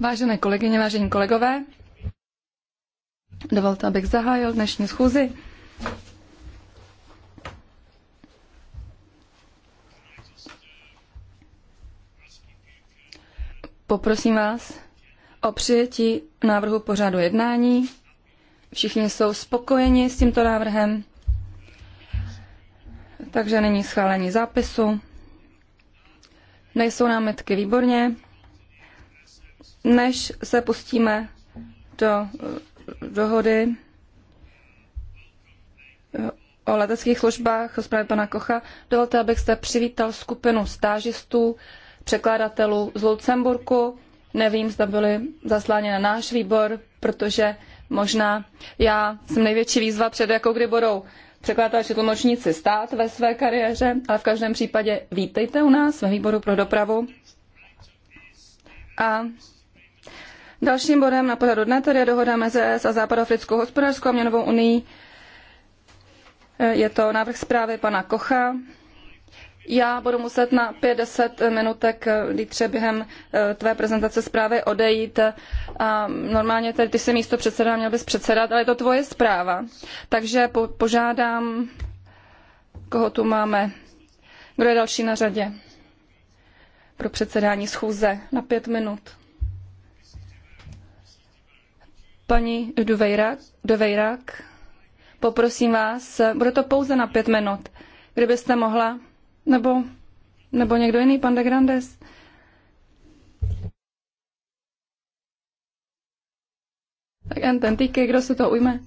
Vážené kolegyně, vážení kolegové, dovolte, abych zahájil dnešní schůzi. Poprosím vás o přijetí návrhu pořadu jednání. Všichni jsou spokojeni s tímto návrhem, takže není schválení zápisu. Nejsou námitky, výborně. Než se pustíme do eh, dohody eh, o leteckých službách o pana Kocha, dovolte, abych se přivítal skupinu stážistů, překladatelů z Lucemburku. Nevím, zda byli zasláni na náš výbor, protože možná já jsem největší výzva před, jakou kdy budou překladatel či tlumočníci stát ve své kariéře, ale v každém případě vítejte u nás ve výboru pro dopravu. A dalším bodem na pořadu dne tedy je dohoda mezi ES a Západoafrickou hospodářskou a měnovou unii. Je to návrh zprávy pana Kocha já budu muset na 50 minutek, eh, Dítře, během eh, tvé prezentace zprávy odejít. A normálně tady ty jsi místo předseda, měl bys předsedat, ale je to tvoje zpráva. Takže po, požádám, koho tu máme. Kdo je další na řadě pro předsedání schůze na pět minut? Paní Duvejrak, Duvejrak poprosím vás, eh, bude to pouze na pět minut, kdybyste mohla nebo, nebo někdo jiný, pan de Grandes? Tak ten týky, kdo se to ujme?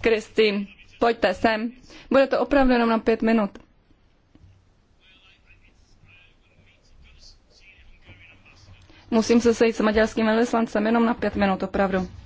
Kristýn, pojďte sem. Bude to opravdu jenom na pět minut. Musím se sejít s maďarským velvyslancem jenom na pět minut, opravdu.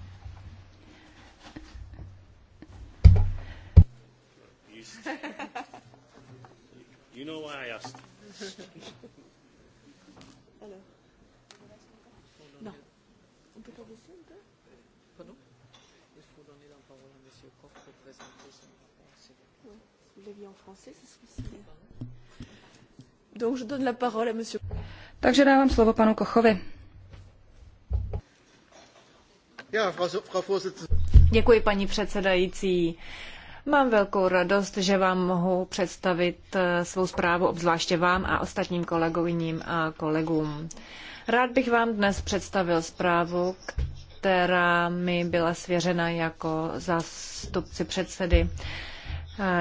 Takže dávám slovo panu Kochovi. Děkuji, paní předsedající. Mám velkou radost, že vám mohu představit eh, svou zprávu, obzvláště vám a ostatním kolegyním a kolegům. Rád bych vám dnes představil zprávu, která mi byla svěřena jako zástupci předsedy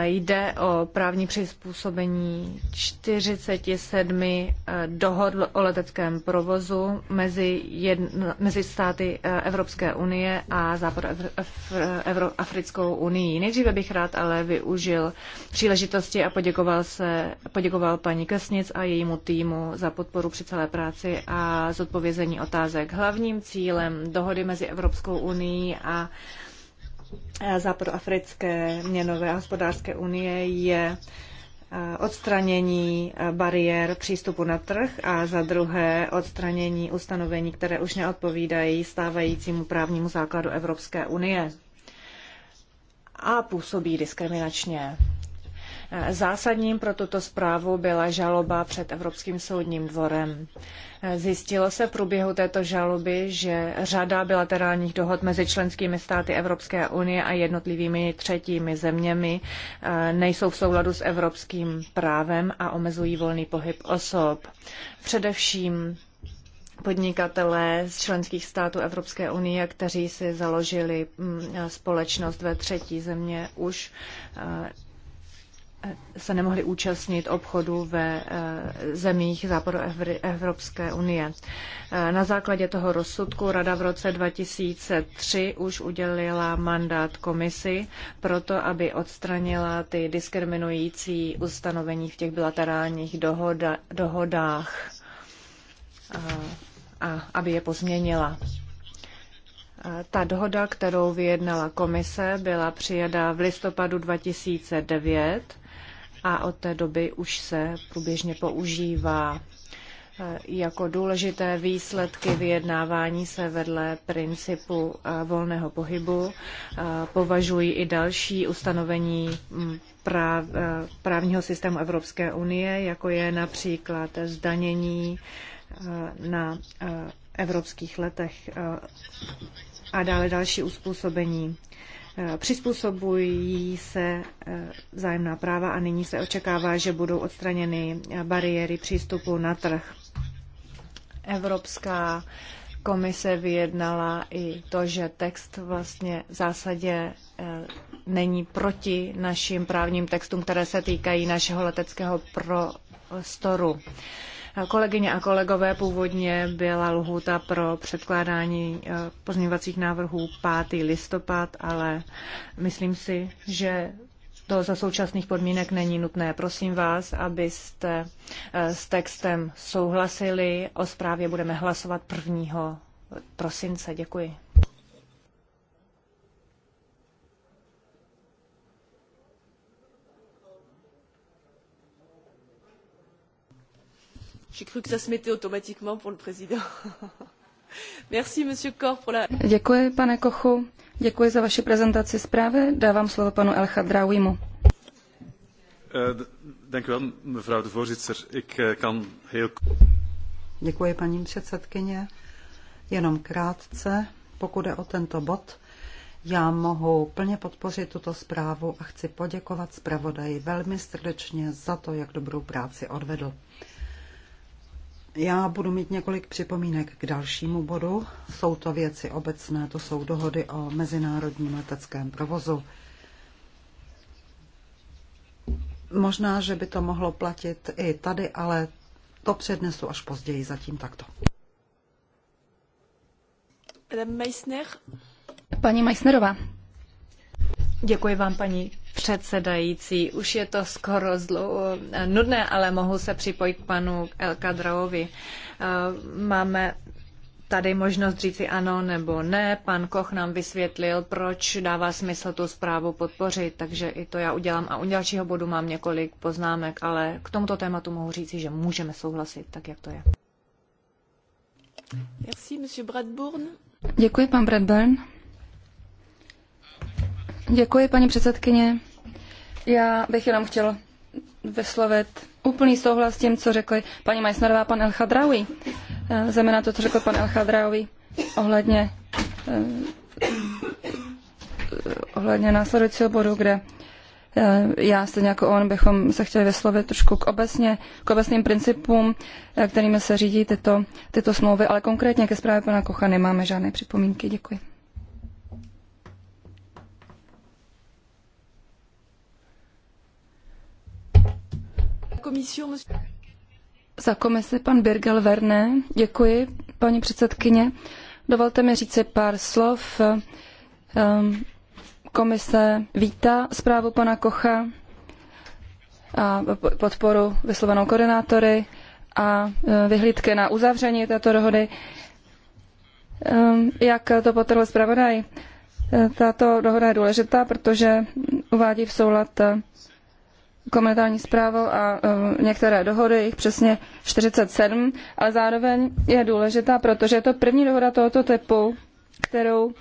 Jde o právní přizpůsobení 47 e, dohod o leteckém provozu mezi, jedno, mezi státy e, Evropské unie a Západoafrickou unii. Nejdříve bych rád ale využil příležitosti a poděkoval, se, poděkoval paní Kesnic a jejímu týmu za podporu při celé práci a zodpovězení otázek. Hlavním cílem dohody mezi Evropskou unii a Eh, Západoafrické měnové a hospodářské unie je eh, odstranění eh, bariér přístupu na trh a za druhé odstranění ustanovení, které už neodpovídají stávajícímu právnímu základu Evropské unie a působí diskriminačně. Zásadním pro tuto zprávu byla žaloba před Evropským soudním dvorem. Zjistilo se v průběhu této žaloby, že řada bilaterálních dohod mezi členskými státy Evropské unie a jednotlivými třetími zeměmi eh, nejsou v souladu s evropským právem a omezují volný pohyb osob. Především podnikatelé z členských států Evropské unie, kteří si založili mm, společnost ve třetí země, už eh, se nemohli účastnit obchodu ve eh, zemích západu Evropské unie. Eh, na základě toho rozsudku Rada v roce 2003 už udělila mandát komisi proto, aby odstranila ty diskriminující ustanovení v těch bilaterálních dohoda, dohodách a, eh, a aby je pozměnila. Ta dohoda, kterou vyjednala komise, byla přijata v listopadu 2009 a od té doby už se průběžně používá. Eh, jako důležité výsledky vyjednávání se vedle principu eh, volného pohybu eh, považují i další ustanovení mm, práv, právního systému Evropské unie, jako je například zdanění na evropských letech a dále další uspůsobení. Eh, přizpůsobují se eh, vzájemná práva a nyní se očekává, že budou odstraněny eh, bariéry přístupu na trh. Evropská komise vyjednala i to, že text vlastně v zásadě není proti našim právním textům, které se týkají našeho leteckého prostoru. Kolegyně a kolegové, původně byla lhůta pro předkládání eh, pozměňovacích návrhů 5. listopad, ale myslím si, že to za současných podmínek není nutné. Prosím vás, abyste eh, s textem souhlasili. O zprávě budeme hlasovat 1. prosince. Děkuji. Děkuji, pane Kochu. Děkuji za vaši prezentaci zprávy. Dávám slovo panu El eh, eh, Děkuji, paní předsedkyně. Jenom krátce, pokud je o tento bod, já mohu plně podpořit tuto zprávu a chci poděkovat zpravodaji velmi srdečně za to, jak dobrou práci odvedl. Já budu mít několik připomínek k dalšímu bodu. Jsou to věci obecné, to jsou dohody o mezinárodním leteckém provozu. Možná, že by to mohlo platit i tady, ale to přednesu až později, zatím takto. Paní Meissnerová. Děkuji vám, paní předsedající. Už je to skoro zlo, nudné, ale mohu se připojit k panu Elka Draovi. Eh, máme tady možnost říci ano nebo ne. Pan Koch nám vysvětlil, proč dává smysl tu zprávu podpořit, takže i to já udělám. A u dalšího bodu mám několik poznámek, ale k tomuto tématu mohu říci, že můžeme souhlasit, tak jak to je. Merci, monsieur Bradburn. Děkuji, pan Bradburn. Děkuji, paní předsedkyně. Já bych jenom chtěl vyslovit úplný souhlas s tím, co řekli paní Majsnerová a pan Elchadraoui. Eh, Zeměna to, co řekl pan Elchadraoui ohledně, eh, ohledně následujícího bodu, kde eh, já stejně jako on bychom se chtěli vyslovit trošku k, obecně, k obecným principům, eh, kterými se řídí tyto, tyto smlouvy, ale konkrétně ke zprávě pana Kocha nemáme žádné připomínky. Děkuji. Za komisi pan Birgel Verne. Děkuji, paní předsedkyně. Dovolte mi říci pár slov. Ehm, komise vítá zprávu pana Kocha a podporu vyslovenou koordinátory a e, vyhlídky na uzavření této dohody. Ehm, jak to potrhl zpravodaj, e, tato dohoda je důležitá, protože uvádí v soulad e, komunitární zprávou a eh, některé dohody, jich přesně 47, ale zároveň je důležitá, protože je to první dohoda tohoto typu, kterou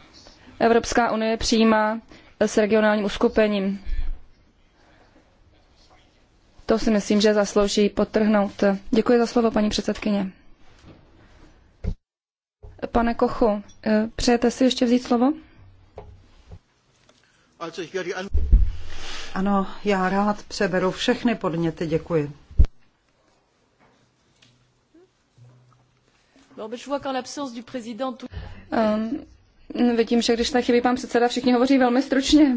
Evropská unie přijímá s regionálním uskupením. To si myslím, že zaslouží podtrhnout. Děkuji za slovo, paní předsedkyně. Pane Kochu, eh, přejete si ještě vzít slovo? Ano, já rád přeberu všechny podněty. Děkuji. Um, vidím, že když tak chybí pan předseda, všichni hovoří velmi stručně.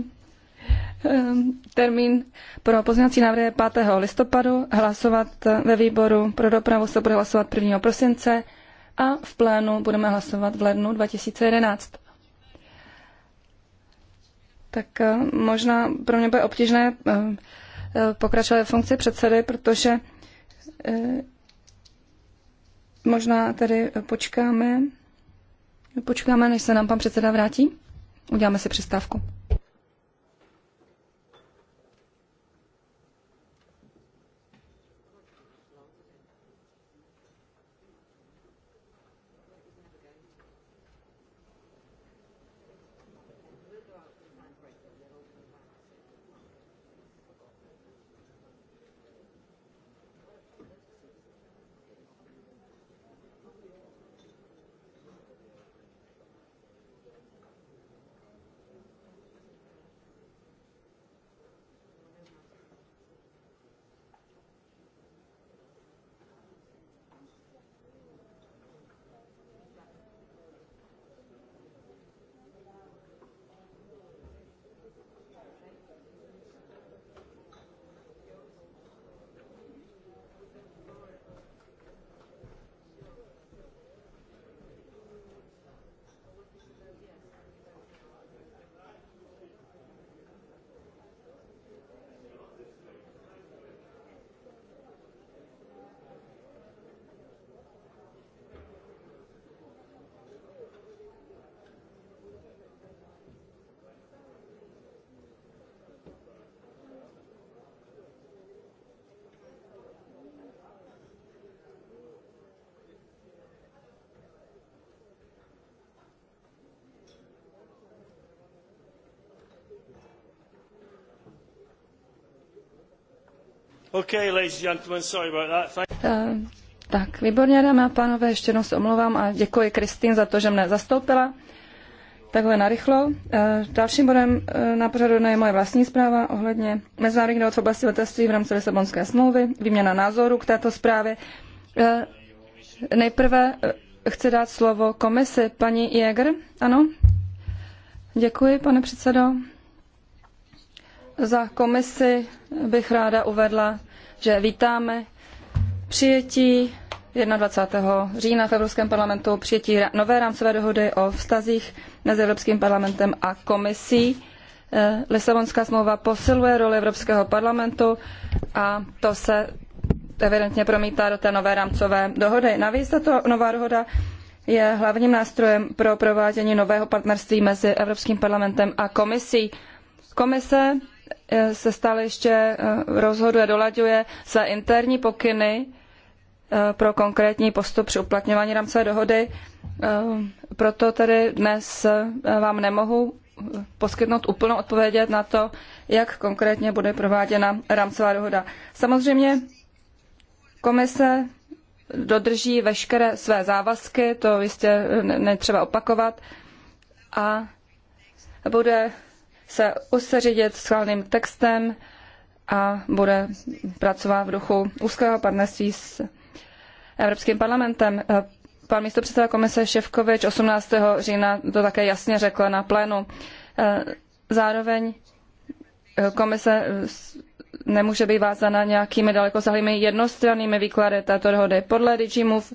Um, termín pro pozměňovací návrhy je 5. listopadu, hlasovat ve výboru pro dopravu se bude hlasovat 1. prosince a v plénu budeme hlasovat v lednu 2011 tak eh, možná pro mě bude obtížné eh, eh, pokračovat ve funkci předsedy, protože možná tady počkáme, počkáme, než se nám pan předseda vrátí. Uděláme si přestávku. Eh, tak, výborně, dámy a pánové, ještě jednou se omlouvám a děkuji Kristýn za to, že mne zastoupila. Takhle narychlo. Eh, dalším bodem eh, na pořadu dne je moje vlastní zpráva ohledně mezinárodních dohod v oblasti letectví v rámci Lisabonské smlouvy, výměna názoru k této zprávě. Nejprve chci dát slovo komisi. Paní Jäger, ano? Děkuji, pane předsedo. Za komisi bych ráda uvedla, že vítáme přijetí 21. října v Evropském parlamentu přijetí nové rámcové dohody o vztazích mezi Evropským parlamentem a komisí. Eh, Lisabonská smlouva posiluje roli Evropského parlamentu a to se evidentně promítá do té nové rámcové dohody. Navíc tato nová dohoda je hlavním nástrojem pro provádění nového partnerství mezi Evropským parlamentem a komisí. Komise Eh, se stále ještě eh, rozhoduje, dolaďuje za interní pokyny eh, pro konkrétní postup při uplatňování rámcové dohody. Proto tedy dnes vám nemohu poskytnout úplnou odpověď na to, jak konkrétně bude prováděna rámcová dohoda. Samozřejmě komise dodrží veškeré své závazky, to jistě netřeba opakovat, a bude se useřídit s chválným textem a bude pracovat v duchu úzkého partnerství s Evropským parlamentem. Pan místo předseda komise Ševkovič 18. října to také jasně řekl na plénu. Zároveň komise nemůže být vázána nějakými dalekosáhlými jednostrannými výklady této dohody. Podle DigiMove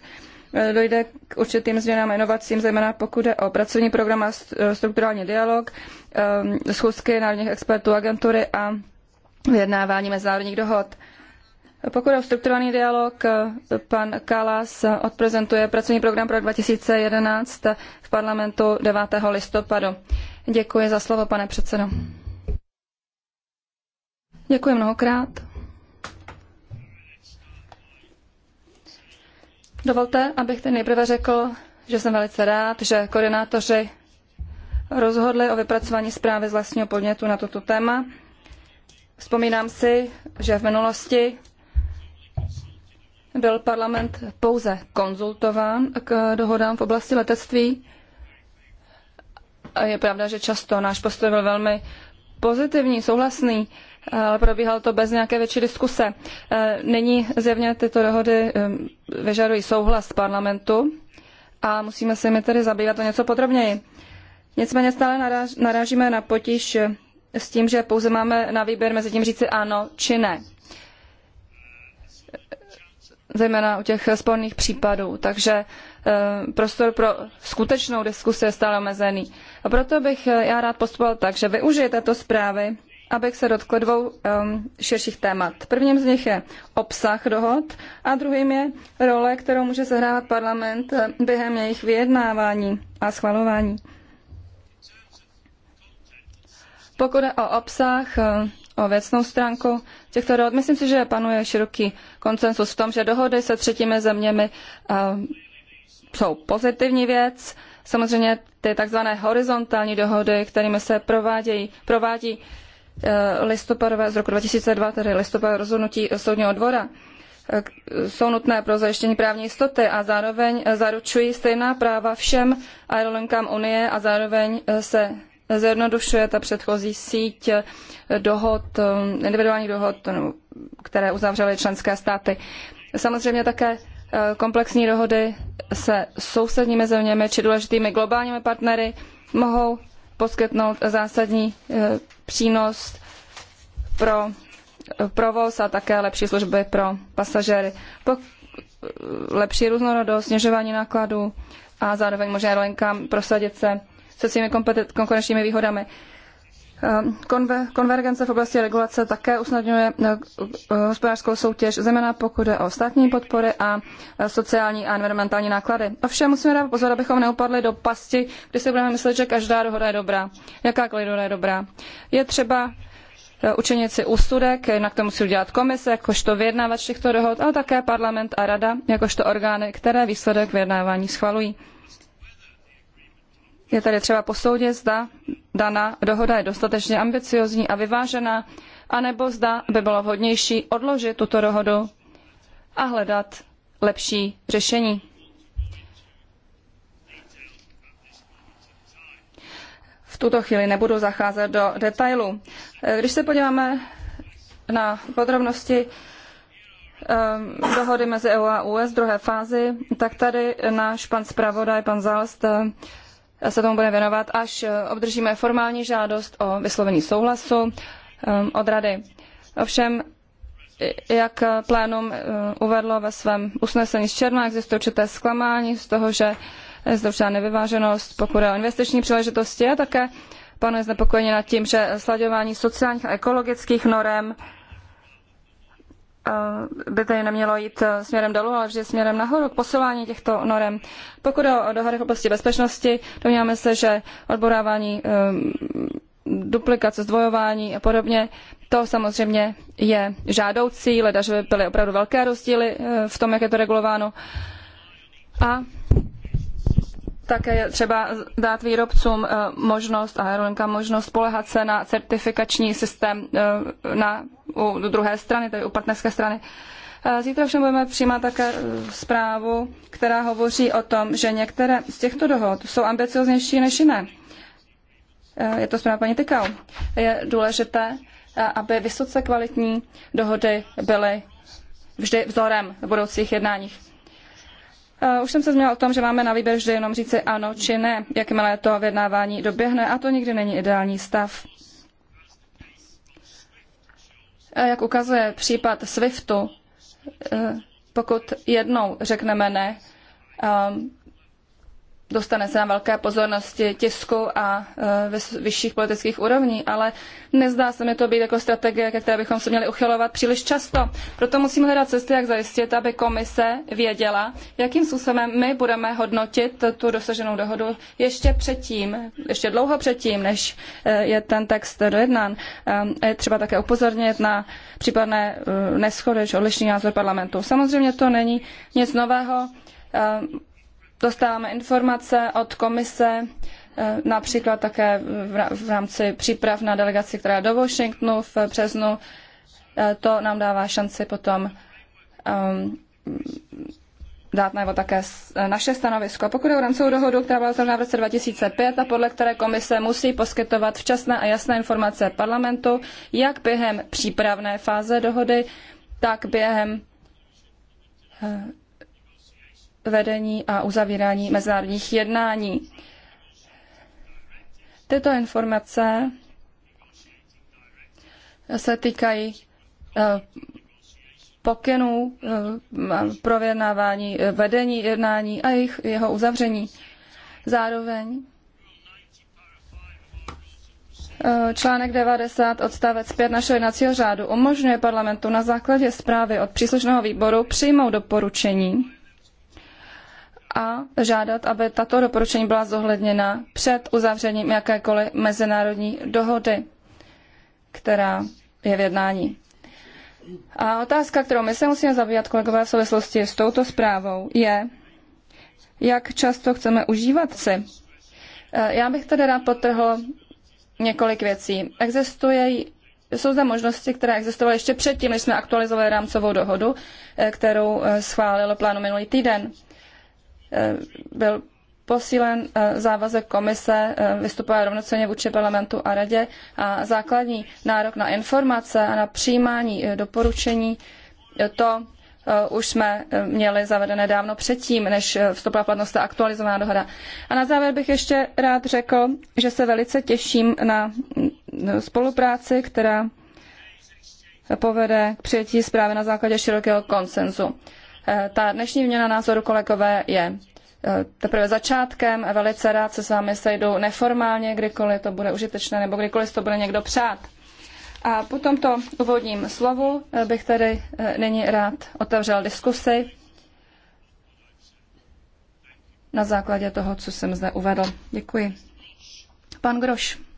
dojde k určitým změnám a inovacím, zejména pokud jde o pracovní program a strukturální dialog, Um, schůzky národních expertů agentury a vyjednávání mezinárodních dohod. Pokud je o strukturovaný dialog, pan Kalas odprezentuje pracovní program pro 2011 v parlamentu 9. listopadu. Děkuji za slovo, pane předsedo. Děkuji mnohokrát. Dovolte, abych teď nejprve řekl, že jsem velice rád, že koordinátoři rozhodli o vypracování zprávy z vlastního podnětu na toto téma. Vzpomínám si, že v minulosti byl parlament pouze konzultován k dohodám v oblasti letectví. A je pravda, že často náš postoj byl velmi pozitivní, souhlasný, ale probíhalo to bez nějaké větší diskuse. E, nyní zjevně tyto dohody e, vyžadují souhlas parlamentu a musíme se mi tedy zabývat o něco podrobněji. Nicméně stále naráž, narážíme na potíž s tím, že pouze máme na výběr mezi tím říci ano či ne. Zejména u těch sporných případů. Takže eh, prostor pro skutečnou diskusi je stále omezený. A proto bych eh, já rád postupoval tak, že využiji této zprávy, abych se dotkl dvou um, širších témat. Prvním z nich je obsah dohod a druhým je role, kterou může sehrávat parlament eh, během jejich vyjednávání a schvalování. Pokud jde o obsah, eh, o věcnou stránku těchto dohod, myslím si, že panuje široký konsensus v tom, že dohody se třetími zeměmi eh, jsou pozitivní věc. Samozřejmě ty takzvané horizontální dohody, kterými se provádějí, provádí eh, listopadové z roku 2002, tedy listopadové rozhodnutí soudního dvora, jsou nutné pro zajištění právní jistoty a zároveň zaručují stejná práva všem aerolinkám Unie a zároveň se zjednodušuje ta předchozí síť dohod, individuálních dohod, které uzavřely členské státy. Samozřejmě také eh, komplexní dohody se sousedními zeměmi či důležitými globálními partnery mohou poskytnout zásadní eh, přínos pro eh, provoz a také lepší služby pro pasažéry. lepší různorodost, snižování nákladů a zároveň možná aerolinkám prosadit se se svými konkurenčními výhodami. Ehm, Konver, konvergence v oblasti regulace také usnadňuje eh, eh, hospodářskou soutěž, zejména pokud je o státní podpory a eh, sociální a environmentální náklady. Ovšem musíme dát pozor, abychom neupadli do pasti, kdy si budeme myslet, že každá dohoda je dobrá. Jakákoliv dohoda je dobrá. Je třeba učinit si úsudek, jednak to musí udělat komise, jakožto vyjednávač těchto dohod, ale také parlament a rada, jakožto orgány, které výsledek vyjednávání schvalují. Je tady třeba posoudit, zda daná dohoda je dostatečně ambiciozní a vyvážená, anebo zda by bylo vhodnější odložit tuto dohodu a hledat lepší řešení. V tuto chvíli nebudu zacházet do detailů. Když se podíváme na podrobnosti ehm, dohody mezi EU a US druhé fázi, tak tady náš pan zpravodaj, pan Zalst, se tomu budeme věnovat, až eh, obdržíme formální žádost o vyslovení souhlasu ehm, od rady. Ovšem, jak plénum eh, uvedlo ve svém usnesení z června, existuje určité zklamání z toho, že je zde určitá nevyváženost, pokud je o investiční příležitosti a také panuje znepokojení nad tím, že slaďování sociálních a ekologických norem Eh, by tedy nemělo jít eh, směrem dolů, ale vždy směrem nahoru k posilování těchto norem. Pokud o dohady v oblasti bezpečnosti, domníváme se, že odborávání eh, duplikace, zdvojování a podobně, to samozřejmě je žádoucí, ledaže by byly opravdu velké rozdíly v tom, jak je to regulováno. A také je třeba dát výrobcům eh, možnost, a aerolinkám možnost spolehat se na certifikační systém eh, na, u druhé strany, tedy u partnerské strany. Eh, zítra všem budeme přijímat také zprávu, která hovoří o tom, že některé z těchto dohod jsou ambicioznější než jiné. Je to zpráva paní Tykau. Je důležité, aby vysoce kvalitní dohody byly vždy vzorem v budoucích jednáních. Eh, už jsem se zmínila o tom, že máme na výběr vždy jenom říci ano či ne, jakmile to vyjednávání doběhne a to nikdy není ideální stav. Eh, jak ukazuje případ SWIFTu, eh, pokud jednou řekneme ne, dostane se na velké pozornosti tisku a e, vyšších politických úrovní, ale nezdá se mi to být jako strategie, ke které bychom se měli uchylovat příliš často. Proto musíme hledat cesty, jak zajistit, aby komise věděla, jakým způsobem my budeme hodnotit tu dosaženou dohodu ještě předtím, ještě dlouho předtím, než e, je ten text dojednán. E, je třeba také upozornit na případné neschody či odlišný názor parlamentu. Samozřejmě to není nic nového Dostáváme informace od komise, eh, například také v rámci příprav na delegaci, která je do Washingtonu v březnu. Eh, to nám dává šanci potom ehm, dát najevo také eh, naše stanovisko. Pokud je o rámcovou dohodu, která byla uzavřena v roce 2005 a podle které komise musí poskytovat včasné a jasné informace parlamentu, jak během přípravné fáze dohody, tak během vedení a uzavírání mezinárodních jednání. Tyto informace se týkají eh, pokynů eh, pro vědnávání, eh, vedení jednání a jejich, jeho uzavření. Zároveň Článek 90 odstavec 5 našeho jednacího řádu umožňuje parlamentu na základě zprávy od příslušného výboru přijmout doporučení a žádat, aby tato doporučení byla zohledněna před uzavřením jakékoliv mezinárodní dohody, která je v jednání. A otázka, kterou my se musíme zabývat, kolegové, v souvislosti s touto zprávou, je, jak často chceme užívat si. E, já bych tady rád potrhl několik věcí. Existuje, jsou zde možnosti, které existovaly ještě předtím, než jsme aktualizovali rámcovou dohodu, e, kterou e, schválilo plánu minulý týden. Eh, byl posílen eh, závazek komise eh, vystupovat rovnocenně vůči parlamentu a radě a základní nárok na informace a na přijímání doporučení to už jsme měli zavedené dávno předtím, než vstoupila platnost ta aktualizovaná dohoda. A na závěr bych ještě rád řekl, že se velice těším na mm, spolupráci, která povede k přijetí zprávy na základě širokého konsenzu. Eh, ta dnešní měna názoru, kolegové, je eh, teprve začátkem. Velice rád se s vámi sejdu neformálně, kdykoliv to bude užitečné nebo kdykoliv to bude někdo přát. A po tomto úvodním slovu eh, bych tedy nyní rád otevřel diskusy na základě toho, co jsem zde uvedl. Děkuji. Pan Groš.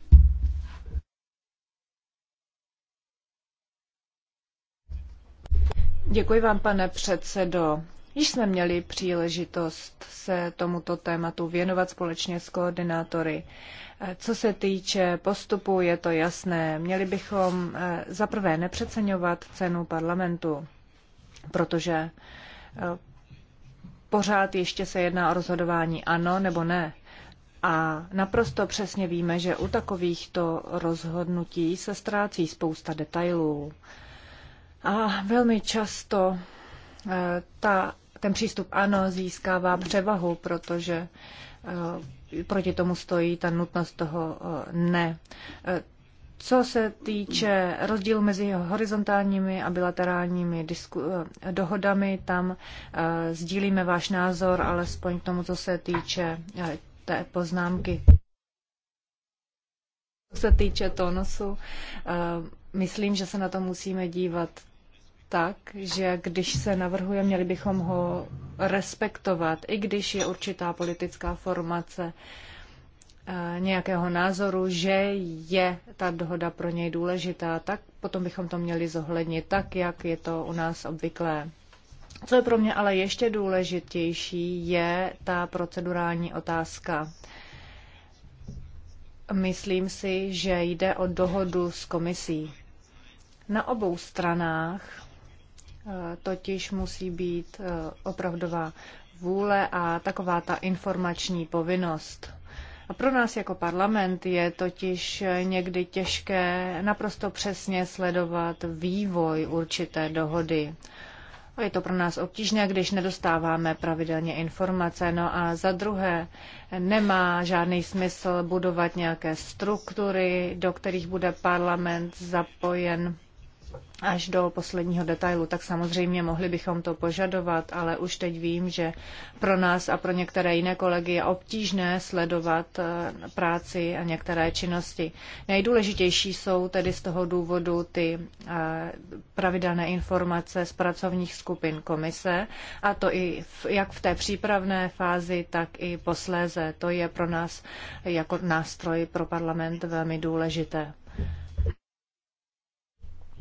Děkuji vám, pane předsedo. Již jsme měli příležitost se tomuto tématu věnovat společně s koordinátory. Eh, co se týče postupu, je to jasné. Měli bychom eh, zaprvé nepřeceňovat cenu parlamentu, protože eh, pořád ještě se jedná o rozhodování ano nebo ne. A naprosto přesně víme, že u takovýchto rozhodnutí se ztrácí spousta detailů. A velmi často eh, ta, ten přístup ano získává převahu, protože eh, proti tomu stojí ta nutnost toho eh, ne. Co se týče rozdílu mezi horizontálními a bilaterálními dohodami, tam sdílíme váš názor, alespoň k tomu, co se týče té poznámky. Co se týče tonusu, myslím, že se na to musíme dívat tak, že když se navrhuje, měli bychom ho respektovat, i když je určitá politická formace eh, nějakého názoru, že je ta dohoda pro něj důležitá, tak potom bychom to měli zohlednit tak, jak je to u nás obvyklé. Co je pro mě ale ještě důležitější, je ta procedurální otázka. Myslím si, že jde o dohodu s komisí. Na obou stranách totiž musí být eh, opravdová vůle a taková ta informační povinnost. A pro nás jako parlament je totiž eh, někdy těžké naprosto přesně sledovat vývoj určité dohody. A je to pro nás obtížné, když nedostáváme pravidelně informace. No a za druhé, nemá žádný smysl budovat nějaké struktury, do kterých bude parlament zapojen až do posledního detailu, tak samozřejmě mohli bychom to požadovat, ale už teď vím, že pro nás a pro některé jiné kolegy je obtížné sledovat eh, práci a některé činnosti. Nejdůležitější jsou tedy z toho důvodu ty eh, pravidelné informace z pracovních skupin komise, a to i v, jak v té přípravné fázi, tak i posléze. To je pro nás jako nástroj pro parlament velmi důležité.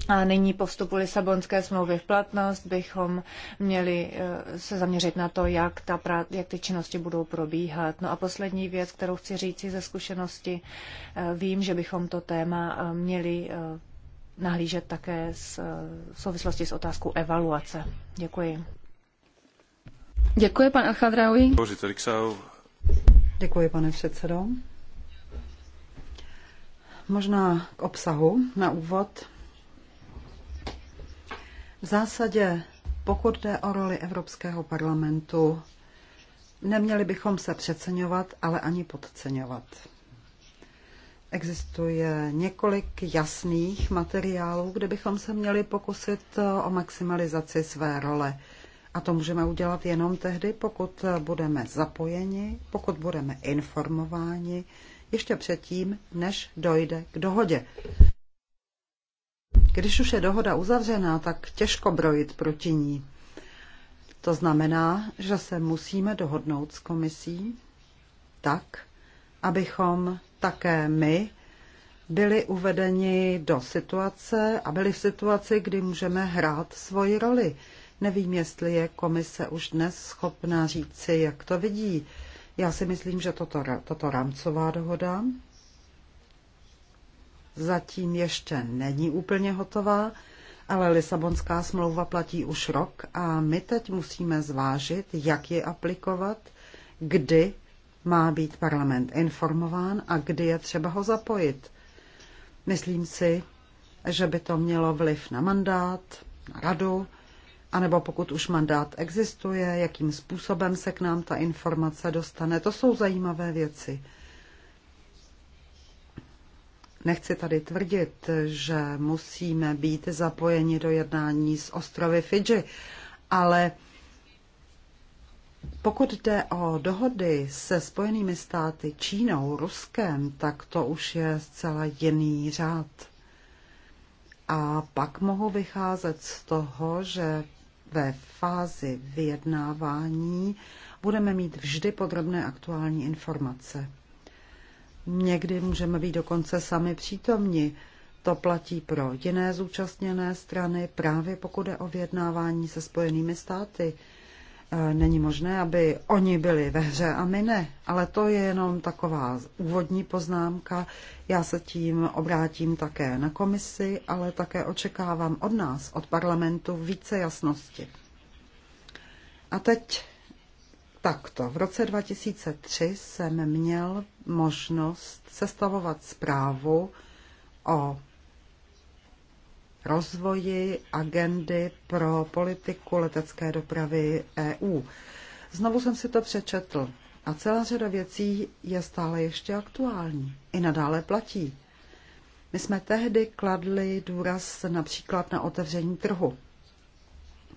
A nyní po vstupu Lisabonské smlouvy v platnost bychom měli eh, se zaměřit na to, jak, ta prá- jak ty činnosti budou probíhat. No a poslední věc, kterou chci říci ze zkušenosti, eh, vím, že bychom to téma eh, měli nahlížet také s, v souvislosti s otázkou evaluace. Děkuji. Děkuji, pan Alchadraoui. Děkuji, pane předsedo. Možná k obsahu na úvod. V zásadě, pokud jde o roli Evropského parlamentu, neměli bychom se přeceňovat, ale ani podceňovat. Existuje několik jasných materiálů, kde bychom se měli pokusit o maximalizaci své role. A to můžeme udělat jenom tehdy, pokud budeme zapojeni, pokud budeme informováni, ještě předtím, než dojde k dohodě. Když už je dohoda uzavřená, tak těžko brojit proti ní. To znamená, že se musíme dohodnout s komisí tak, abychom také my byli uvedeni do situace a byli v situaci, kdy můžeme hrát svoji roli. Nevím, jestli je komise už dnes schopná říci, jak to vidí. Já si myslím, že toto, toto rámcová dohoda zatím ještě není úplně hotová, ale Lisabonská smlouva platí už rok a my teď musíme zvážit, jak ji aplikovat, kdy má být parlament informován a kdy je třeba ho zapojit. Myslím si, že by to mělo vliv na mandát, na radu, anebo pokud už mandát existuje, jakým způsobem se k nám ta informace dostane. To jsou zajímavé věci. Nechci tady tvrdit, že musíme být zapojeni do jednání s ostrovy Fidži, ale pokud jde o dohody se Spojenými státy, Čínou, Ruskem, tak to už je zcela jiný řád. A pak mohu vycházet z toho, že ve fázi vyjednávání budeme mít vždy podrobné aktuální informace. Někdy můžeme být dokonce sami přítomni. To platí pro jiné zúčastněné strany, právě pokud je o vyjednávání se spojenými státy. E, není možné, aby oni byli ve hře a my ne, ale to je jenom taková úvodní poznámka. Já se tím obrátím také na komisi, ale také očekávám od nás, od parlamentu, více jasnosti. A teď takto. V roce 2003 jsem měl možnost sestavovat zprávu o rozvoji agendy pro politiku letecké dopravy EU. Znovu jsem si to přečetl a celá řada věcí je stále ještě aktuální. I nadále platí. My jsme tehdy kladli důraz například na otevření trhu.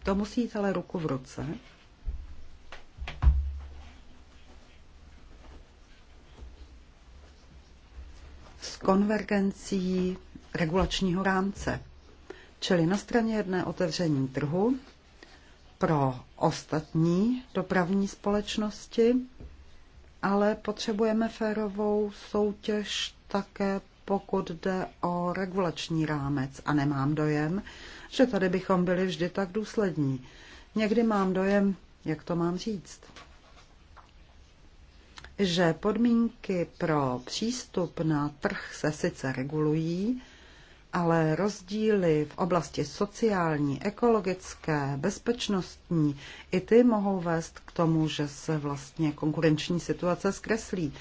To musí jít ale ruku v ruce s konvergencí regulačního rámce. Čili na straně jedné otevření trhu pro ostatní dopravní společnosti, ale potřebujeme férovou soutěž také pokud jde o regulační rámec a nemám dojem, že tady bychom byli vždy tak důslední. Někdy mám dojem, jak to mám říct že podmínky pro přístup na trh se sice regulují, ale rozdíly v oblasti sociální, ekologické, bezpečnostní, i ty mohou vést k tomu, že se vlastně konkurenční situace zkreslí.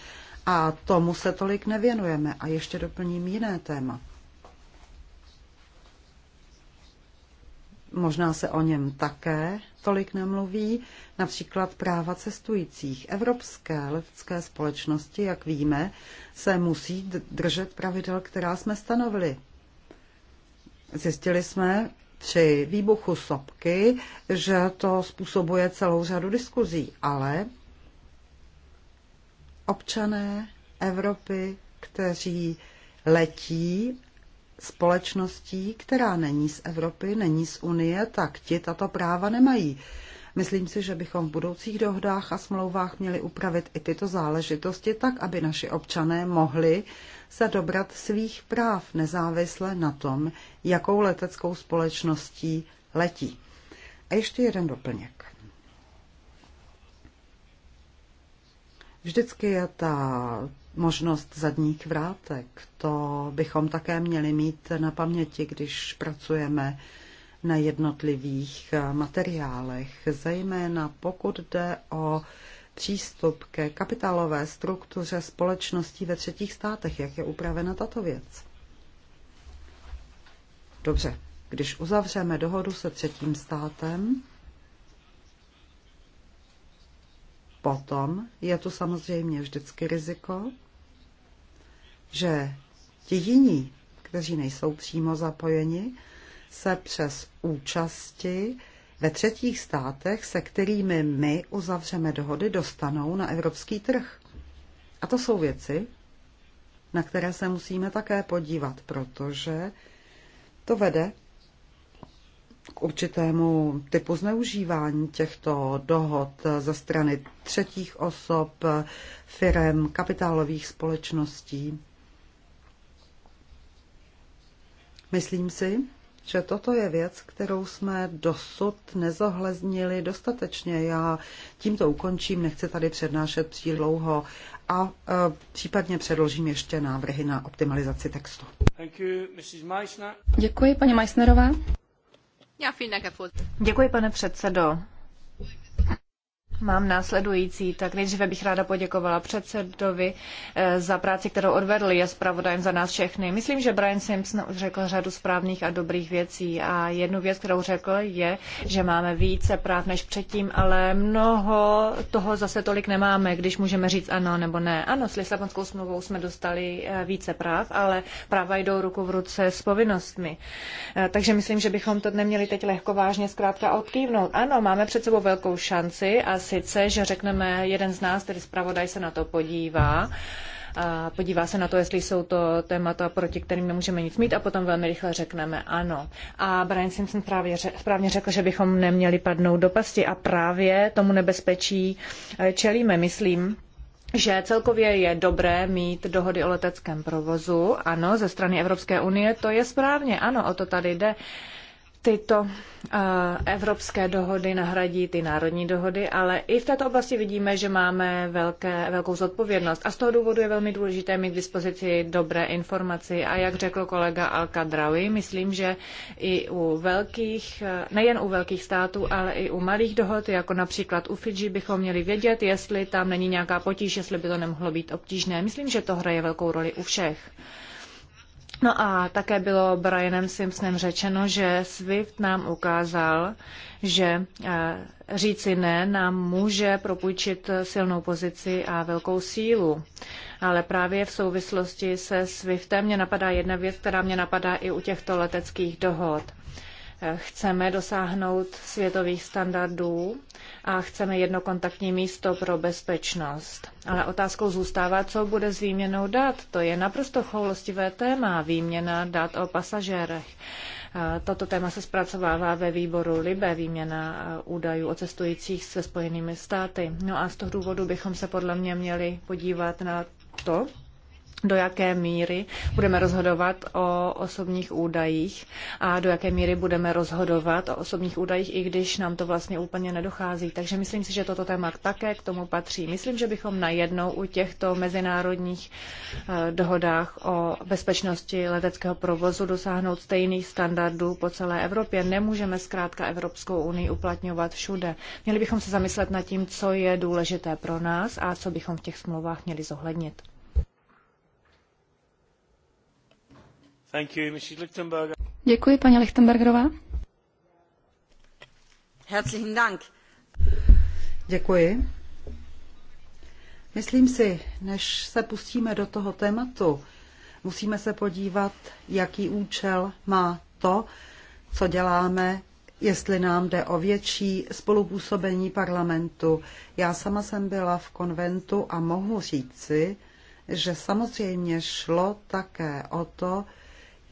A tomu se tolik nevěnujeme. A ještě doplním jiné téma. možná se o něm také tolik nemluví, například práva cestujících. Evropské letecké společnosti, jak víme, se musí držet pravidel, která jsme stanovili. Zjistili jsme při výbuchu sopky, že to způsobuje celou řadu diskuzí, ale občané Evropy, kteří letí, společností, která není z Evropy, není z Unie, tak ti tato práva nemají. Myslím si, že bychom v budoucích dohodách a smlouvách měli upravit i tyto záležitosti tak, aby naši občané mohli se dobrat svých práv nezávisle na tom, jakou leteckou společností letí. A ještě jeden doplněk. Vždycky je ta možnost zadních vrátek. To bychom také měli mít na paměti, když pracujeme na jednotlivých eh, materiálech, zejména pokud jde o přístup ke kapitálové struktuře společností ve třetích státech, jak je upravena tato věc. Dobře, když uzavřeme dohodu se třetím státem, potom je tu samozřejmě vždycky riziko, že ti jiní, kteří nejsou přímo zapojeni, se přes účasti ve třetích státech, se kterými my uzavřeme dohody, dostanou na evropský trh. A to jsou věci, na které se musíme také podívat, protože to vede k určitému typu zneužívání těchto dohod ze strany třetích osob, firem, kapitálových společností. Myslím si, že toto je věc, kterou jsme dosud nezohleznili dostatečně. Já tímto ukončím, nechci tady přednášet příliš dlouho a e, případně předložím ještě návrhy na optimalizaci textu. Děkuji, paní Meissnerová. Děkuji, pane předsedo. Mám následující, tak nejdříve bych ráda poděkovala předsedovi eh, za práci, kterou odvedl, je zpravodajem za nás všechny. Myslím, že Brian Simpson už řekl řadu správných a dobrých věcí a jednu věc, kterou řekl, je, že máme více práv než předtím, ale mnoho toho zase tolik nemáme, když můžeme říct ano nebo ne. Ano, s Lisabonskou smlouvou jsme dostali eh, více práv, ale práva jdou ruku v ruce s povinnostmi. Eh, takže myslím, že bychom to neměli teď lehko vážně zkrátka odkývnout. Ano, máme před sebou velkou šanci a sice, že řekneme, jeden z nás, tedy zpravodaj, se na to podívá a podívá se na to, jestli jsou to témata, proti kterým nemůžeme nic mít a potom velmi rychle řekneme ano. A Brian Simpson právě ře, správně řekl, že bychom neměli padnout do pasti a právě tomu nebezpečí eh, čelíme, myslím že celkově je dobré mít dohody o leteckém provozu, ano, ze strany Evropské unie, to je správně, ano, o to tady jde tyto eh, evropské dohody nahradí ty národní dohody, ale i v této oblasti vidíme, že máme velké, velkou zodpovědnost. A z toho důvodu je velmi důležité mít k dispozici dobré informace. A jak řekl kolega Alkadrawi, myslím, že i u velkých, eh, nejen u velkých států, ale i u malých dohod, jako například u Fidži, bychom měli vědět, jestli tam není nějaká potíž, jestli by to nemohlo být obtížné. Myslím, že to hraje velkou roli u všech. No a také bylo Brianem Simpsonem řečeno, že SWIFT nám ukázal, že eh, říci ne nám může propůjčit silnou pozici a velkou sílu. Ale právě v souvislosti se SWIFTem mě napadá jedna věc, která mě napadá i u těchto leteckých dohod. Chceme dosáhnout světových standardů a chceme jedno kontaktní místo pro bezpečnost. Ale otázkou zůstává, co bude s výměnou dat. To je naprosto choulostivé téma, výměna dat o pasažérech. Toto téma se zpracovává ve výboru LIBE, výměna údajů o cestujících se Spojenými státy. No a z toho důvodu bychom se podle mě měli podívat na to, do jaké míry budeme rozhodovat o osobních údajích a do jaké míry budeme rozhodovat o osobních údajích, i když nám to vlastně úplně nedochází. Takže myslím si, že toto téma také k tomu patří. Myslím, že bychom najednou u těchto mezinárodních eh, dohodách o bezpečnosti leteckého provozu dosáhnout stejných standardů po celé Evropě. Nemůžeme zkrátka Evropskou unii uplatňovat všude. Měli bychom se zamyslet nad tím, co je důležité pro nás a co bychom v těch smlouvách měli zohlednit. Děkuji, paní Lichtenbergerová. Herzlichen Dank. Děkuji. Myslím si, než se pustíme do toho tématu, musíme se podívat, jaký účel má to, co děláme, jestli nám jde o větší spolupůsobení parlamentu. Já sama jsem byla v konventu a mohu říci, že samozřejmě šlo také o to,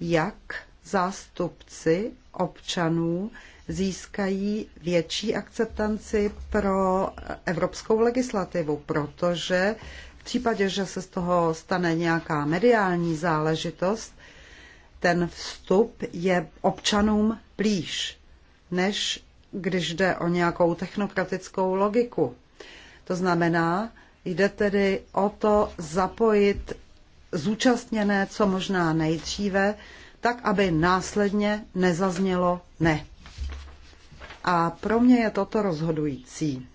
jak zástupci občanů získají větší akceptanci pro evropskou legislativu, protože v případě, že se z toho stane nějaká mediální záležitost, ten vstup je občanům blíž, než když jde o nějakou technokratickou logiku. To znamená, jde tedy o to zapojit zúčastněné co možná nejdříve, tak aby následně nezaznělo ne. A pro mě je toto rozhodující.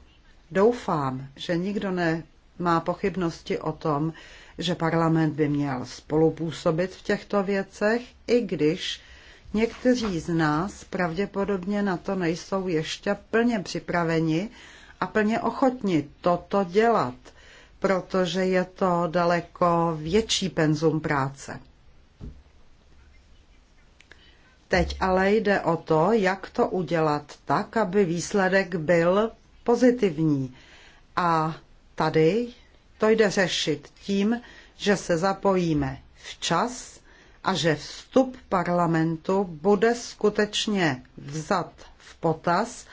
Doufám, že nikdo nemá pochybnosti o tom, že parlament by měl spolupůsobit v těchto věcech, i když někteří z nás pravděpodobně na to nejsou ještě plně připraveni a plně ochotni toto dělat – protože je to daleko větší penzum práce. Teď ale jde o to, jak to udělat tak, aby výsledek byl pozitivní. A tady to jde řešit tím, že se zapojíme včas a že vstup parlamentu bude skutečně vzat v potaz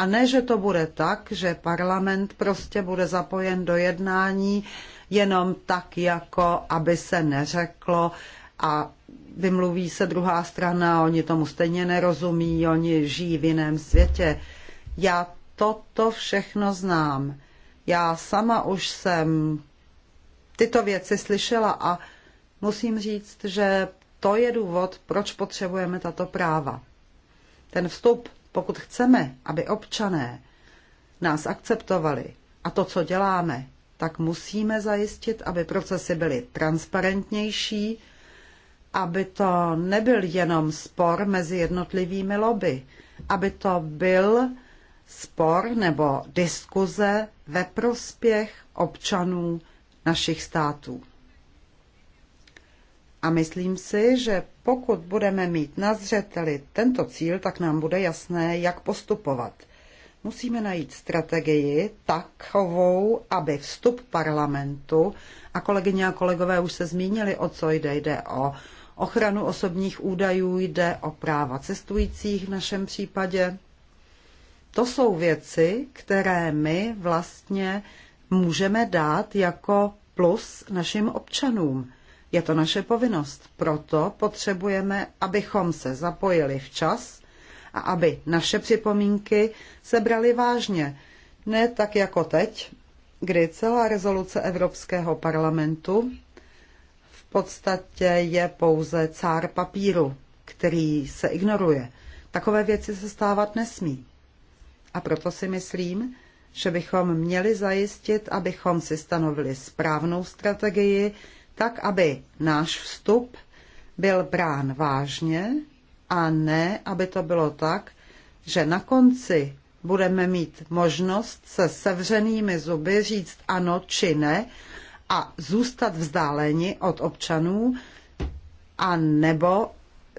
a ne, že to bude tak, že parlament prostě bude zapojen do jednání jenom tak, jako aby se neřeklo a vymluví se druhá strana, oni tomu stejně nerozumí, oni žijí v jiném světě. Já toto všechno znám. Já sama už jsem tyto věci slyšela a musím říct, že to je důvod, proč potřebujeme tato práva. Ten vstup pokud chceme, aby občané nás akceptovali a to, co děláme, tak musíme zajistit, aby procesy byly transparentnější, aby to nebyl jenom spor mezi jednotlivými lobby, aby to byl spor nebo diskuze ve prospěch občanů našich států. A myslím si, že pokud budeme mít na zřeteli tento cíl, tak nám bude jasné, jak postupovat. Musíme najít strategii takovou, aby vstup parlamentu, a kolegyně a kolegové už se zmínili, o co jde, jde o ochranu osobních údajů, jde o práva cestujících v našem případě. To jsou věci, které my vlastně můžeme dát jako plus našim občanům. Je to naše povinnost. Proto potřebujeme, abychom se zapojili včas a aby naše připomínky se braly vážně. Ne tak jako teď, kdy celá rezoluce Evropského parlamentu v podstatě je pouze cár papíru, který se ignoruje. Takové věci se stávat nesmí. A proto si myslím, že bychom měli zajistit, abychom si stanovili správnou strategii, tak aby náš vstup byl brán vážně a ne, aby to bylo tak, že na konci budeme mít možnost se sevřenými zuby říct ano či ne a zůstat vzdáleni od občanů, a nebo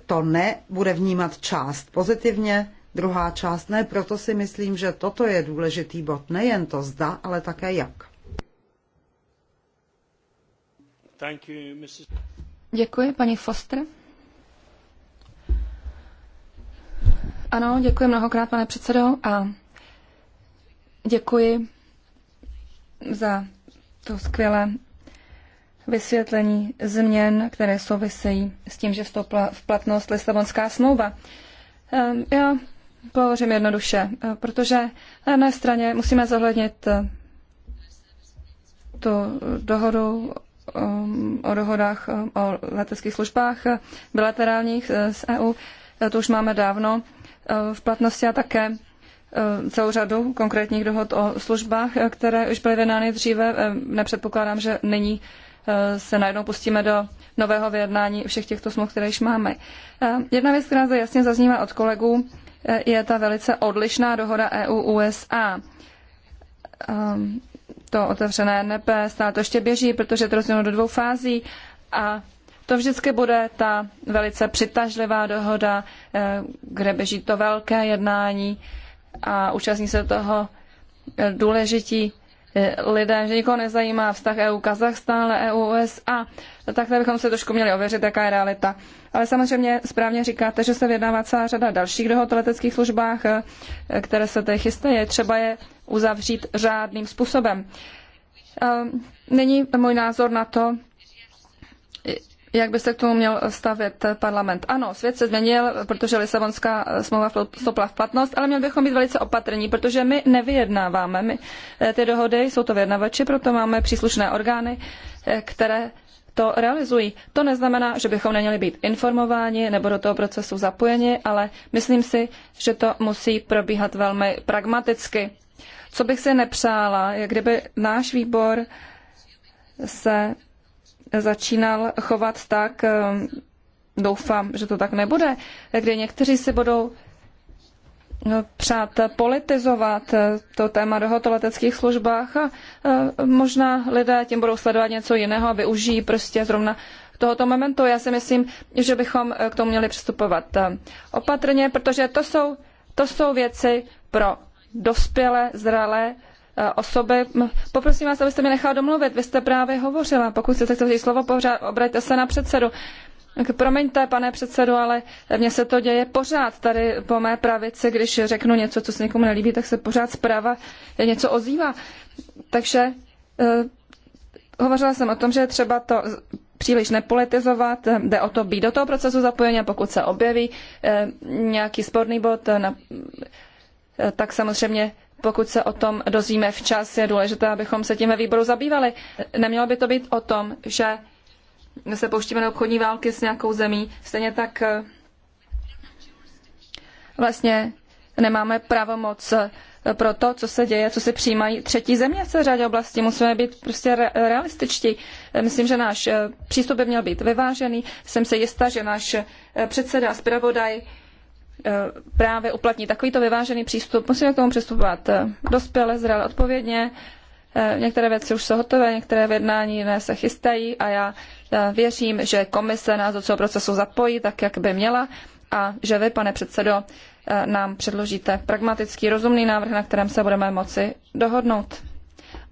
to ne bude vnímat část pozitivně, druhá část ne. Proto si myslím, že toto je důležitý bod. Nejen to zda, ale také jak. děkuji, paní Foster. Ano, děkuji mnohokrát, pane předsedo, a děkuji za to skvělé vysvětlení změn, které souvisejí s tím, že vstoupila v platnost Lisabonská smlouva. Ehm, já položím jednoduše, eh, protože na jedné straně musíme zohlednit eh, tu dohodu Um, o dohodách um, o leteckých službách bilaterálních eh, s EU. Eh, to už máme dávno eh, v platnosti a také celou řadu konkrétních dohod o službách, které už byly vyjednány dříve. Nepředpokládám, že nyní se najednou pustíme do nového vyjednání všech těchto smluv, které již máme. Jedna věc, která zde jasně zaznívá od kolegů, je ta velice odlišná dohoda EU-USA. Ehm, to otevřené nebe stále to ještě běží, protože je to rozděleno do dvou fází a to vždycky bude ta velice přitažlivá dohoda, eh, kde běží to velké jednání a účastní se toho eh, důležití Eh, lidé, že nikoho nezajímá vztah EU-Kazachstán, ale EU-USA. Takhle bychom se trošku měli ověřit, jaká je realita. Ale samozřejmě správně říkáte, že se vyjednává celá řada dalších dohod o leteckých službách, eh, které se tady chystají. Je třeba je uzavřít řádným způsobem. Eh, Není můj názor na to, jak by se k tomu měl stavět parlament? Ano, svět se změnil, protože Lisabonská smlouva vstoupila v platnost, ale měli bychom být velice opatrní, protože my nevyjednáváme. My, eh, ty dohody jsou to vyjednavači, proto máme příslušné orgány, eh, které to realizují. To neznamená, že bychom neměli být informováni nebo do toho procesu zapojeni, ale myslím si, že to musí probíhat velmi pragmaticky. Co bych si nepřála, je kdyby náš výbor se začínal chovat tak, eh, doufám, že to tak nebude, kde někteří si budou eh, přát politizovat eh, to téma dohod o leteckých službách a možná lidé tím budou sledovat něco jiného a využijí prostě zrovna tohoto momentu. Já si myslím, že bychom k tomu měli přistupovat opatrně, protože to jsou, to jsou věci pro dospělé, zralé Eh, osoby. Poprosím vás, abyste mě nechal domluvit. Vy jste právě hovořila. Pokud chcete chtěl slovo, pořád obraťte se na předsedu. Promiňte, pane předsedo, ale mně se to děje pořád tady po mé pravici, když řeknu něco, co se někomu nelíbí, tak se pořád zprava něco ozývá. Takže eh, hovořila jsem o tom, že je třeba to příliš nepolitizovat, jde o to být do toho procesu zapojení, a pokud se objeví eh, nějaký sporný bod, tak samozřejmě pokud se o tom dozvíme včas, je důležité, abychom se tím ve výboru zabývali. Nemělo by to být o tom, že se pouštíme do obchodní války s nějakou zemí, stejně tak eh, vlastně nemáme pravomoc eh, pro to, co se děje, co se přijímají třetí země v řadě oblastí. Musíme být prostě re- realističtí. Eh, myslím, že náš přístup by měl být vyvážený. Jsem se jistá, že náš předseda a zpravodaj Eh, právě uplatnit takovýto vyvážený přístup. Musíme k tomu přistupovat eh, dospěle, zrele, odpovědně. Eh, některé věci už jsou hotové, některé v jednání jiné se chystají a já věřím, že komise nás do celého procesu zapojí tak, jak by měla a že vy, pane předsedo, nám předložíte pragmatický, rozumný návrh, na kterém se budeme moci dohodnout.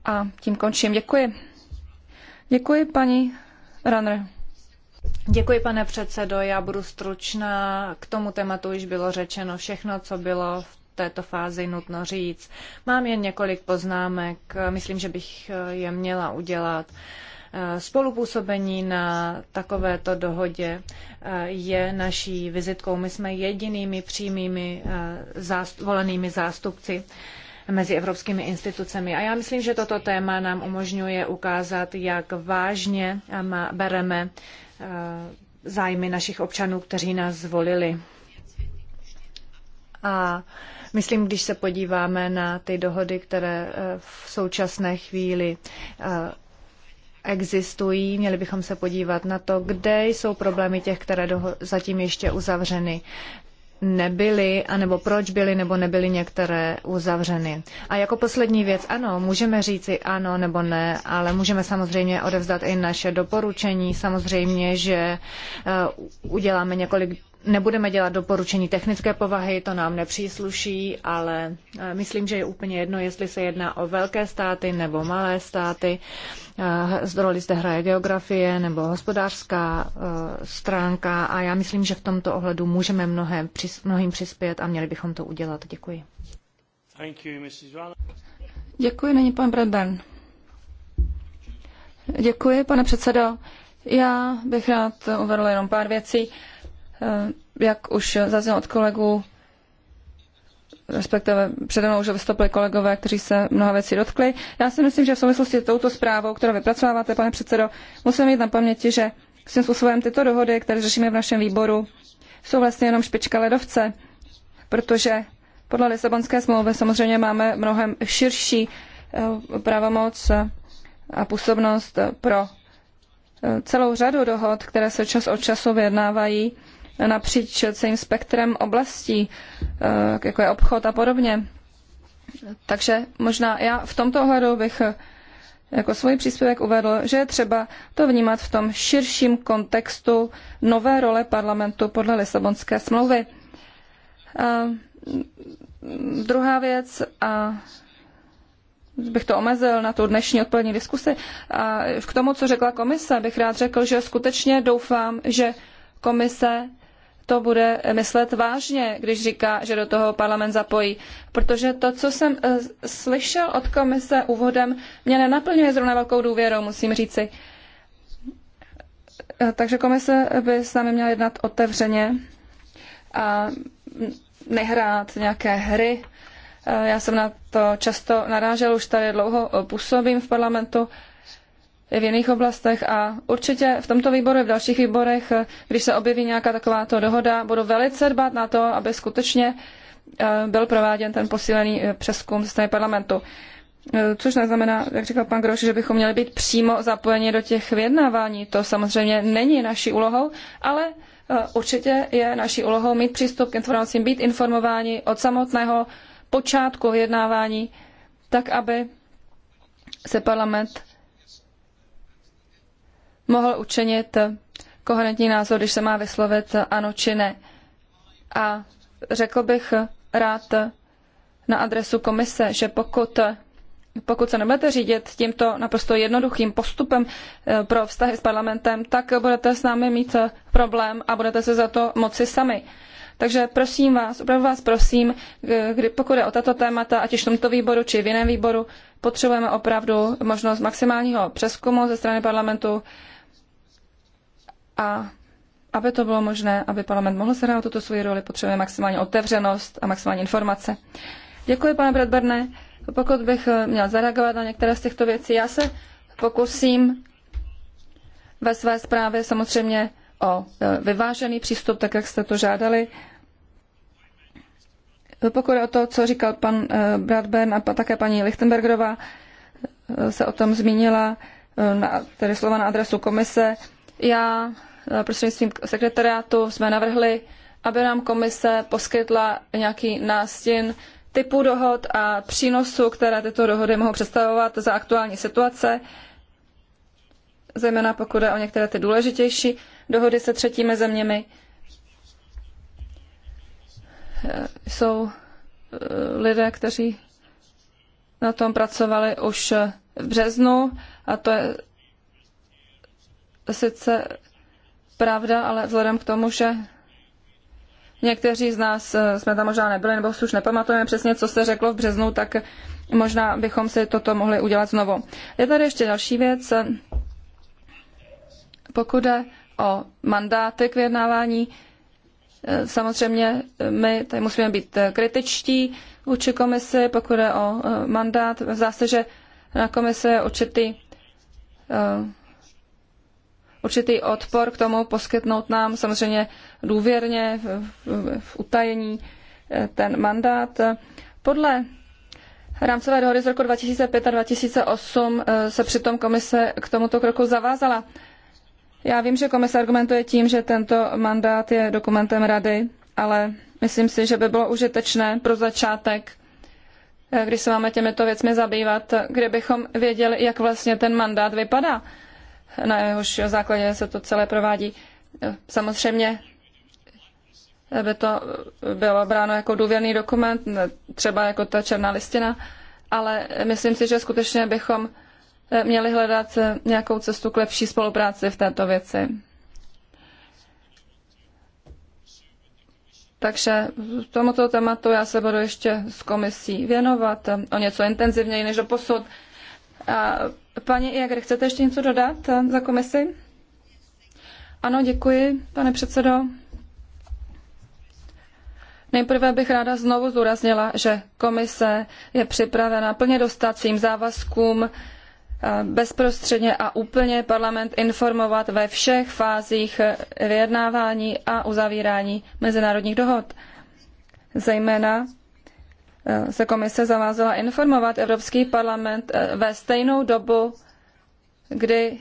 A tím končím. Děkuji. Děkuji, paní Runner. Děkuji, pane předsedo. Já budu stručná. K tomu tématu již bylo řečeno všechno, co bylo v této fázi nutno říct. Mám jen několik poznámek. Myslím, že bych je měla udělat. Spolupůsobení na takovéto dohodě eh, je naší vizitkou. My jsme jedinými přímými eh, zástup, volenými zástupci mezi evropskými institucemi. A já myslím, že toto téma nám umožňuje ukázat, jak vážně bereme Eh, zájmy našich občanů, kteří nás zvolili. A myslím, když se podíváme na ty dohody, které eh, v současné chvíli eh, existují, měli bychom se podívat na to, kde jsou problémy těch, které doho- zatím ještě uzavřeny nebyly, anebo proč byly nebo nebyly některé uzavřeny. A jako poslední věc, ano, můžeme říci ano nebo ne, ale můžeme samozřejmě odevzdat i naše doporučení. Samozřejmě, že eh, uděláme několik Nebudeme dělat doporučení technické povahy, to nám nepřísluší, ale eh, myslím, že je úplně jedno, jestli se jedná o velké státy nebo malé státy. Eh, roli zde hraje geografie nebo hospodářská eh, stránka a já myslím, že v tomto ohledu můžeme mnohem, mnohým přispět a měli bychom to udělat. Děkuji. Děkuji, není pan Bradburn. Děkuji, pane předsedo. Já bych rád uvedl jenom pár věcí. Eh, jak už zaznělo od kolegů, respektive přede mnou už vystoupili kolegové, kteří se mnoha věcí dotkli. Já si myslím, že v souvislosti s touto zprávou, kterou vypracováváte, pane předsedo, musím mít na paměti, že tím způsobem tyto dohody, které řešíme v našem výboru, jsou vlastně jenom špička ledovce, protože podle Lisabonské smlouvy samozřejmě máme mnohem širší eh, pravomoc a působnost pro eh, celou řadu dohod, které se čas od času vyjednávají napříč celým spektrem oblastí, eh, jako je obchod a podobně. Takže možná já v tomto ohledu bych eh, jako svůj příspěvek uvedl, že je třeba to vnímat v tom širším kontextu nové role parlamentu podle Lisabonské smlouvy. A mm, druhá věc, a bych to omezil na tu dnešní odpolední diskusi, a k tomu, co řekla komise, bych rád řekl, že skutečně doufám, že komise to bude myslet vážně, když říká, že do toho parlament zapojí. Protože to, co jsem eh, slyšel od komise úvodem, mě nenaplňuje zrovna velkou důvěrou, musím říci. Eh, takže komise by s námi měla jednat otevřeně a nehrát nějaké hry. Eh, já jsem na to často narážel, už tady dlouho působím v parlamentu v jiných oblastech a určitě v tomto výboru i v dalších výborech, když se objeví nějaká takováto dohoda, budu velice dbát na to, aby skutečně eh, byl prováděn ten posílený eh, přeskum ze strany parlamentu. Eh, což neznamená, jak říkal pan Groš, že bychom měli být přímo zapojeni do těch vyjednávání. To samozřejmě není naší úlohou, ale určitě je naší úlohou mít přístup k informacím, být informováni od samotného počátku vyjednávání, tak aby se parlament mohl učinit koherentní názor, když se má vyslovit ano či ne. A řekl bych rád na adresu komise, že pokud, pokud se nebudete řídit tímto naprosto jednoduchým postupem eh, pro vztahy s parlamentem, tak budete s námi mít eh, problém a budete se za to moci sami. Takže prosím vás, opravdu vás prosím, eh, kdy, pokud je o tato témata, ať už v tomto výboru či v jiném výboru, potřebujeme opravdu možnost maximálního přeskumu ze strany parlamentu, a aby to bylo možné, aby parlament mohl sehrát tuto svoji roli, potřebuje maximální otevřenost a maximální informace. Děkuji, pane Bradberne. Pokud bych eh, měl zareagovat na některé z těchto věcí, já se pokusím ve své zprávě samozřejmě o eh, vyvážený přístup, tak jak jste to žádali. Pokud o to, co říkal pan eh, Bradburn a také paní Lichtenbergerová, se o tom zmínila, tedy slova na adresu komise, já Eh, prostřednictvím sekretariátu jsme navrhli, aby nám komise poskytla nějaký nástin typu dohod a přínosu, které tyto dohody mohou představovat za aktuální situace, zejména pokud je o některé ty důležitější dohody se třetími zeměmi. Eh, jsou eh, lidé, kteří na tom pracovali už v březnu a to je sice pravda, ale vzhledem k tomu, že někteří z nás eh, jsme tam možná nebyli, nebo si už nepamatujeme přesně, co se řeklo v březnu, tak možná bychom si toto mohli udělat znovu. Je tady ještě další věc. Pokud jde o mandáty k vyjednávání, eh, samozřejmě my tady musíme být eh, kritičtí vůči komisi, pokud jde o mandát. Zdá se, že na komisi je určitý určitý odpor k tomu poskytnout nám samozřejmě důvěrně v, v, v utajení eh, ten mandát. Podle rámcové dohody z roku 2005 a 2008 eh, se přitom komise k tomuto kroku zavázala. Já vím, že komise argumentuje tím, že tento mandát je dokumentem rady, ale myslím si, že by bylo užitečné pro začátek, eh, když se máme těmito věcmi zabývat, kdybychom věděli, jak vlastně ten mandát vypadá na jehož základě se to celé provádí. Samozřejmě by to bylo bráno jako důvěrný dokument, třeba jako ta černá listina, ale myslím si, že skutečně bychom měli hledat nějakou cestu k lepší spolupráci v této věci. Takže tomuto tématu já se budu ještě s komisí věnovat o něco intenzivněji než do posud. Paní Jager, chcete ještě něco dodat eh, za komisi? Ano, děkuji, pane předsedo. Nejprve bych ráda znovu zdůraznila, že komise je připravena plně dostat svým závazkům eh, bezprostředně a úplně parlament informovat ve všech fázích eh, vyjednávání a uzavírání mezinárodních dohod. Zejména Eh, se komise zavázala informovat Evropský parlament eh, ve stejnou dobu, kdy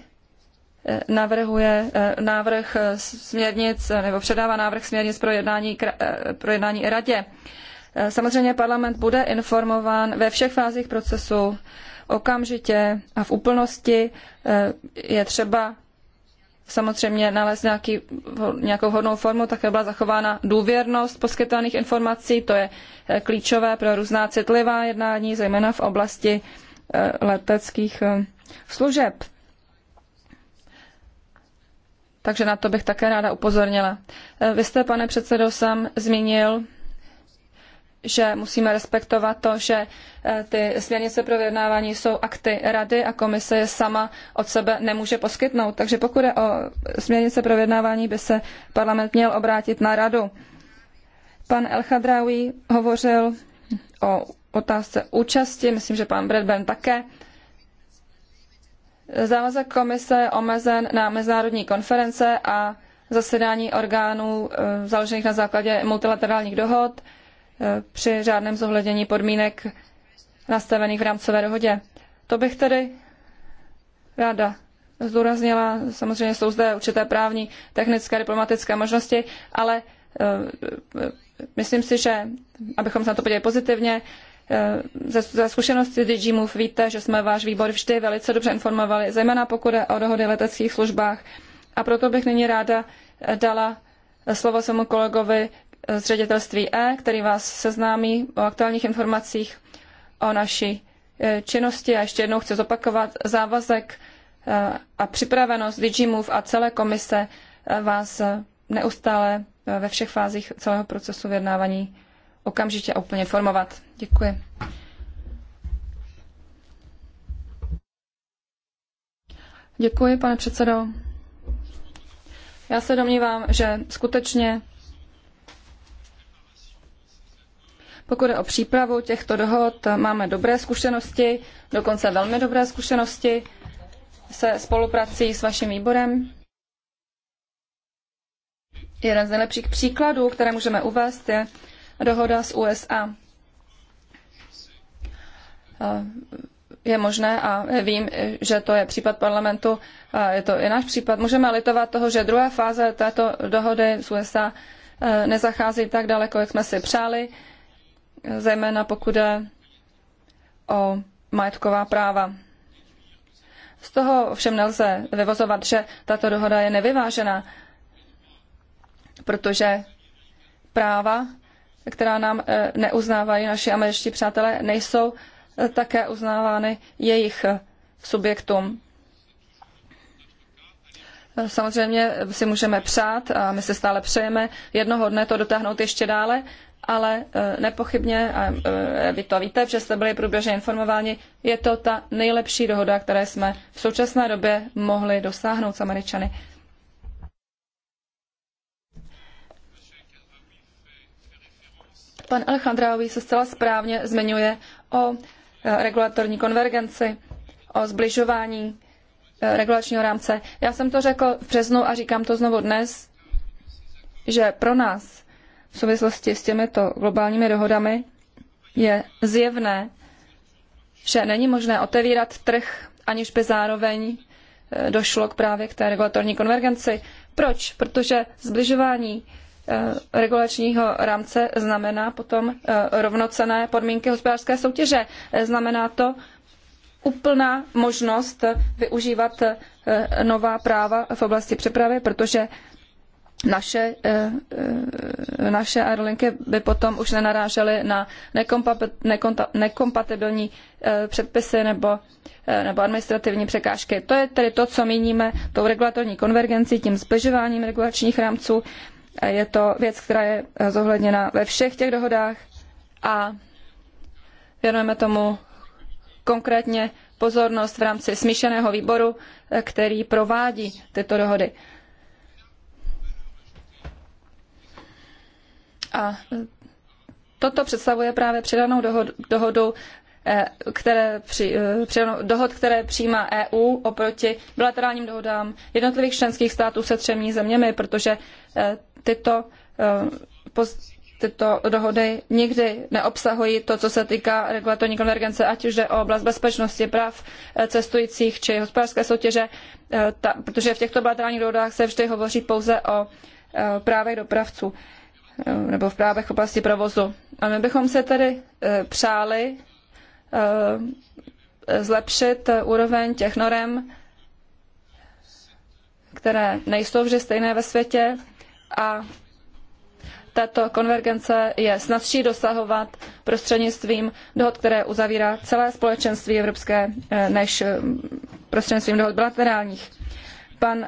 eh, navrhuje návrh směrnic nebo předává návrh směrnic pro jednání, pro jednání radě. Samozřejmě parlament bude informován ve všech fázích procesu okamžitě a v úplnosti. Je třeba samozřejmě nalézt nějaký, nějakou hodnou formu, také byla zachována důvěrnost poskytovaných informací, to je eh, klíčové pro různá citlivá jednání, zejména v oblasti eh, leteckých eh, služeb. Takže na to bych také ráda upozornila. Vy jste, pane předsedo, sám zmínil že musíme respektovat to, že e, ty směrnice pro vyjednávání jsou akty rady a komise je sama od sebe nemůže poskytnout. Takže pokud je o směrnice pro vyjednávání, by se parlament měl obrátit na radu. Pan Elchadraoui hovořil o otázce účasti, myslím, že pan Bradburn také. Závazek komise je omezen na mezinárodní konference a zasedání orgánů e, založených na základě multilaterálních dohod – při řádném zohlednění podmínek nastavených v rámcové dohodě. To bych tedy ráda zdůraznila. Samozřejmě jsou zde určité právní, technické, diplomatické možnosti, ale e, e, myslím si, že abychom se na to podívali pozitivně, e, ze, ze zkušenosti DG Move víte, že jsme váš výbor vždy velice dobře informovali, zejména pokud je o dohody leteckých službách. A proto bych nyní ráda dala slovo svému kolegovi z ředitelství E, který vás seznámí o aktuálních informacích o naší e, činnosti. A ještě jednou chci zopakovat závazek e, a připravenost Move a celé komise e, vás neustále ve všech fázích celého procesu vyjednávání okamžitě a úplně informovat. Děkuji. Děkuji, pane předsedo. Já se domnívám, že skutečně Pokud je o přípravu těchto dohod, máme dobré zkušenosti, dokonce velmi dobré zkušenosti se spoluprací s vaším výborem. Jeden z nejlepších příkladů, které můžeme uvést, je dohoda s USA. Je možné a vím, že to je případ parlamentu, je to i náš případ. Můžeme litovat toho, že druhá fáze této dohody s USA eh, nezachází tak daleko, jak jsme si přáli zejména pokud jde o majetková práva. Z toho všem nelze vyvozovat, že tato dohoda je nevyvážená, protože práva, která nám eh, neuznávají naši američtí přátelé, nejsou eh, také uznávány jejich eh, subjektům. Samozřejmě si můžeme přát a my si stále přejeme jednoho dne to dotáhnout ještě dále, ale eh, nepochybně, a eh, vy to víte, protože jste byli průběžně informováni, je to ta nejlepší dohoda, které jsme v současné době mohli dosáhnout s Američany. Pan Alejandráovi se zcela správně zmiňuje o eh, regulatorní konvergenci, o zbližování regulačního rámce. Já jsem to řekl v březnu a říkám to znovu dnes, že pro nás v souvislosti s těmito globálními dohodami, je zjevné, že není možné otevírat trh, aniž by zároveň e, došlo k právě k té regulatorní konvergenci. Proč? Protože zbližování e, regulačního rámce znamená potom e, rovnocené podmínky hospodářské soutěže. Znamená to úplná možnost využívat nová práva v oblasti přepravy, protože naše, eh, eh, naše aerolinky by potom už nenarážely na nekompatibilní eh, předpisy nebo, nebo administrativní překážky. To je tedy to, co míníme tou regulatorní konvergencí, tím zbližováním regulačních rámců. Je to věc, která je zohledněna ve všech těch dohodách a věnujeme tomu konkrétně pozornost v rámci smíšeného výboru, který provádí tyto dohody. A e, toto představuje právě přidanou dohodu, dohodu e, které při, e, dohod, které přijímá EU oproti bilaterálním dohodám jednotlivých členských států se třemi zeměmi, protože tyto, tyto dohody nikdy neobsahují to, co se týká regulatorní konvergence, ať už jde o oblast bezpečnosti práv cestujících či hospodářské soutěže, ta, protože v těchto bilaterálních dohodách se vždy hovoří pouze o právech dopravců. Eh, nebo v právech v oblasti provozu. A my bychom se tedy eh, přáli eh, zlepšit úroveň těch norem, které nejsou vždy stejné ve světě a tato konvergence je snadší dosahovat prostřednictvím dohod, které uzavírá celé společenství evropské, než prostřednictvím dohod bilaterálních. Pan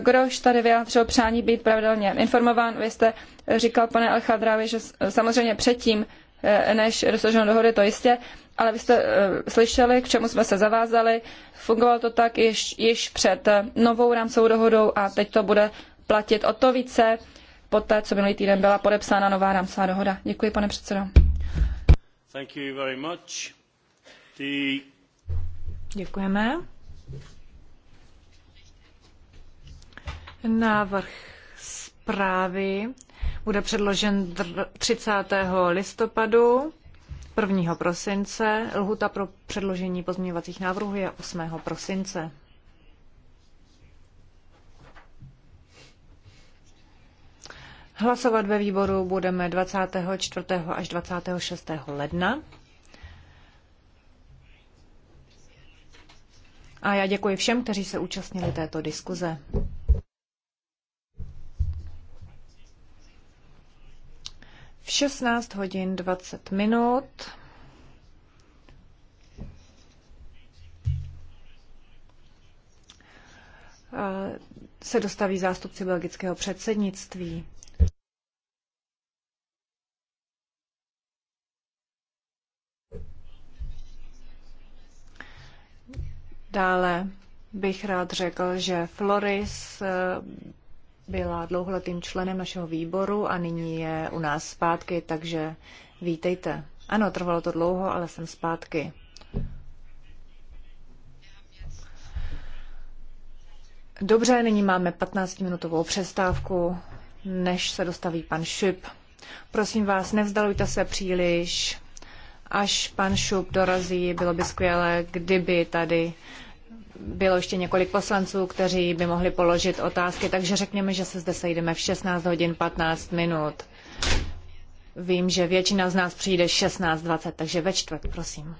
Groš tady vyjádřil přání být pravidelně informován. Vy jste říkal, pane Alchadrávi, že samozřejmě předtím, eh, než dosaženo dohody, to jistě, ale vy jste eh, slyšeli, k čemu jsme se zavázali. Fungovalo to tak již, již před eh, novou rámcovou dohodou a teď to bude platit o to více po té, co minulý týden byla podepsána nová rámcová dohoda. Děkuji, pane předsedo. Děkujeme. Návrh zprávy bude předložen 30. listopadu, 1. prosince. Lhuta pro předložení pozměňovacích návrhů je 8. prosince. Hlasovat ve výboru budeme 24. až 26. ledna. A já děkuji všem, kteří se účastnili této diskuze. v 16 hodin 20 minut. se dostaví zástupci belgického předsednictví. Dále bych rád řekl, že Floris byla dlouholetým členem našeho výboru a nyní je u nás zpátky, takže vítejte. Ano, trvalo to dlouho, ale jsem zpátky. Dobře, nyní máme 15-minutovou přestávku, než se dostaví pan Šip. Prosím vás, nevzdalujte se příliš. Až pan Šup dorazí, bylo by skvělé, kdyby tady bylo ještě několik poslanců, kteří by mohli položit otázky, takže řekněme, že se zde sejdeme v 16 hodin 15 minut. Vím, že většina z nás přijde 16.20, takže ve čtvrt, prosím.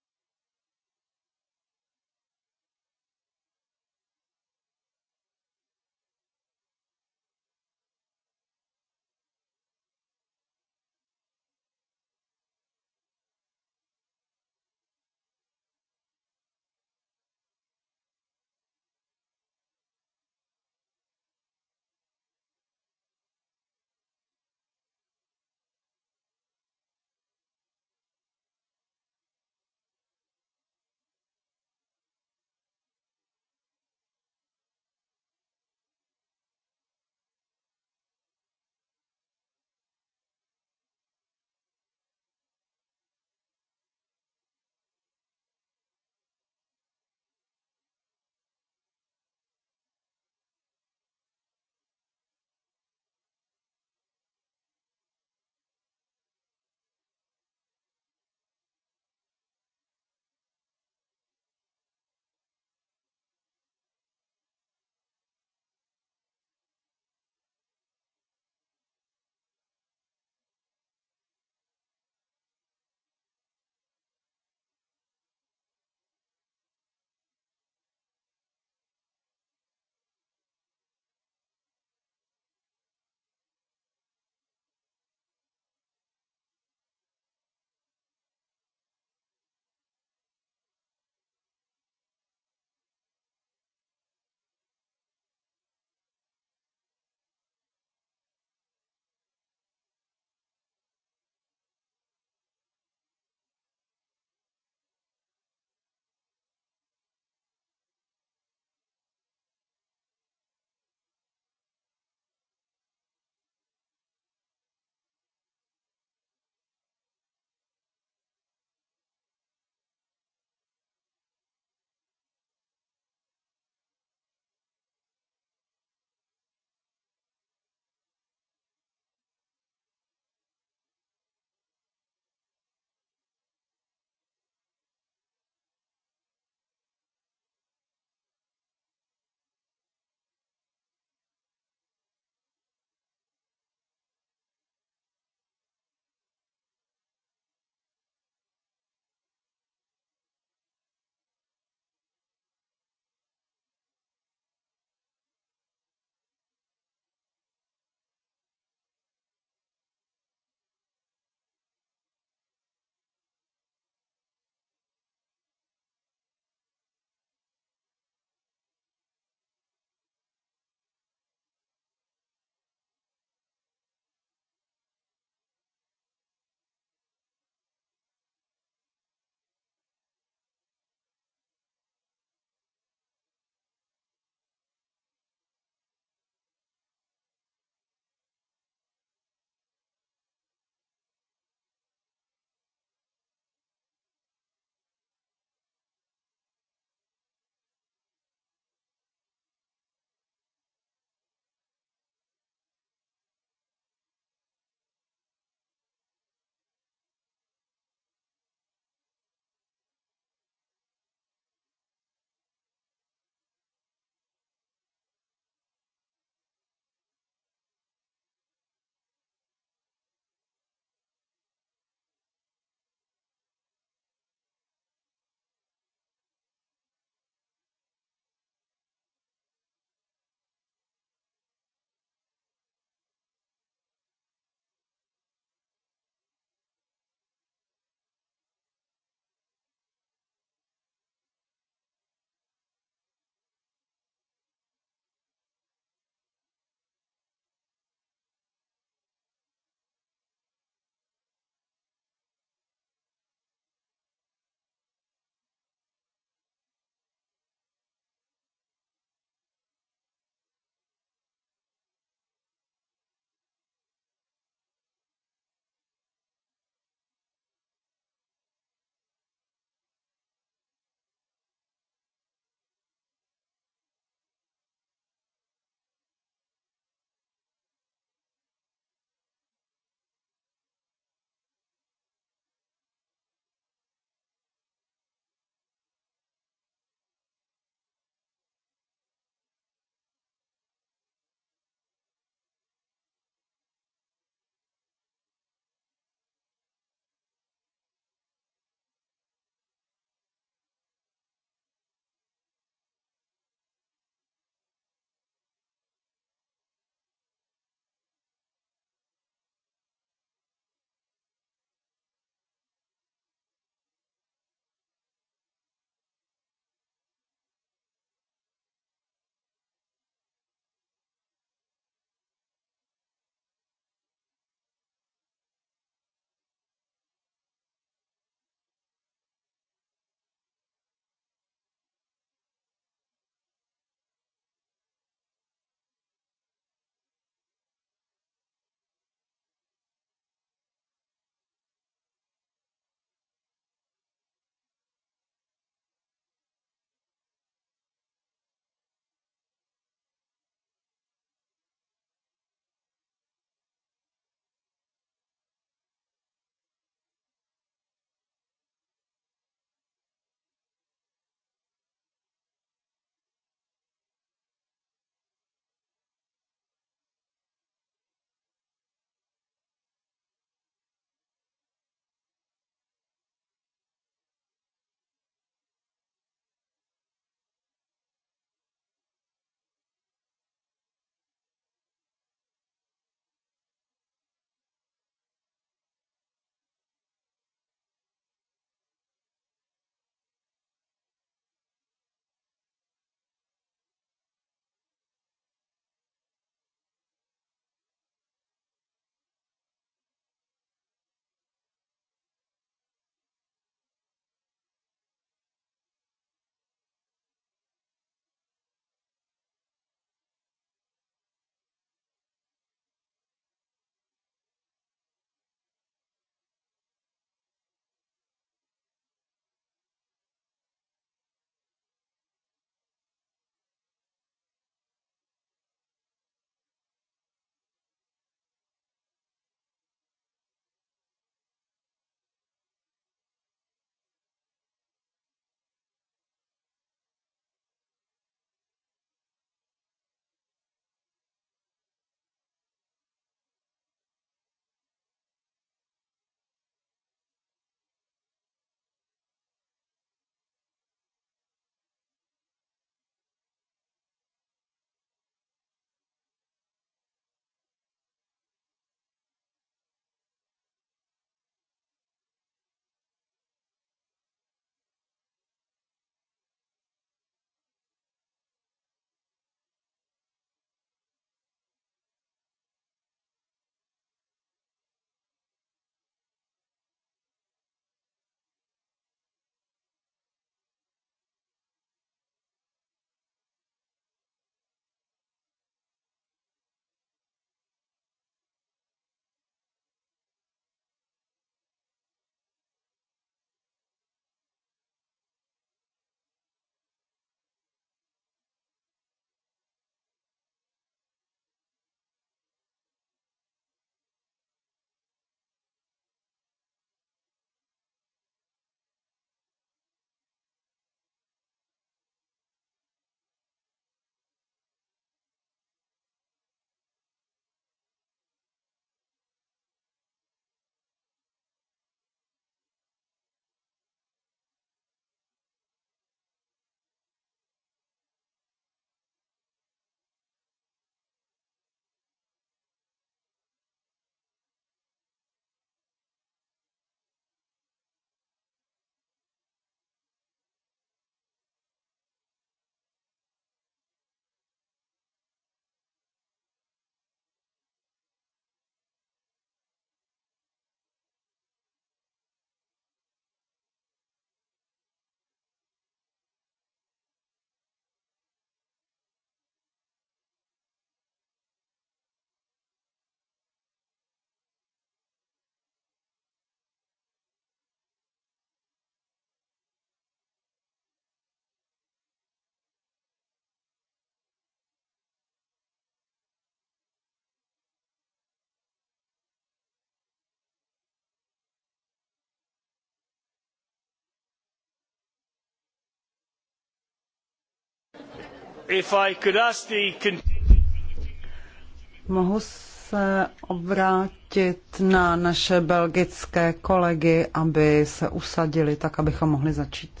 Mohu se obrátit na naše belgické kolegy, aby se usadili tak, abychom mohli začít.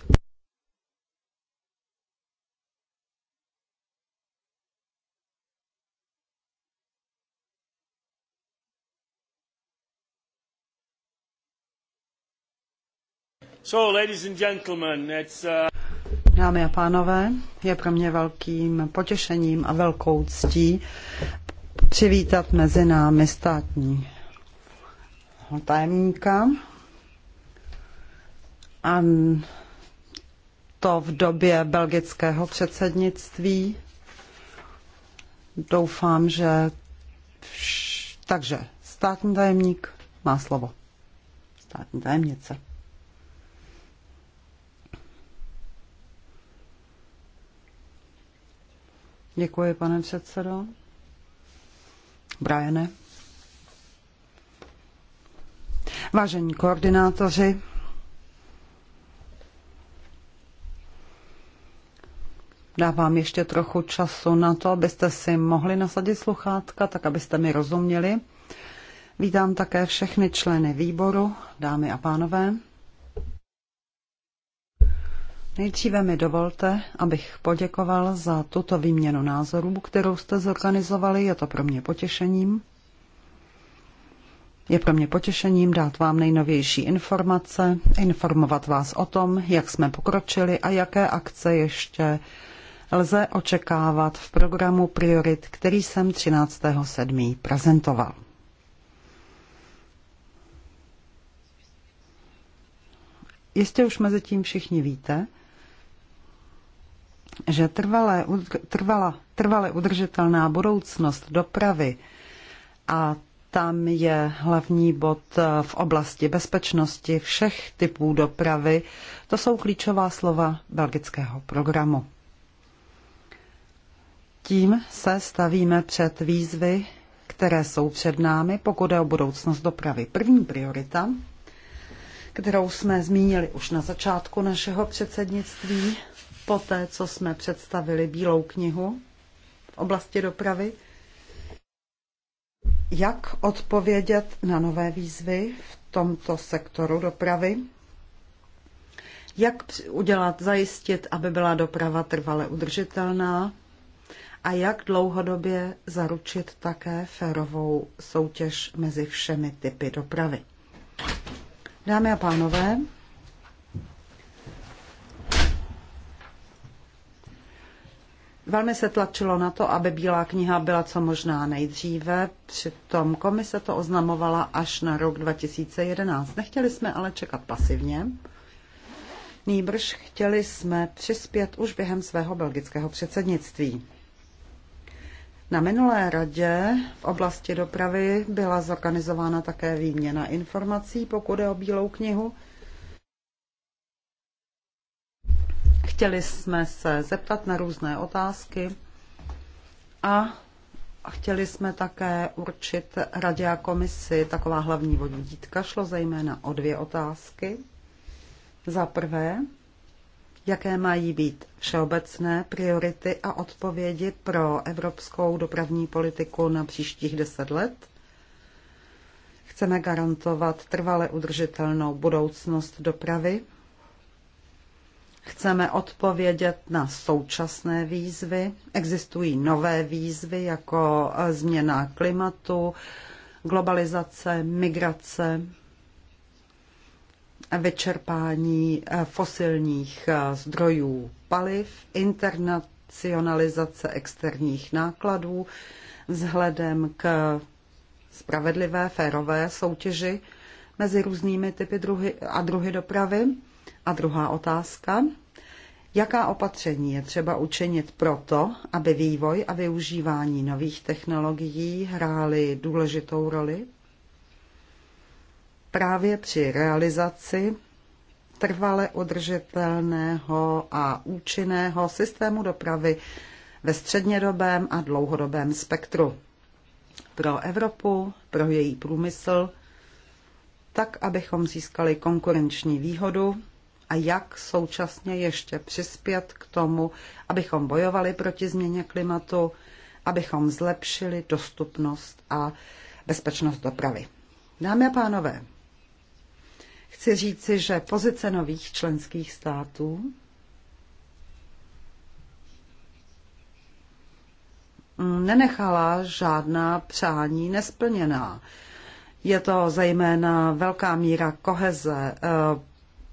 So, ladies and gentlemen, it's, uh... Dámy a pánové, je pro mě velkým potěšením a velkou ctí přivítat mezi námi státní tajemníka. A to v době belgického předsednictví. Doufám, že... Takže státní tajemník má slovo. Státní tajemnice. Děkuji, pane předsedo. Brajene. Vážení koordinátoři, dávám ještě trochu času na to, abyste si mohli nasadit sluchátka, tak abyste mi rozuměli. Vítám také všechny členy výboru, dámy a pánové. Nejdříve mi dovolte, abych poděkoval za tuto výměnu názorů, kterou jste zorganizovali. Je to pro mě potěšením. Je pro mě potěšením dát vám nejnovější informace, informovat vás o tom, jak jsme pokročili a jaké akce ještě lze očekávat v programu Priorit, který jsem 13.7. prezentoval. Jistě už mezi tím všichni víte, že trvalé, trvala, trvale udržitelná budoucnost dopravy a tam je hlavní bod eh, v oblasti bezpečnosti všech typů dopravy. To jsou klíčová slova belgického programu. Tím se stavíme před výzvy, které jsou před námi, pokud je o budoucnost dopravy. První priorita, kterou jsme zmínili už na začátku našeho předsednictví, poté, co jsme představili Bílou knihu v oblasti dopravy, jak odpovědět na nové výzvy v tomto sektoru dopravy, jak udělat, zajistit, aby byla doprava trvale udržitelná a jak dlouhodobě zaručit také férovou soutěž mezi všemi typy dopravy. Dámy a pánové, Velmi se tlačilo na to, aby Bílá kniha byla co možná nejdříve, přitom komise to oznamovala až na rok 2011. Nechtěli jsme ale čekat pasivně. Nýbrž chtěli jsme přispět už během svého belgického předsednictví. Na minulé radě v oblasti dopravy byla zorganizována také výměna informací, pokud je o Bílou knihu, Chtěli jsme se zeptat na různé otázky a chtěli jsme také určit radě a komisi taková hlavní vodítka. Šlo zejména o dvě otázky. Za prvé, jaké mají být všeobecné priority a odpovědi pro evropskou dopravní politiku na příštích deset let. Chceme garantovat trvale udržitelnou budoucnost dopravy Chceme odpovědět na současné výzvy. Existují nové výzvy jako eh, změna klimatu, globalizace, migrace, vyčerpání eh, fosilních eh, zdrojů paliv, internacionalizace externích nákladů vzhledem k spravedlivé, férové soutěži mezi různými typy druhy a druhy dopravy a druhá otázka. Jaká opatření je třeba učinit proto, aby vývoj a využívání nových technologií hrály důležitou roli? Právě při realizaci trvale udržitelného a účinného systému dopravy ve střednědobém a dlouhodobém spektru. Pro Evropu, pro její průmysl, tak abychom získali konkurenční výhodu a jak současně ještě přispět k tomu, abychom bojovali proti změně klimatu, abychom zlepšili dostupnost a bezpečnost dopravy. Dámy a pánové, chci říci, že pozice nových členských států nenechala žádná přání nesplněná. Je to zejména velká míra koheze, eh,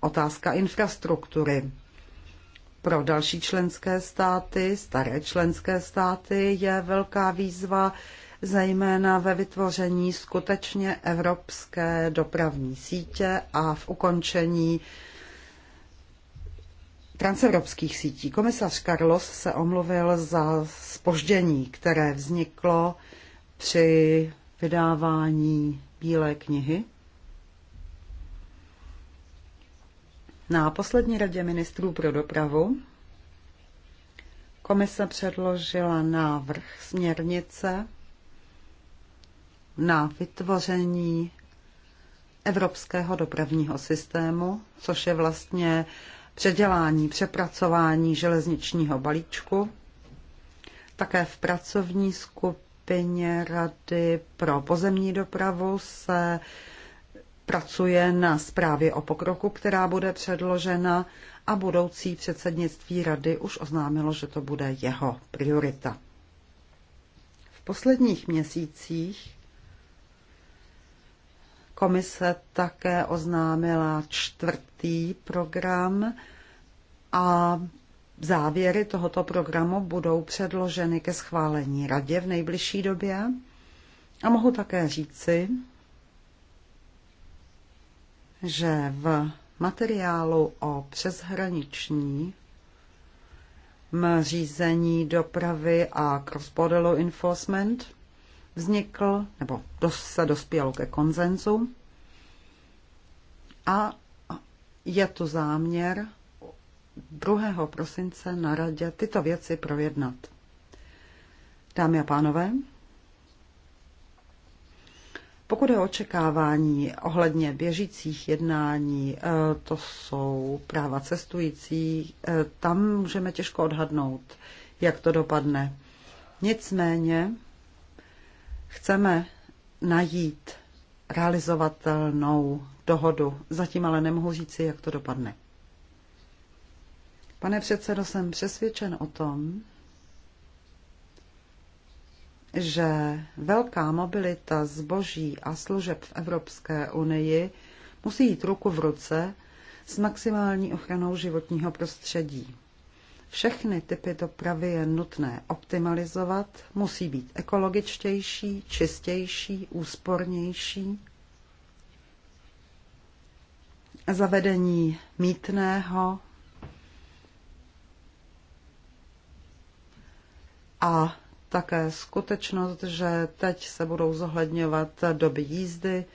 otázka infrastruktury. Pro další členské státy, staré členské státy, je velká výzva zejména ve vytvoření skutečně evropské dopravní sítě a v ukončení transevropských sítí. Komisař Carlos se omluvil za spoždění, které vzniklo při vydávání Bílé knihy Na poslední radě ministrů pro dopravu komise předložila návrh směrnice na vytvoření evropského dopravního systému, což je vlastně předělání, přepracování železničního balíčku. Také v pracovní skupině Rady pro pozemní dopravu se pracuje na zprávě o pokroku, která bude předložena a budoucí předsednictví rady už oznámilo, že to bude jeho priorita. V posledních měsících komise také oznámila čtvrtý program a závěry tohoto programu budou předloženy ke schválení radě v nejbližší době. A mohu také říci, že v materiálu o přeshraniční řízení dopravy a cross-border law enforcement vznikl, nebo se dospělo ke konzenzu a je tu záměr 2. prosince na radě tyto věci projednat. Dámy a pánové, pokud je očekávání ohledně běžících jednání, eh, to jsou práva cestujících, eh, tam můžeme těžko odhadnout, jak to dopadne. Nicméně chceme najít realizovatelnou dohodu. Zatím ale nemohu říci, jak to dopadne. Pane předsedo, jsem přesvědčen o tom, že velká mobilita zboží a služeb v Evropské unii musí jít ruku v ruce s maximální ochranou životního prostředí. Všechny typy dopravy je nutné optimalizovat, musí být ekologičtější, čistější, úspornější. Zavedení mítného a také skutečnost, že teď se budou zohledňovat doby jízdy,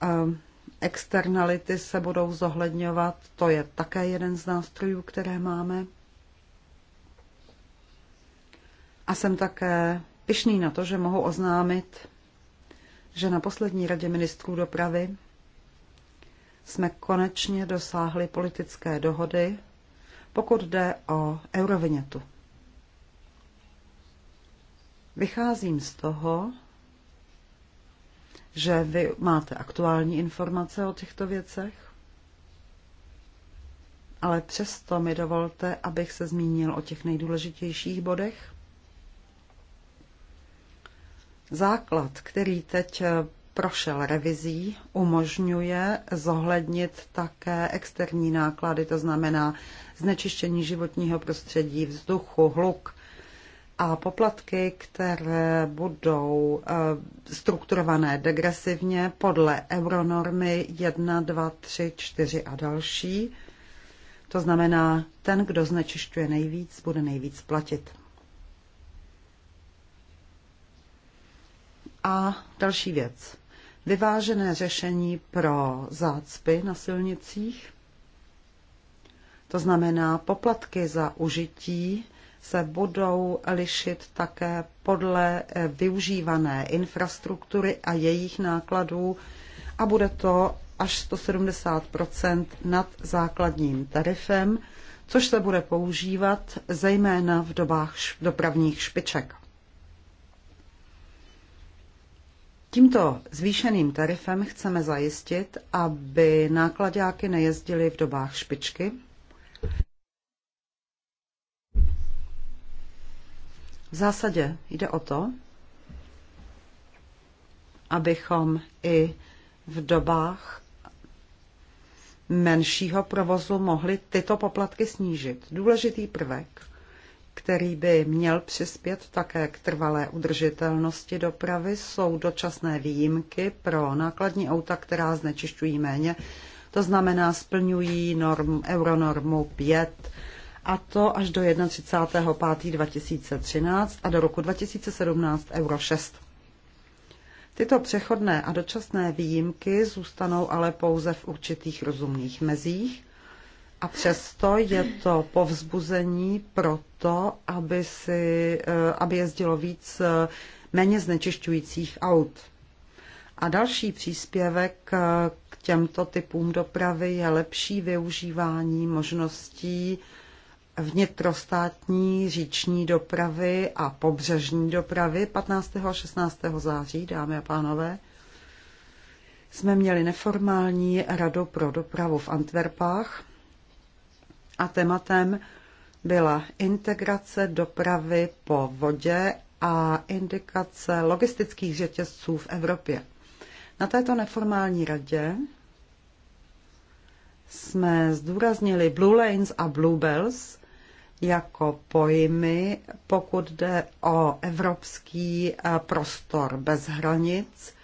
ehm, externality se budou zohledňovat, to je také jeden z nástrojů, které máme. A jsem také pišný na to, že mohu oznámit, že na poslední radě ministrů dopravy jsme konečně dosáhli politické dohody, pokud jde o eurovinětu. Vycházím z toho, že vy máte aktuální informace o těchto věcech, ale přesto mi dovolte, abych se zmínil o těch nejdůležitějších bodech. Základ, který teď prošel revizí, umožňuje zohlednit také externí náklady, to znamená znečištění životního prostředí, vzduchu, hluk, a poplatky, které budou eh, strukturované degresivně podle euronormy 1, 2, 3, 4 a další. To znamená, ten, kdo znečišťuje nejvíc, bude nejvíc platit. A další věc. Vyvážené řešení pro zácpy na silnicích. To znamená poplatky za užití se budou lišit také podle eh, využívané infrastruktury a jejich nákladů a bude to až 170 nad základním tarifem, což se bude používat zejména v dobách dopravních špiček. Tímto zvýšeným tarifem chceme zajistit, aby nákladáky nejezdily v dobách špičky, V zásadě jde o to, abychom i v dobách menšího provozu mohli tyto poplatky snížit. Důležitý prvek, který by měl přispět také k trvalé udržitelnosti dopravy, jsou dočasné výjimky pro nákladní auta, která znečišťují méně. To znamená, splňují norm, euronormu 5 a to až do 31.5.2013 a do roku 2017 euro 6. Tyto přechodné a dočasné výjimky zůstanou ale pouze v určitých rozumných mezích a přesto je to povzbuzení pro to, aby, si, eh, aby jezdilo víc eh, méně znečišťujících aut. A další příspěvek eh, k těmto typům dopravy je lepší využívání možností vnitrostátní říční dopravy a pobřežní dopravy 15. a 16. září, dámy a pánové, jsme měli neformální radu pro dopravu v Antwerpách a tématem byla integrace dopravy po vodě a indikace logistických řetězců v Evropě. Na této neformální radě jsme zdůraznili Blue Lanes a Blue Bells jako pojmy, pokud jde o evropský eh, prostor bez hranic.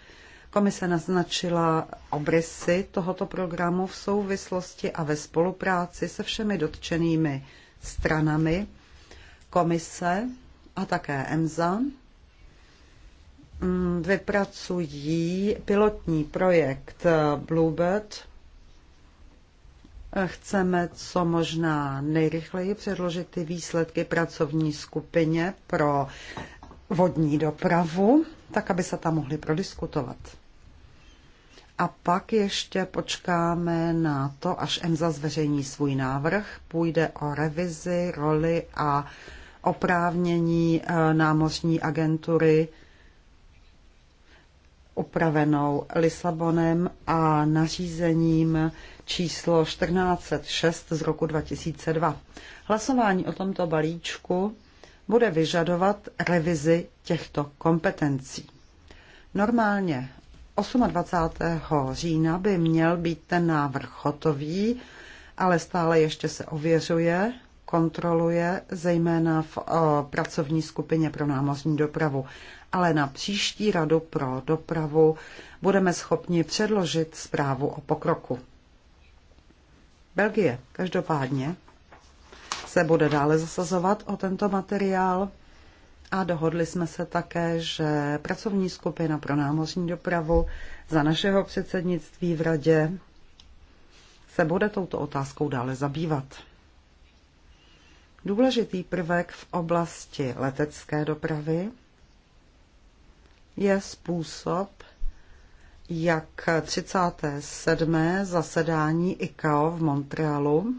Komise naznačila obrysy tohoto programu v souvislosti a ve spolupráci se všemi dotčenými stranami komise a také EMSA mm, vypracují pilotní projekt eh, Bluebird Chceme co možná nejrychleji předložit ty výsledky pracovní skupině pro vodní dopravu, tak aby se tam mohli prodiskutovat. A pak ještě počkáme na to, až EMSA zveřejní svůj návrh. Půjde o revizi, roli a oprávnění eh, námořní agentury upravenou Lisabonem a nařízením číslo 1406 z roku 2002. Hlasování o tomto balíčku bude vyžadovat revizi těchto kompetencí. Normálně 28. října by měl být ten návrh hotový, ale stále ještě se ověřuje, kontroluje, zejména v o, pracovní skupině pro námořní dopravu. Ale na příští radu pro dopravu budeme schopni předložit zprávu o pokroku. Belgie každopádně se bude dále zasazovat o tento materiál a dohodli jsme se také, že pracovní skupina pro námořní dopravu za našeho předsednictví v radě se bude touto otázkou dále zabývat. Důležitý prvek v oblasti letecké dopravy je způsob, jak 37. zasedání ICAO v Montrealu,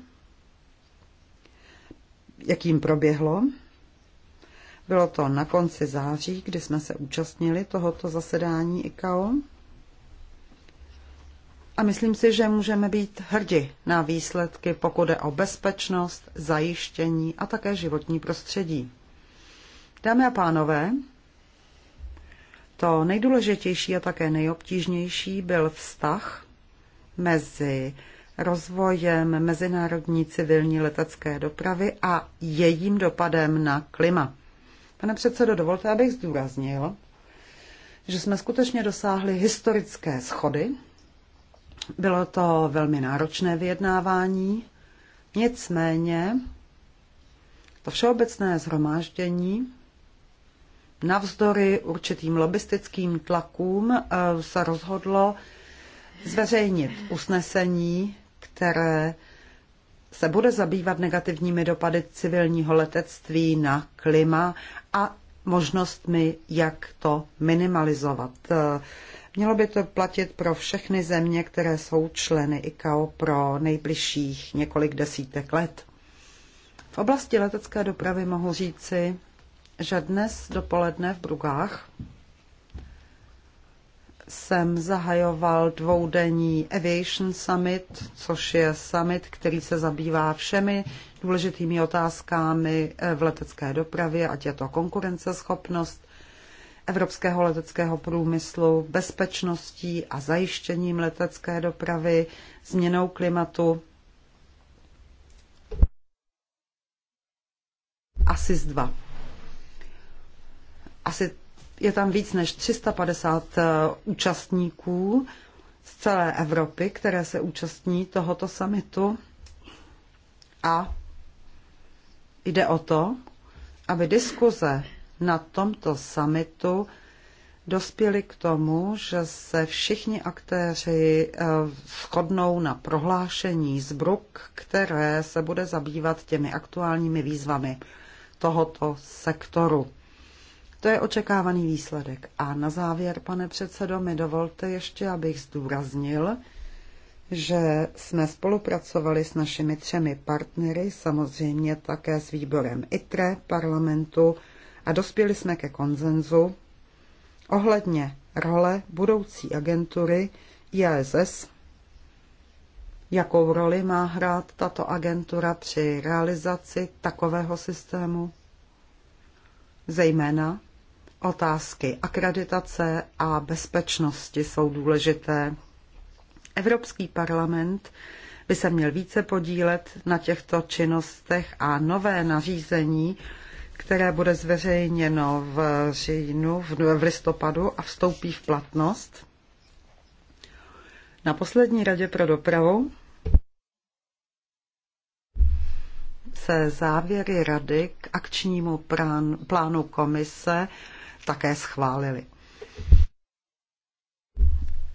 jakým proběhlo. Bylo to na konci září, kdy jsme se účastnili tohoto zasedání ICAO. A myslím si, že můžeme být hrdi na výsledky, pokud jde o bezpečnost, zajištění a také životní prostředí. Dámy a pánové, to nejdůležitější a také nejobtížnější byl vztah mezi rozvojem mezinárodní civilní letecké dopravy a jejím dopadem na klima. Pane předsedo, dovolte, abych zdůraznil, že jsme skutečně dosáhli historické schody. Bylo to velmi náročné vyjednávání, nicméně to všeobecné zhromáždění navzdory určitým lobistickým tlakům eh, se rozhodlo zveřejnit usnesení, které se bude zabývat negativními dopady civilního letectví na klima a možnostmi, jak to minimalizovat. Eh, mělo by to platit pro všechny země, které jsou členy ICAO pro nejbližších několik desítek let. V oblasti letecké dopravy mohu říci, že dnes dopoledne v Brugách jsem zahajoval dvoudenní Aviation Summit, což je summit, který se zabývá všemi důležitými otázkami eh, v letecké dopravě, ať je to konkurenceschopnost evropského leteckého průmyslu, bezpečností a zajištěním letecké dopravy, změnou klimatu. ASIS 2 asi je tam víc než 350 eh, účastníků z celé Evropy, které se účastní tohoto samitu. A jde o to, aby diskuze na tomto samitu dospěly k tomu, že se všichni aktéři eh, shodnou na prohlášení z Bruk, které se bude zabývat těmi aktuálními výzvami tohoto sektoru. To je očekávaný výsledek. A na závěr, pane předsedo, mi dovolte ještě, abych zdůraznil, že jsme spolupracovali s našimi třemi partnery, samozřejmě také s výborem ITRE parlamentu a dospěli jsme ke konzenzu ohledně role budoucí agentury IASS, jakou roli má hrát tato agentura při realizaci takového systému, zejména Otázky akreditace a bezpečnosti jsou důležité. Evropský parlament by se měl více podílet na těchto činnostech a nové nařízení, které bude zveřejněno v říjnu, v listopadu a vstoupí v platnost. Na poslední radě pro dopravu se závěry rady k akčnímu plánu komise také schválili.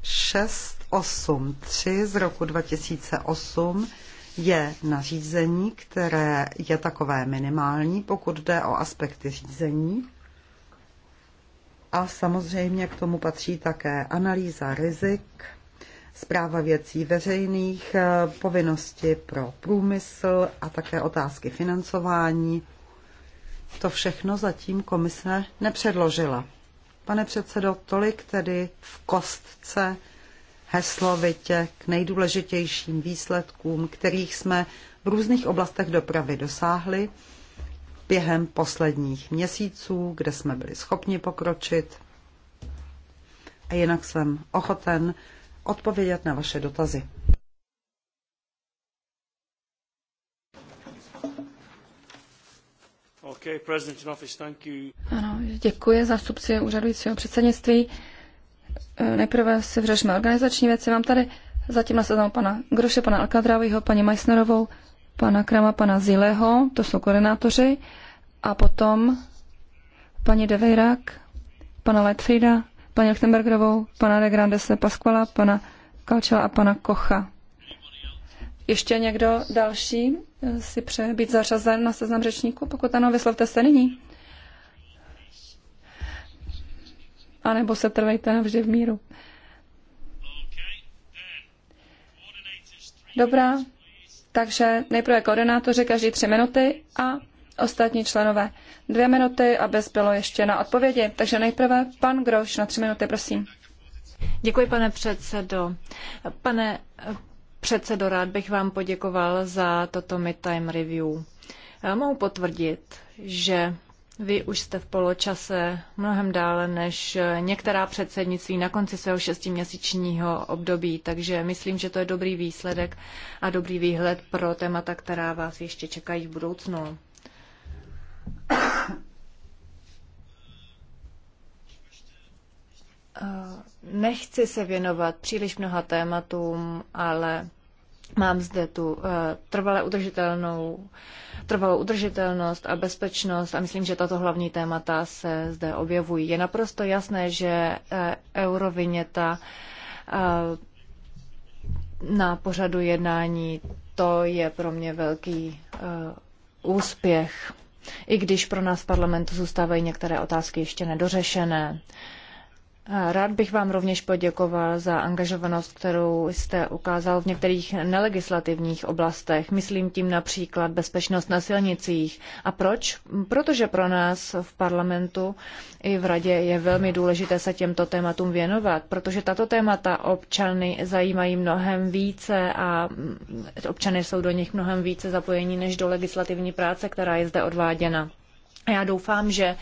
683 z roku 2008 je nařízení, které je takové minimální, pokud jde o aspekty řízení. A samozřejmě k tomu patří také analýza rizik, zpráva věcí veřejných, povinnosti pro průmysl a také otázky financování to všechno zatím komise nepředložila. Pane předsedo, tolik tedy v kostce heslovitě k nejdůležitějším výsledkům, kterých jsme v různých oblastech dopravy dosáhli během posledních měsíců, kde jsme byli schopni pokročit. A jinak jsem ochoten odpovědět na vaše dotazy. Ano, děkuji zástupci úřadujícího předsednictví. Eh, nejprve si vřešme organizační věci. Mám tady zatím na seznamu pana Groše, pana Alkadrávyho, paní Meissnerovou, pana Krama, pana Zileho, to jsou koordinátoři, a potom paní Deveirak, pana Letfrida, paní Lichtenbergerovou, pana de Grandese Pasquala, pana Kalčela a pana Kocha. Ještě někdo další eh, si přeje být zařazen na seznam řečníků? Pokud ano, vyslovte se nyní. A nebo se trvejte navždy v míru. Dobrá, takže nejprve koordinátoři každý tři minuty a ostatní členové dvě minuty, aby bylo ještě na odpovědi. Takže nejprve pan Groš na tři minuty, prosím. Děkuji, pane předsedo. Pane předsedo, rád bych vám poděkoval za toto midtime review. Já mohu potvrdit, že vy už jste v poločase mnohem dále než některá předsednictví na konci svého šestiměsíčního období, takže myslím, že to je dobrý výsledek a dobrý výhled pro témata, která vás ještě čekají v budoucnu. Uh nechci se věnovat příliš mnoha tématům, ale mám zde tu eh, trvalé udržitelnou, trvalou udržitelnost a bezpečnost a myslím, že tato hlavní témata se zde objevují. Je naprosto jasné, že eh, euroviněta eh, na pořadu jednání to je pro mě velký úspěch, i když pro nás v parlamentu zůstávají některé otázky ještě nedořešené. Uh, Rád bych vám rovněž poděkoval za angažovanost, kterou jste ukázal v některých nelegislativních oblastech. Myslím tím například bezpečnost na silnicích. A proč? Protože pro nás v parlamentu i v radě je velmi důležité se těmto tématům věnovat, protože tato témata občany zajímají mnohem více a občany jsou do nich mnohem více zapojení než do legislativní práce, která je zde odváděna. Já doufám, že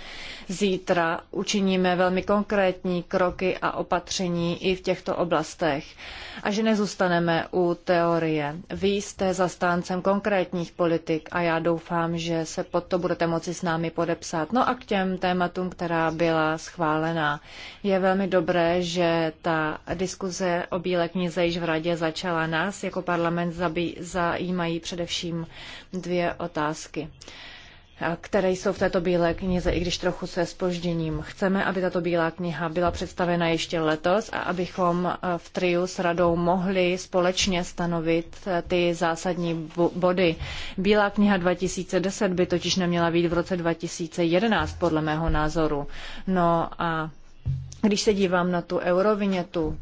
zítra učiníme velmi konkrétní kroky a opatření i v těchto oblastech a že nezůstaneme u teorie. Vy jste zastáncem konkrétních politik a já doufám, že se pod to budete moci s námi podepsat. No a k těm tématům, která byla schválena. Je velmi dobré, že ta diskuze o Bílé knize již v radě začala nás. Jako parlament zajímají především dvě otázky které jsou v této bílé knize, i když trochu se spožděním. Chceme, aby tato bílá kniha byla představena ještě letos a abychom e, v triu s radou mohli společně stanovit e, ty zásadní body. Bílá kniha 2010 by totiž neměla být v roce 2011, podle mého názoru. No a když se dívám na tu eurovinětu,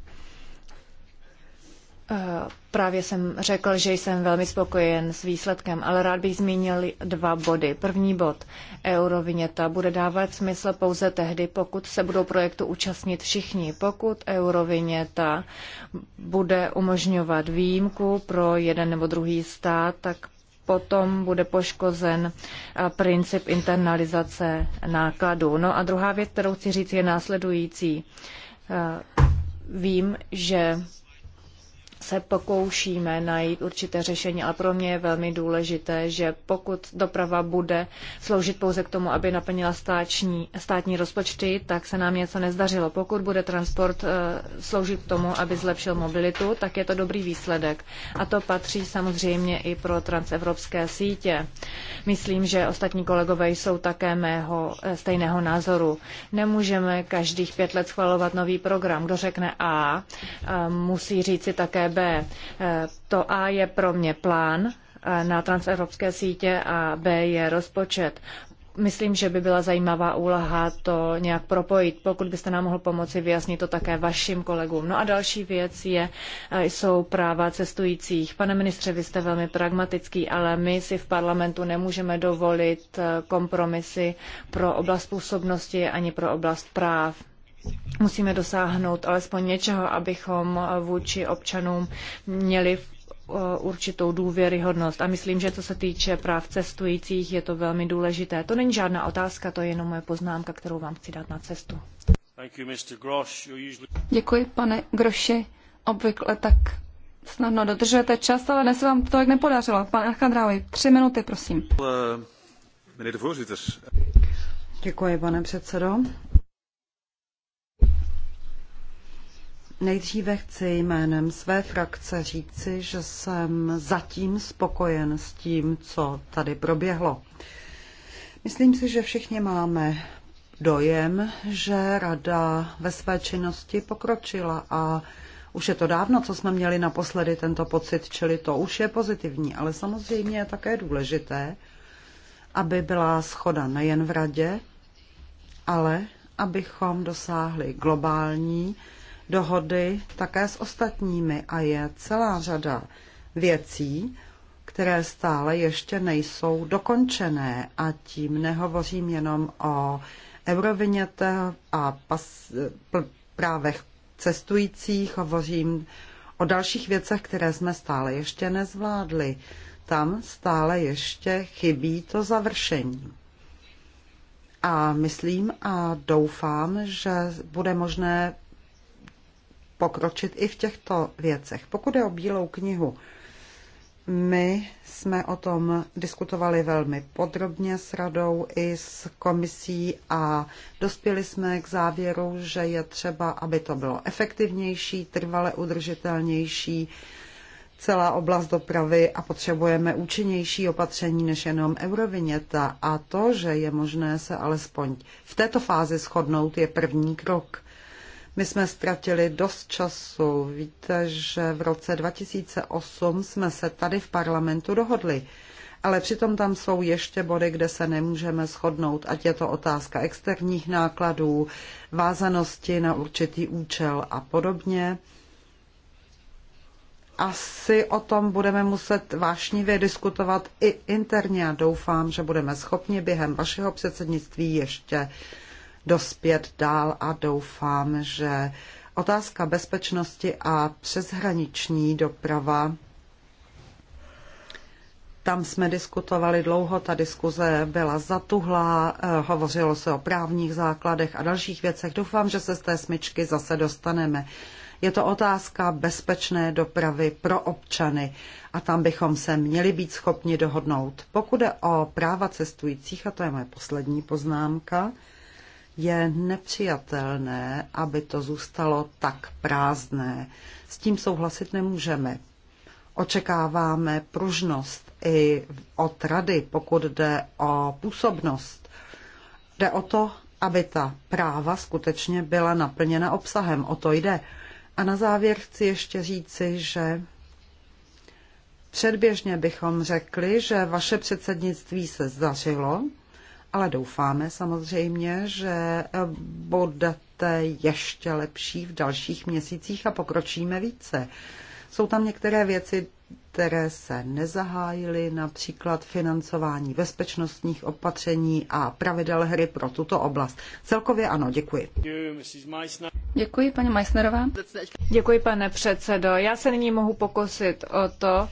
Eh, právě jsem řekl, že jsem velmi spokojen s výsledkem, ale rád bych zmínil dva body. První bod. Euroviněta bude dávat smysl pouze tehdy, pokud se budou projektu účastnit všichni. Pokud euroviněta bude umožňovat výjimku pro jeden nebo druhý stát, tak potom bude poškozen eh, princip internalizace nákladů. No a druhá věc, kterou chci říct, je následující. Eh, vím, že se pokoušíme najít určité řešení, ale pro mě je velmi důležité, že pokud doprava bude sloužit pouze k tomu, aby naplnila státní, státní rozpočty, tak se nám něco nezdařilo. Pokud bude transport eh, sloužit k tomu, aby zlepšil mobilitu, tak je to dobrý výsledek. A to patří samozřejmě i pro transevropské sítě. Myslím, že ostatní kolegové jsou také mého eh, stejného názoru. Nemůžeme každých pět let schvalovat nový program. Kdo řekne A, eh, musí říci také B B. Eh, to A je pro mě plán eh, na transevropské sítě a B je rozpočet. Myslím, že by byla zajímavá úloha to nějak propojit, pokud byste nám mohl pomoci vyjasnit to také vašim kolegům. No a další věc je, eh, jsou práva cestujících. Pane ministře, vy jste velmi pragmatický, ale my si v parlamentu nemůžeme dovolit kompromisy pro oblast působnosti ani pro oblast práv musíme dosáhnout alespoň něčeho, abychom vůči občanům měli eh, určitou důvěryhodnost. A myslím, že co se týče práv cestujících, je to velmi důležité. To není žádná otázka, to je jenom moje poznámka, kterou vám chci dát na cestu. Děkuji, pane Groši. Obvykle tak snadno dodržujete čas, ale dnes vám to jak nepodařilo. Pane Alchandrávi, tři minuty, prosím. Eh, Děkuji, pane předsedo. Nejdříve chci jménem své frakce říci, že jsem zatím spokojen s tím, co tady proběhlo. Myslím si, že všichni máme dojem, že rada ve své činnosti pokročila a už je to dávno, co jsme měli naposledy tento pocit, čili to už je pozitivní, ale samozřejmě je také důležité, aby byla schoda nejen v radě, ale abychom dosáhli globální dohody také s ostatními a je celá řada věcí, které stále ještě nejsou dokončené a tím nehovořím jenom o euroviněte a pas, právech cestujících, hovořím o dalších věcech, které jsme stále ještě nezvládli. Tam stále ještě chybí to završení. A myslím a doufám, že bude možné pokročit i v těchto věcech. Pokud je o Bílou knihu, my jsme o tom diskutovali velmi podrobně s radou i s komisí a dospěli jsme k závěru, že je třeba, aby to bylo efektivnější, trvale udržitelnější, celá oblast dopravy a potřebujeme účinnější opatření než jenom euroviněta. A to, že je možné se alespoň v této fázi shodnout, je první krok. My jsme ztratili dost času. Víte, že v roce 2008 jsme se tady v parlamentu dohodli. Ale přitom tam jsou ještě body, kde se nemůžeme shodnout, ať je to otázka externích nákladů, vázanosti na určitý účel a podobně asi o tom budeme muset vášnivě diskutovat i interně a doufám, že budeme schopni během vašeho předsednictví ještě dospět dál a doufám, že otázka bezpečnosti a přeshraniční doprava tam jsme diskutovali dlouho, ta diskuze byla zatuhlá, eh, hovořilo se o právních základech a dalších věcech. Doufám, že se z té smyčky zase dostaneme. Je to otázka bezpečné dopravy pro občany a tam bychom se měli být schopni dohodnout. Pokud je o práva cestujících, a to je moje poslední poznámka, je nepřijatelné, aby to zůstalo tak prázdné. S tím souhlasit nemůžeme. Očekáváme pružnost i od rady, pokud jde o působnost. Jde o to, aby ta práva skutečně byla naplněna obsahem. O to jde. A na závěr chci ještě říci, že předběžně bychom řekli, že vaše předsednictví se zdařilo, ale doufáme samozřejmě, že eh, budete ještě lepší v dalších měsících a pokročíme více. Jsou tam některé věci, které se nezahájily, například financování bezpečnostních opatření a pravidel hry pro tuto oblast. Celkově ano, děkuji. Děkuji, paní Meissnerová. Děkuji, pane předsedo. Já se nyní mohu pokusit o to,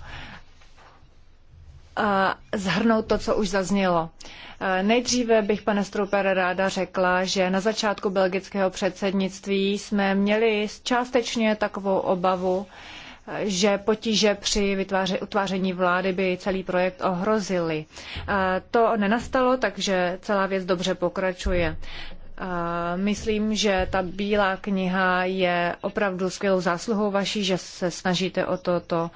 zhrnout to, co už zaznělo. E, nejdříve bych, pane Strupere, ráda řekla, že na začátku belgického předsednictví jsme měli částečně takovou obavu, e, že potíže při vytváře, utváření vlády by celý projekt ohrozily. E, to nenastalo, takže celá věc dobře pokračuje myslím, že ta bílá kniha je opravdu skvělou zásluhou vaší, že se snažíte o toto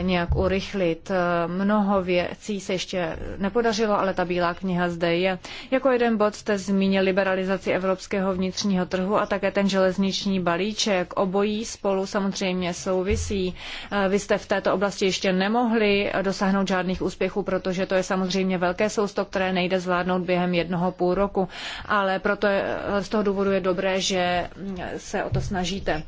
nějak urychlit. Mnoho věcí se ještě nepodařilo, ale ta bílá kniha zde je. Jako jeden bod jste zmínil liberalizaci evropského vnitřního trhu a také ten železniční balíček. Obojí spolu samozřejmě souvisí. Vy jste v této oblasti ještě nemohli dosáhnout žádných úspěchů, protože to je samozřejmě velké sousto, které nejde zvládnout během jednoho půl roku. Ale proto je z toho důvodu je dobré, že se o to snažíte.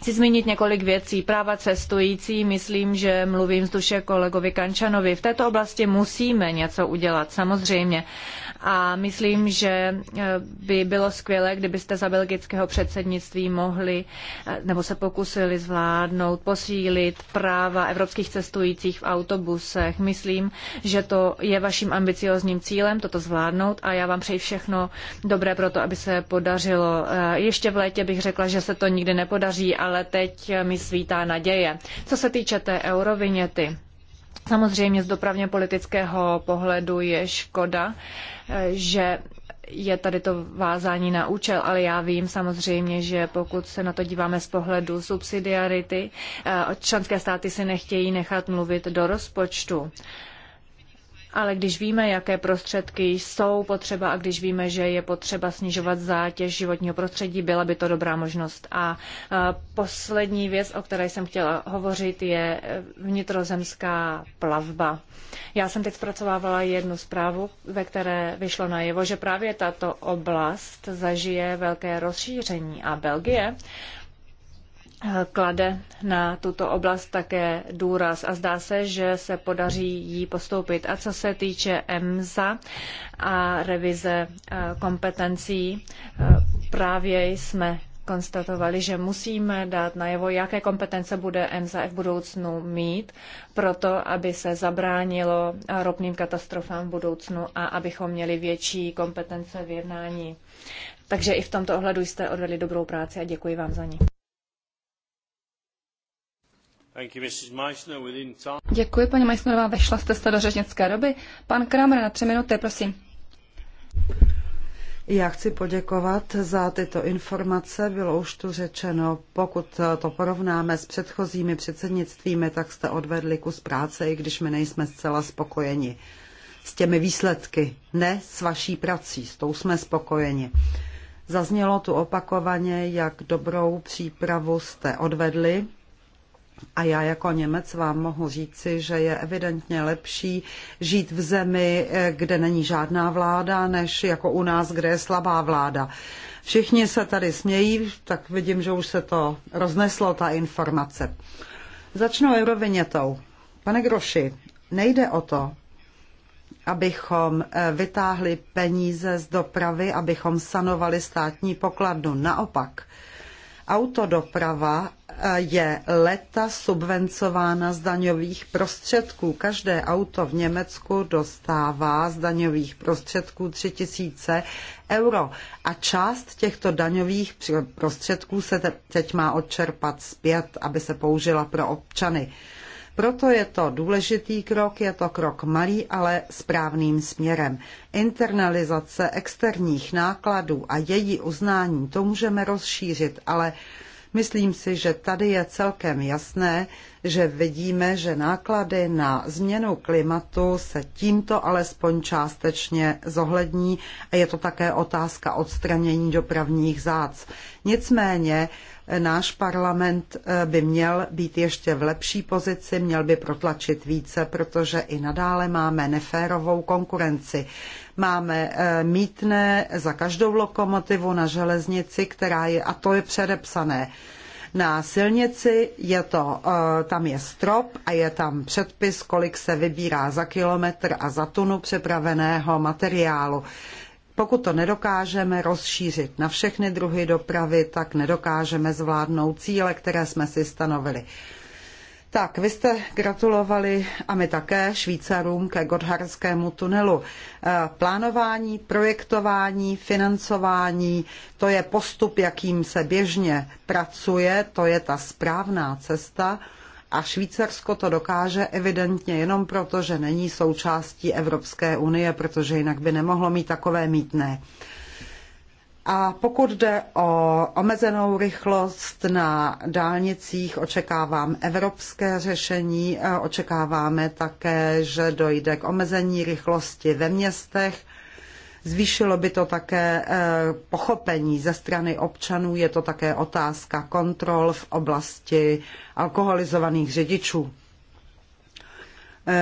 Chci zmínit několik věcí. Práva cestující, myslím, že mluvím z duše kolegovi Kančanovi. V této oblasti musíme něco udělat, samozřejmě a myslím, že eh, by bylo skvělé, kdybyste za belgického předsednictví mohli eh, nebo se pokusili zvládnout, posílit práva evropských cestujících v autobusech. Myslím, že to je vaším ambiciozním cílem toto zvládnout a já vám přeji všechno dobré pro to, aby se podařilo. Eh, ještě v létě bych řekla, že se to nikdy nepodaří, ale teď mi svítá naděje. Co se týče té eurovinety, Samozřejmě z dopravně politického pohledu je škoda, eh, že je tady to vázání na účel, ale já vím samozřejmě, že pokud se na to díváme z pohledu subsidiarity, eh, členské státy si nechtějí nechat mluvit do rozpočtu ale když víme, jaké prostředky jsou potřeba a když víme, že je potřeba snižovat zátěž životního prostředí, byla by to dobrá možnost. A poslední věc, o které jsem chtěla hovořit, je e, vnitrozemská plavba. Já jsem teď zpracovávala jednu zprávu, ve které vyšlo najevo, že právě tato oblast zažije velké rozšíření a Belgie klade na tuto oblast také důraz a zdá se, že se podaří jí postoupit. A co se týče EMSA a revize e, kompetencí, e, právě jsme konstatovali, že musíme dát najevo, jaké kompetence bude EMSA v budoucnu mít, proto aby se zabránilo e, ropným katastrofám v budoucnu a abychom měli větší kompetence v jednání. Takže i v tomto ohledu jste odvedli dobrou práci a děkuji vám za ní. Děkuji, paní Meissnerová, vešla jste se do řečnické doby. Pan Kramer na tři minuty, prosím. Já chci poděkovat za tyto informace. Bylo už tu řečeno, pokud to porovnáme s předchozími předsednictvími, tak jste odvedli kus práce, i když my nejsme zcela spokojeni s těmi výsledky. Ne s vaší prací, s tou jsme spokojeni. Zaznělo tu opakovaně, jak dobrou přípravu jste odvedli a já jako Němec vám mohu říci, že je evidentně lepší žít v zemi, eh, kde není žádná vláda, než jako u nás, kde je slabá vláda. Všichni se tady smějí, tak vidím, že už se to rozneslo, ta informace. Začnu eurovinětou. Pane Groši, nejde o to, abychom eh, vytáhli peníze z dopravy, abychom sanovali státní pokladnu. Naopak, autodoprava je leta subvencována z daňových prostředků. Každé auto v Německu dostává z daňových prostředků 3000 euro a část těchto daňových prostředků se teď má odčerpat zpět, aby se použila pro občany. Proto je to důležitý krok, je to krok malý, ale správným směrem. Internalizace externích nákladů a její uznání, to můžeme rozšířit, ale Myslím si, že tady je celkem jasné, že vidíme, že náklady na změnu klimatu se tímto alespoň částečně zohlední a je to také otázka odstranění dopravních zác. Nicméně eh, náš parlament eh, by měl být ještě v lepší pozici, měl by protlačit více, protože i nadále máme neférovou konkurenci. Máme eh, mítné za každou lokomotivu na železnici, která je, a to je předepsané. Na silnici je to, eh, tam je strop a je tam předpis, kolik se vybírá za kilometr a za tunu přepraveného materiálu. Pokud to nedokážeme rozšířit na všechny druhy dopravy, tak nedokážeme zvládnout cíle, které jsme si stanovili. Tak, vy jste gratulovali a my také Švýcarům ke Godharskému tunelu. Eh, plánování, projektování, financování, to je postup, jakým se běžně pracuje, to je ta správná cesta. A Švýcarsko to dokáže evidentně jenom proto, že není součástí Evropské unie, protože jinak by nemohlo mít takové mítné. A pokud jde o omezenou rychlost na dálnicích, očekávám evropské řešení, e, očekáváme také, že dojde k omezení rychlosti ve městech. Zvýšilo by to také e, pochopení ze strany občanů, je to také otázka kontrol v oblasti alkoholizovaných řidičů.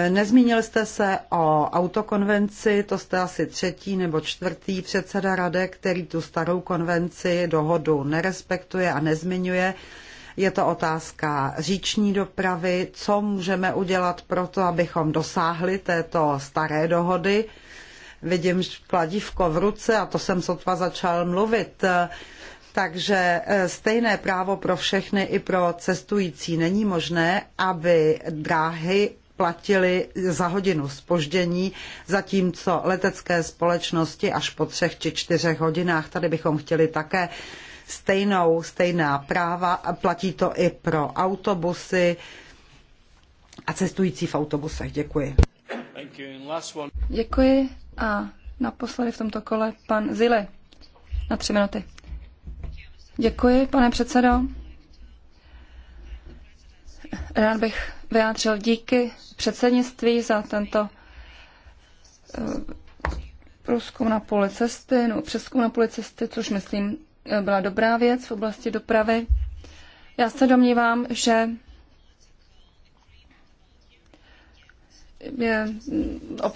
Nezmínil jste se o autokonvenci, to jste asi třetí nebo čtvrtý předseda rade, který tu starou konvenci dohodu nerespektuje a nezmiňuje. Je to otázka říční dopravy, co můžeme udělat pro to, abychom dosáhli této staré dohody. Vidím kladívko v ruce a to jsem sotva začal mluvit. Takže eh, stejné právo pro všechny i pro cestující není možné, aby dráhy platili za hodinu spoždění, zatímco letecké společnosti až po třech či čtyřech hodinách, tady bychom chtěli také stejnou, stejná práva, platí to i pro autobusy a cestující v autobusech. Děkuji. Děkuji a naposledy v tomto kole pan Zile na tři minuty. Děkuji, pane předsedo rád bych vyjádřil díky předsednictví za tento eh, průzkum na půli cesty, no přeskum na půli cesty, což myslím eh, byla dobrá věc v oblasti dopravy. Já se domnívám, že je, mm, ob,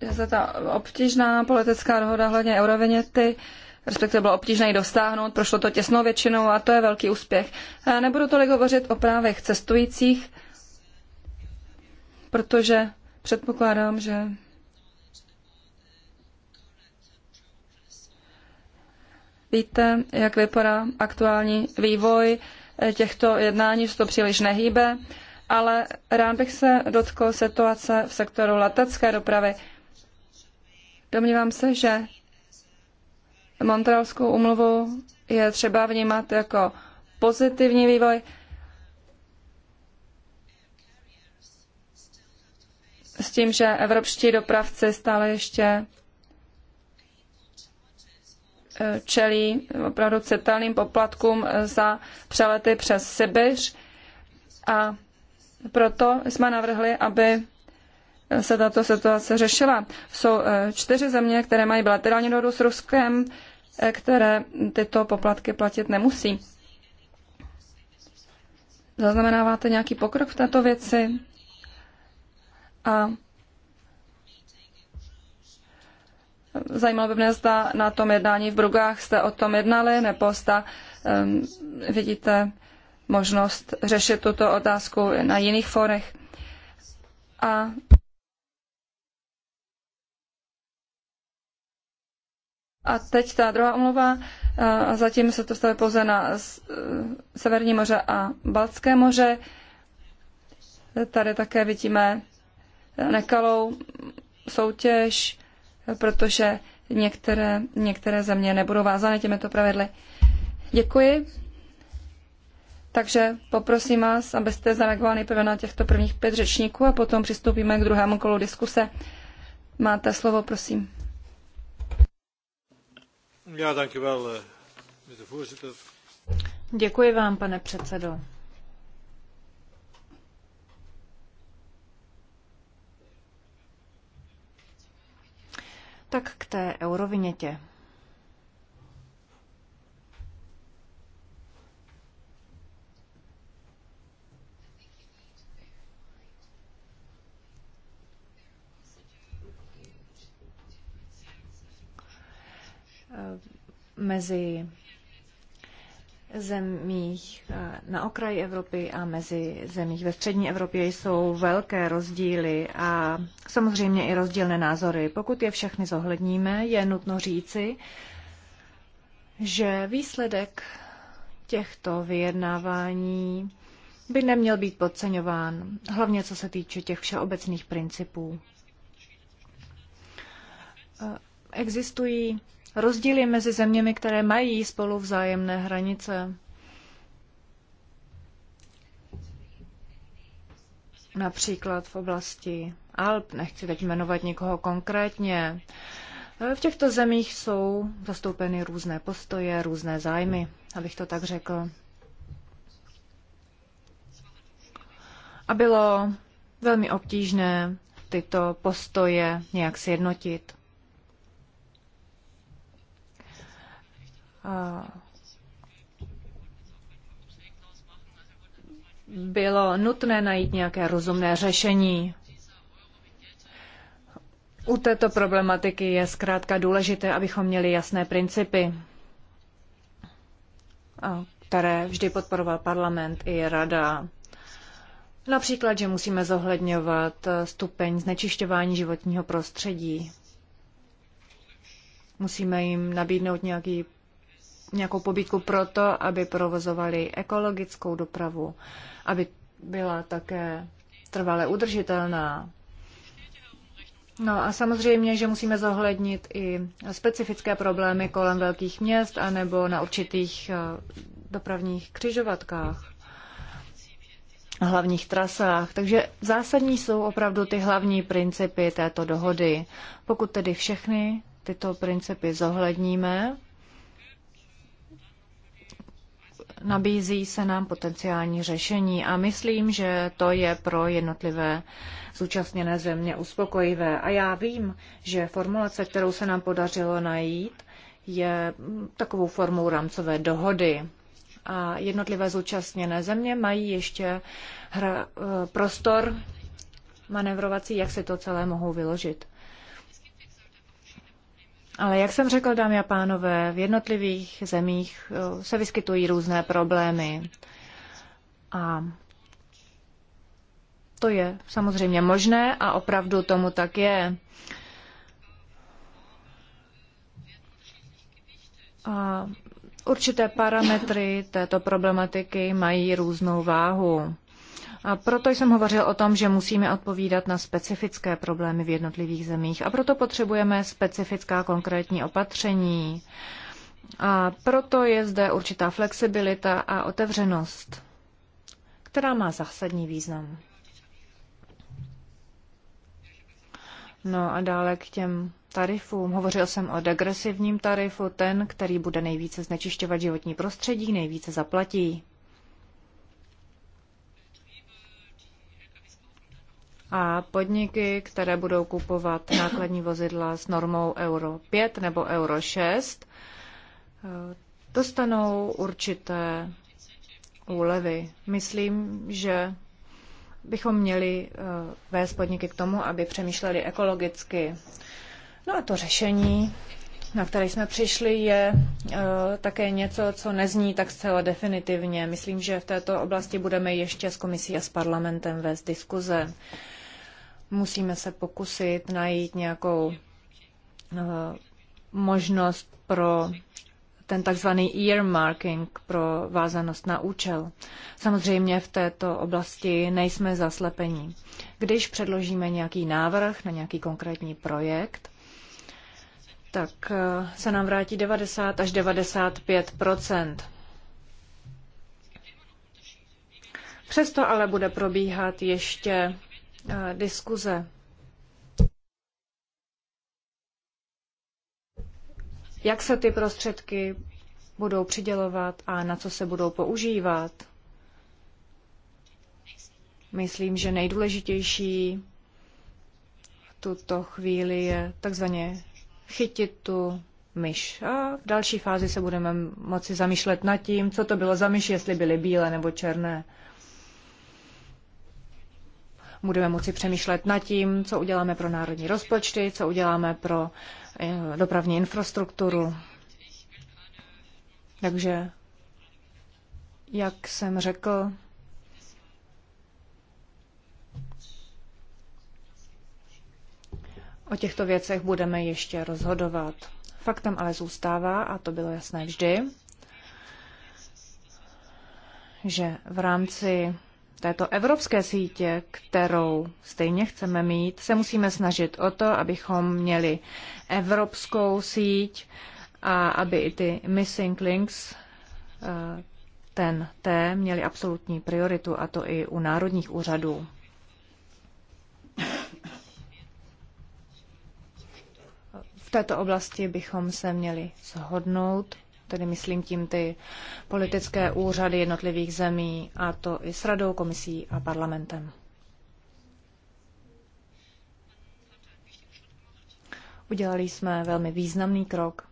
je ta obtížná politická dohoda hledně eurovinety, respektive bylo obtížné ji dosáhnout, prošlo to těsnou většinou a to je velký úspěch. Nebudu tolik hovořit o právech cestujících, protože předpokládám, že víte, jak vypadá aktuální vývoj těchto jednání, že to příliš nehýbe, ale rád bych se dotkl situace v sektoru letecké dopravy. Domnívám se, že Montrealskou umluvu je třeba vnímat jako pozitivní vývoj. S tím, že evropští dopravci stále ještě eh, čelí opravdu citelným poplatkům eh, za přelety přes Sibiř a proto jsme navrhli, aby se tato situace řešila. Jsou eh, čtyři země, které mají bilaterální dohodu s Ruskem, které tyto poplatky platit nemusí. Zaznamenáváte nějaký pokrok v této věci? A zajímalo by mě, zda na tom jednání v Brugách jste o tom jednali, nebo zda um, vidíte možnost řešit tuto otázku na jiných forech. A A teď ta druhá omluva, a zatím se to stavuje pouze na e, Severní moře a Baltské moře. Tady také vidíme nekalou soutěž, protože některé, některé země nebudou vázány těmito pravidly. Děkuji. Takže poprosím vás, abyste zareagovali nejprve na těchto prvních pět řečníků a potom přistoupíme k druhému kolu diskuse. Máte slovo, prosím. Eh, Děkuji vám, pane předsedo. Tak k té eurovinětě. Eh, mezi zemích eh, na okraji Evropy a mezi zemích ve střední Evropě jsou velké rozdíly a samozřejmě i rozdílné názory. Pokud je všechny zohledníme, je nutno říci, že výsledek těchto vyjednávání by neměl být podceňován, hlavně co se týče těch všeobecných principů. Eh, existují rozdíly mezi zeměmi, které mají spolu vzájemné hranice. Například v oblasti Alp, nechci teď jmenovat nikoho konkrétně. V těchto zemích jsou zastoupeny různé postoje, různé zájmy, abych to tak řekl. A bylo velmi obtížné tyto postoje nějak sjednotit. bylo nutné najít nějaké rozumné řešení. U této problematiky je zkrátka důležité, abychom měli jasné principy, které vždy podporoval parlament i rada. Například, že musíme zohledňovat stupeň znečišťování životního prostředí. Musíme jim nabídnout nějaký nějakou pobídku pro to, aby provozovali ekologickou dopravu, aby byla také trvale udržitelná. No a samozřejmě, že musíme zohlednit i specifické problémy kolem velkých měst anebo na určitých eh, dopravních křižovatkách, hlavních trasách. Takže zásadní jsou opravdu ty hlavní principy této dohody. Pokud tedy všechny tyto principy zohledníme, nabízí se nám potenciální řešení a myslím, že to je pro jednotlivé zúčastněné země uspokojivé. A já vím, že formulace, kterou se nám podařilo najít, je takovou formou rámcové dohody. A jednotlivé zúčastněné země mají ještě hra, eh, prostor manevrovací, jak se to celé mohou vyložit. Ale jak jsem řekl, dámy a pánové, v jednotlivých zemích eh, se vyskytují různé problémy. A to je samozřejmě možné a opravdu tomu tak je. A určité parametry této problematiky mají různou váhu. A proto jsem hovořil o tom, že musíme odpovídat na specifické problémy v jednotlivých zemích a proto potřebujeme specifická konkrétní opatření. A proto je zde určitá flexibilita a otevřenost, která má zásadní význam. No a dále k těm tarifům. Hovořil jsem o degresivním tarifu, ten, který bude nejvíce znečišťovat životní prostředí, nejvíce zaplatí. a podniky, které budou kupovat nákladní vozidla s normou Euro 5 nebo Euro 6, dostanou určité úlevy. Myslím, že bychom měli eh, vést podniky k tomu, aby přemýšleli ekologicky. No a to řešení, na které jsme přišli, je eh, také něco, co nezní tak zcela definitivně. Myslím, že v této oblasti budeme ještě s komisí a s parlamentem vést diskuze. Musíme se pokusit najít nějakou eh, možnost pro ten takzvaný earmarking pro vázanost na účel. Samozřejmě v této oblasti nejsme zaslepení. Když předložíme nějaký návrh na nějaký konkrétní projekt, tak eh, se nám vrátí 90 až 95 Přesto ale bude probíhat ještě Eh, diskuze. Jak se ty prostředky budou přidělovat a na co se budou používat? Myslím, že nejdůležitější v tuto chvíli je takzvaně chytit tu myš. A v další fázi se budeme moci zamýšlet nad tím, co to bylo za myš, jestli byly bílé nebo černé budeme moci přemýšlet nad tím, co uděláme pro národní rozpočty, co uděláme pro eh, dopravní infrastrukturu. Takže, jak jsem řekl, o těchto věcech budeme ještě rozhodovat. Faktem ale zůstává, a to bylo jasné vždy, že v rámci této evropské sítě, kterou stejně chceme mít, se musíme snažit o to, abychom měli evropskou síť a aby i ty missing links eh, ten T měli absolutní prioritu, a to i u národních úřadů. V této oblasti bychom se měli shodnout tedy myslím tím ty politické úřady jednotlivých zemí, a to i s radou, komisí a parlamentem. Udělali jsme velmi významný krok.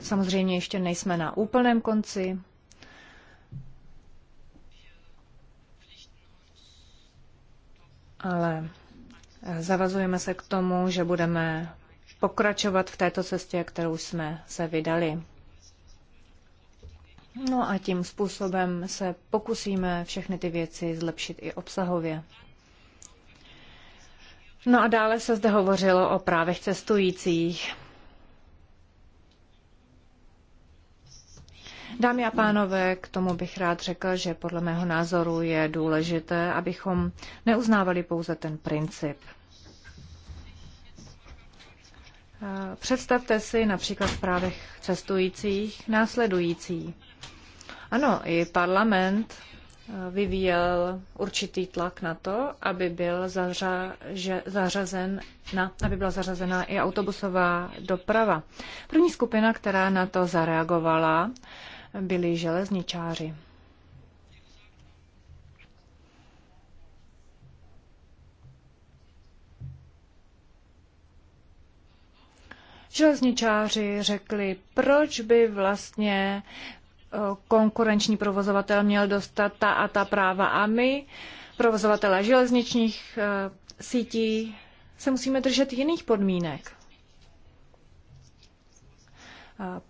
Samozřejmě ještě nejsme na úplném konci. Ale zavazujeme se k tomu, že budeme pokračovat v této cestě, kterou jsme se vydali. No a tím způsobem se pokusíme všechny ty věci zlepšit i obsahově. No a dále se zde hovořilo o právech cestujících. Dámy a pánové, k tomu bych rád řekl, že podle mého názoru je důležité, abychom neuznávali pouze ten princip – Představte si například v právech cestujících následující. Ano, i parlament eh, vyvíjel určitý tlak na to, aby, byl zařa, že, zařazen na, aby byla zařazena i autobusová doprava. První skupina, která na to zareagovala, byli železničáři. železničáři řekli, proč by vlastně eh, konkurenční provozovatel měl dostat ta a ta práva. A my, provozovatelé železničních eh, sítí, se musíme držet jiných podmínek.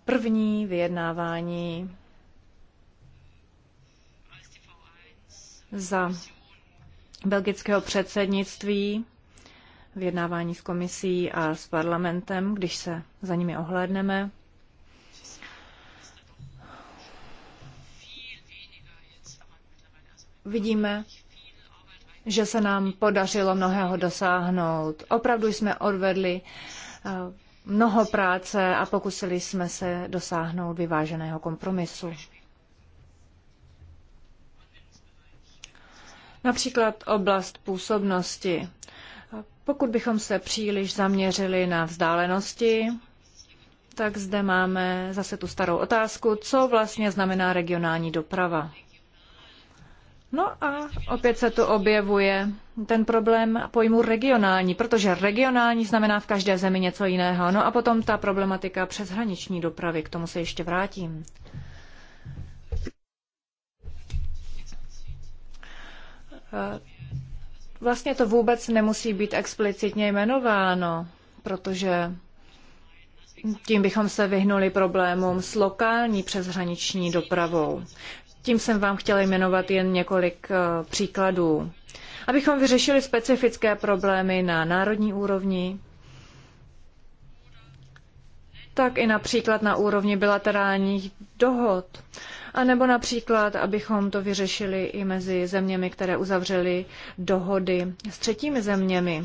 První vyjednávání za belgického předsednictví vyjednávání s komisí a s parlamentem, když se za nimi ohlédneme. Vidíme, že se nám podařilo mnohého dosáhnout. Opravdu jsme odvedli eh, mnoho práce a pokusili jsme se dosáhnout vyváženého kompromisu. Například oblast působnosti. Pokud bychom se příliš zaměřili na vzdálenosti, tak zde máme zase tu starou otázku, co vlastně znamená regionální doprava. No a opět se tu objevuje ten problém pojmu regionální, protože regionální znamená v každé zemi něco jiného. No a potom ta problematika přeshraniční dopravy, k tomu se ještě vrátím. Vlastně to vůbec nemusí být explicitně jmenováno, protože tím bychom se vyhnuli problémům s lokální přeshraniční dopravou. Tím jsem vám chtěla jmenovat jen několik eh, příkladů. Abychom vyřešili specifické problémy na národní úrovni, tak i například na úrovni bilaterálních dohod. A nebo například, abychom to vyřešili i mezi zeměmi, které uzavřely dohody s třetími zeměmi.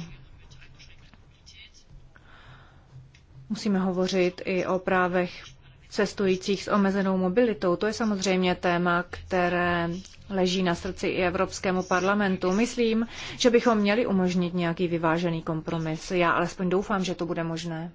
Musíme hovořit i o právech cestujících s omezenou mobilitou. To je samozřejmě téma, které leží na srdci i Evropskému parlamentu. Myslím, že bychom měli umožnit nějaký vyvážený kompromis. Já alespoň doufám, že to bude možné.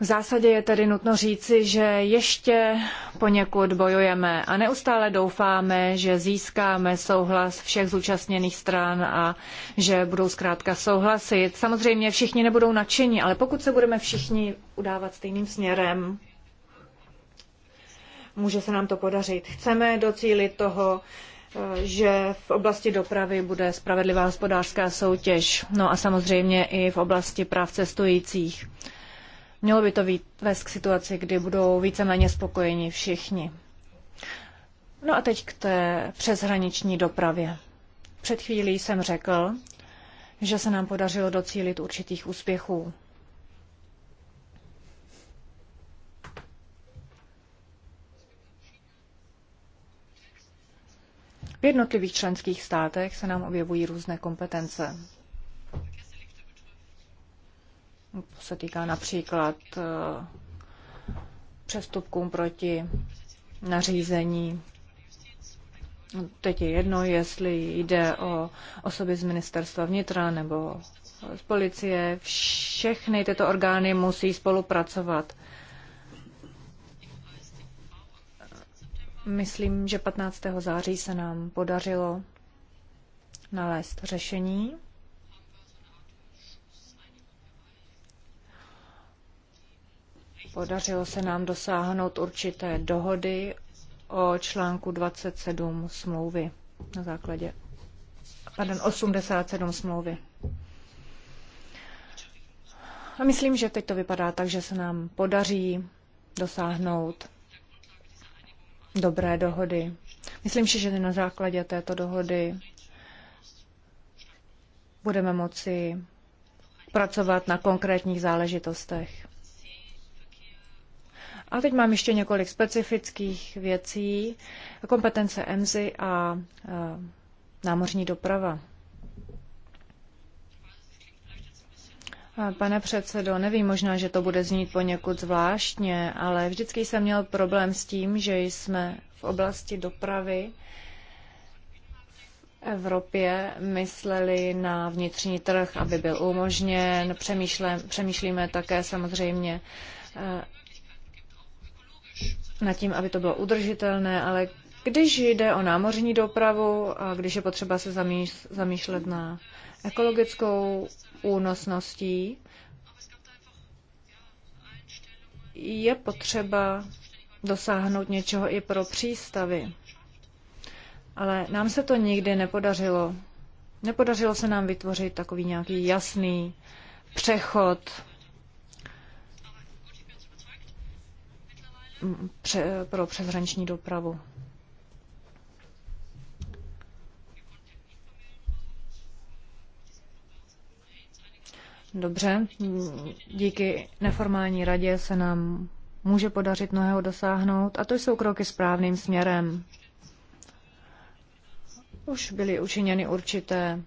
V zásadě je tedy nutno říci, že ještě poněkud bojujeme a neustále doufáme, že získáme souhlas všech zúčastněných stran a že budou zkrátka souhlasit. Samozřejmě všichni nebudou nadšení, ale pokud se budeme všichni udávat stejným směrem, může se nám to podařit. Chceme docílit toho, že v oblasti dopravy bude spravedlivá hospodářská soutěž, no a samozřejmě i v oblasti práv cestujících. Mělo by to vést k situaci, kdy budou víceméně spokojeni všichni. No a teď k té přeshraniční dopravě. Před chvílí jsem řekl, že se nám podařilo docílit určitých úspěchů. V jednotlivých členských státech se nám objevují různé kompetence. To se týká například eh, přestupkům proti nařízení. Teď je jedno, jestli jde o osoby z ministerstva vnitra nebo z policie. Všechny tyto orgány musí spolupracovat. Myslím, že 15. září se nám podařilo nalézt řešení. Podařilo se nám dosáhnout určité dohody o článku 27 smlouvy na základě, pardon, 87 smlouvy. A myslím, že teď to vypadá tak, že se nám podaří dosáhnout dobré dohody. Myslím si, že na základě této dohody budeme moci pracovat na konkrétních záležitostech. A teď mám ještě několik specifických věcí. Kompetence EMZY a námořní doprava. Pane předsedo, nevím, možná, že to bude znít poněkud zvláštně, ale vždycky jsem měl problém s tím, že jsme v oblasti dopravy v Evropě mysleli na vnitřní trh, aby byl umožněn. přemýšlíme také samozřejmě nad tím, aby to bylo udržitelné, ale když jde o námořní dopravu a když je potřeba se zamýšlet na ekologickou únosností, je potřeba dosáhnout něčeho i pro přístavy. Ale nám se to nikdy nepodařilo. Nepodařilo se nám vytvořit takový nějaký jasný přechod pře, pro přeshraniční dopravu. Dobře, díky neformální radě se nám může podařit mnohého dosáhnout a to jsou kroky správným směrem. Už byly učiněny určité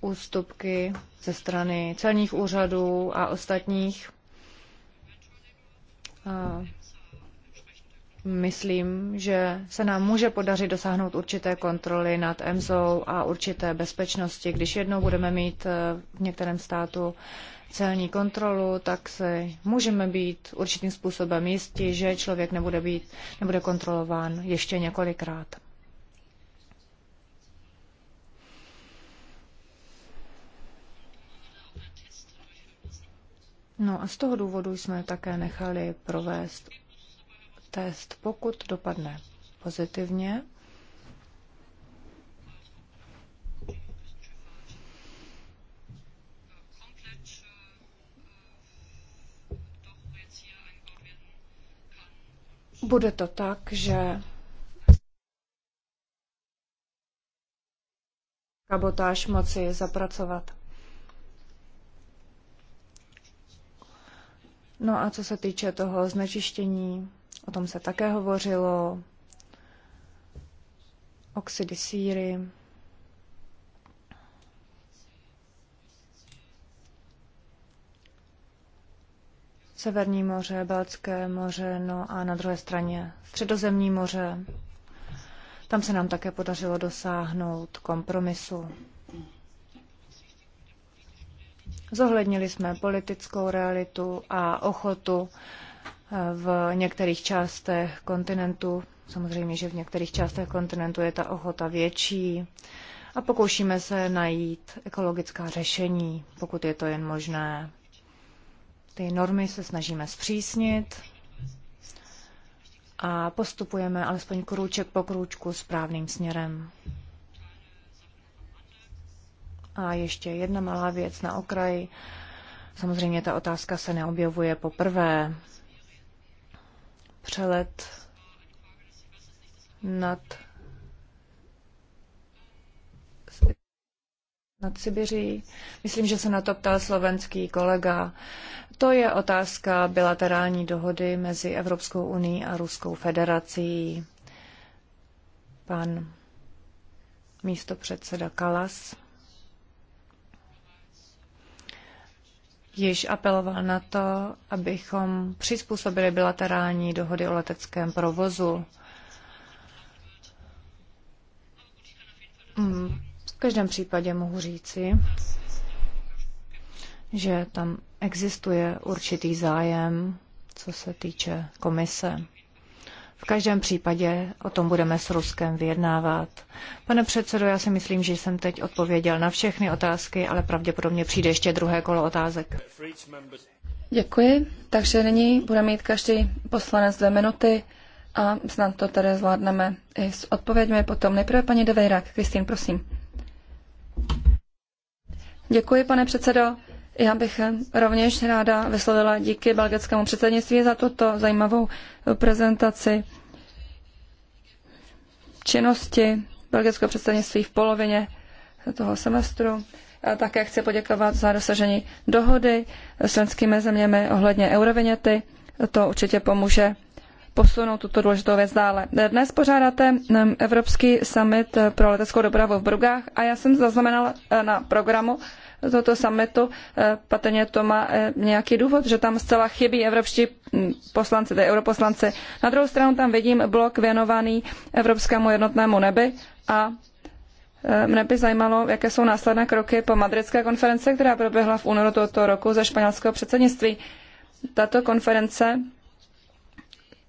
ústupky ze strany celních úřadů a ostatních myslím, že se nám může podařit dosáhnout určité kontroly nad EMSO a určité bezpečnosti. Když jednou budeme mít e, v některém státu celní kontrolu, tak se můžeme být určitým způsobem jistí, že člověk nebude, být, nebude kontrolován ještě několikrát. No a z toho důvodu jsme také nechali provést test, pokud dopadne pozitivně. Bude to tak, že kabotáž moci zapracovat. No a co se týče toho znečištění, o tom se také hovořilo, oxidy síry, Severní moře, Baltské moře, no a na druhé straně Středozemní moře. Tam se nám také podařilo dosáhnout kompromisu. Zohlednili jsme politickou realitu a ochotu eh, v některých částech kontinentu. Samozřejmě, že v některých částech kontinentu je ta ochota větší a pokoušíme se najít ekologická řešení, pokud je to jen možné. Ty normy se snažíme zpřísnit a postupujeme alespoň krůček po krůčku správným směrem. A ještě jedna malá věc na okraji. Samozřejmě ta otázka se neobjevuje poprvé. Přelet nad nad Sibiří. Myslím, že se na to ptal slovenský kolega. To je otázka bilaterální dohody mezi Evropskou unii a Ruskou federací. Pan místo předseda Kalas již apeloval na to, abychom přizpůsobili bilaterální dohody o leteckém provozu. Mm, v každém případě mohu říci, že tam existuje určitý zájem, co se týče komise. V každém případě o tom budeme s Ruskem vyjednávat. Pane předsedo, já si myslím, že jsem teď odpověděl na všechny otázky, ale pravděpodobně přijde ještě druhé kolo otázek. Děkuji. Takže nyní bude mít každý poslanec dvě minuty a snad to tady zvládneme i s odpověďmi potom. Nejprve paní Devejrak. Kristýn, prosím. Děkuji, pane předsedo. Já bych rovněž ráda vyslovila díky belgickému předsednictví za tuto zajímavou prezentaci činnosti belgického předsednictví v polovině toho semestru. A také chci poděkovat za dosažení dohody s členskými zeměmi ohledně eurovinety. To určitě pomůže posunout tuto důležitou věc dále. Dnes pořádáte Evropský summit pro leteckou dopravu v Brugách a já jsem zaznamenala eh, na programu toto summitu. E, patrně to má e, nějaký důvod, že tam zcela chybí evropští poslanci, tedy europoslanci. Na druhou stranu tam vidím blok věnovaný Evropskému jednotnému nebi a e, Mne by zajímalo, jaké jsou následné kroky po madridské konferenci, která proběhla v únoru tohoto roku ze španělského předsednictví. Tato konference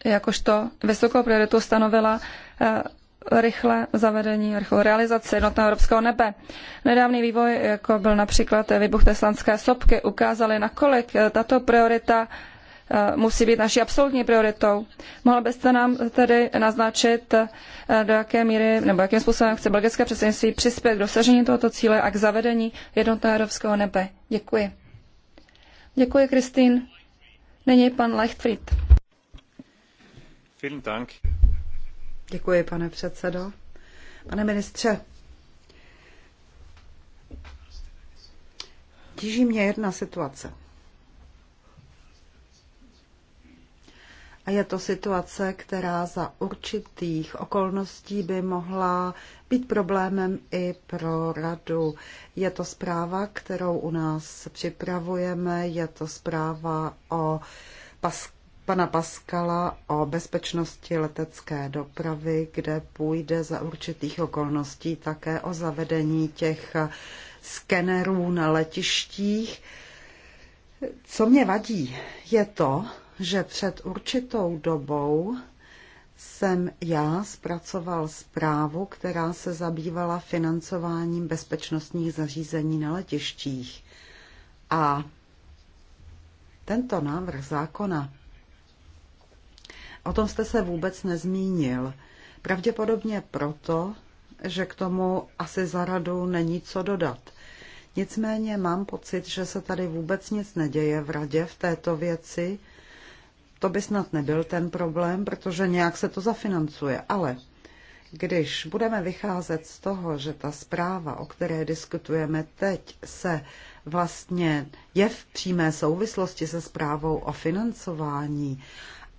jakožto vysokou prioritu stanovila rychlé zavedení, rychlou realizaci jednotného evropského nebe. Nedávný vývoj, jako byl například výbuch teslanské sopky, ukázaly, nakolik eh, tato priorita eh, musí být naší absolutní prioritou. Mohla byste nám tedy naznačit, eh, do jaké míry nebo jakým způsobem chce belgické předsednictví přispět k dosažení tohoto cíle a k zavedení jednotného evropského nebe. Děkuji. Děkuji, Kristýn. Nyní pan Leichtfried. Vielen Dank. Děkuji, pane předsedo. Pane ministře, tíží mě jedna situace. A je to situace, která za určitých okolností by mohla být problémem i pro radu. Je to zpráva, kterou u nás připravujeme, je to zpráva o pas- pana Paskala o bezpečnosti letecké dopravy, kde půjde za určitých okolností také o zavedení těch skenerů na letištích. Co mě vadí, je to, že před určitou dobou jsem já zpracoval zprávu, která se zabývala financováním bezpečnostních zařízení na letištích. A tento návrh zákona O tom jste se vůbec nezmínil. Pravděpodobně proto, že k tomu asi za radu není co dodat. Nicméně mám pocit, že se tady vůbec nic neděje v radě v této věci. To by snad nebyl ten problém, protože nějak se to zafinancuje. Ale když budeme vycházet z toho, že ta zpráva, o které diskutujeme teď, se vlastně je v přímé souvislosti se zprávou o financování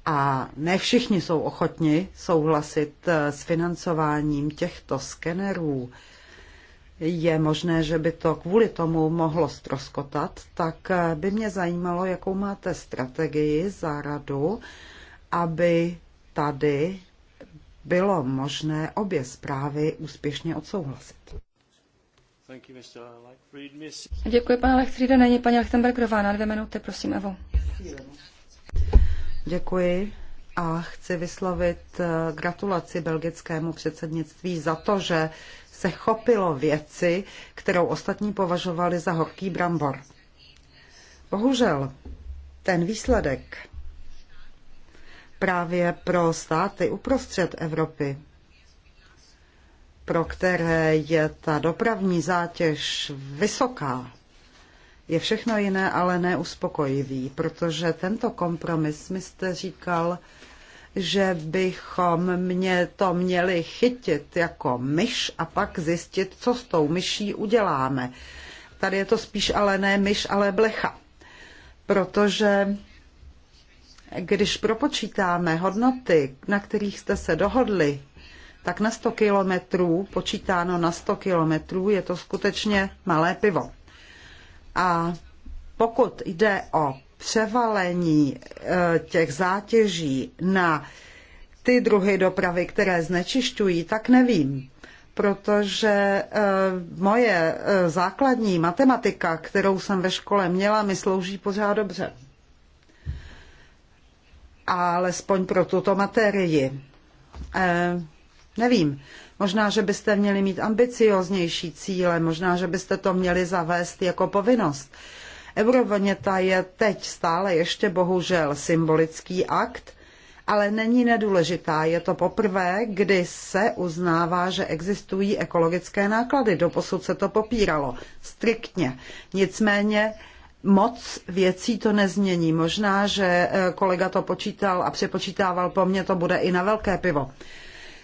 a ne všichni jsou ochotni souhlasit eh, s financováním těchto skenerů, je možné, že by to kvůli tomu mohlo stroskotat, tak eh, by mě zajímalo, jakou máte strategii za radu, aby tady bylo možné obě zprávy úspěšně odsouhlasit. Děkuji, pane Lechtříde. Není paní Lechtenbergerová na dvě minuty, prosím, Evo. Děkuji a chci vyslovit eh, gratulaci belgickému předsednictví za to, že se chopilo věci, kterou ostatní považovali za horký brambor. Bohužel, ten výsledek právě pro státy uprostřed Evropy, pro které je ta dopravní zátěž vysoká, je všechno jiné, ale neuspokojivý, protože tento kompromis, mi jste říkal, že bychom mě to měli chytit jako myš a pak zjistit, co s tou myší uděláme. Tady je to spíš ale ne myš, ale blecha. Protože když propočítáme hodnoty, na kterých jste se dohodli, tak na 100 kilometrů, počítáno na 100 kilometrů, je to skutečně malé pivo. A pokud jde o převalení e, těch zátěží na ty druhy dopravy, které znečišťují, tak nevím. Protože e, moje e, základní matematika, kterou jsem ve škole měla, mi slouží pořád dobře. Alespoň pro tuto materii. nevím. Možná, že byste měli mít ambicioznější cíle, možná, že byste to měli zavést jako povinnost. Eurovoněta je teď stále ještě bohužel symbolický akt, ale není nedůležitá. Je to poprvé, kdy se uznává, že existují ekologické náklady. Doposud se to popíralo. Striktně. Nicméně moc věcí to nezmění. Možná, že eh, kolega to počítal a přepočítával po mně, to bude i na velké pivo.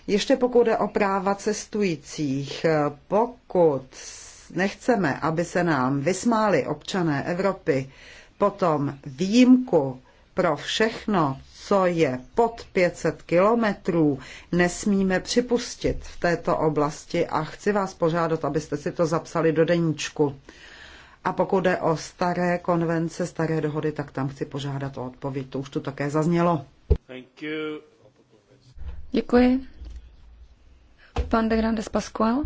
Ještě pokud jde o práva cestujících, pokud nechceme, aby se nám vysmáli občané Evropy, potom výjimku pro všechno, co je pod 500 kilometrů, nesmíme připustit v této oblasti a chci vás požádat, abyste si to zapsali do deníčku. A pokud jde o staré konvence, staré dohody, tak tam chci požádat o odpověď. To už tu také zaznělo. Děkuji pan de Grandes Pascual.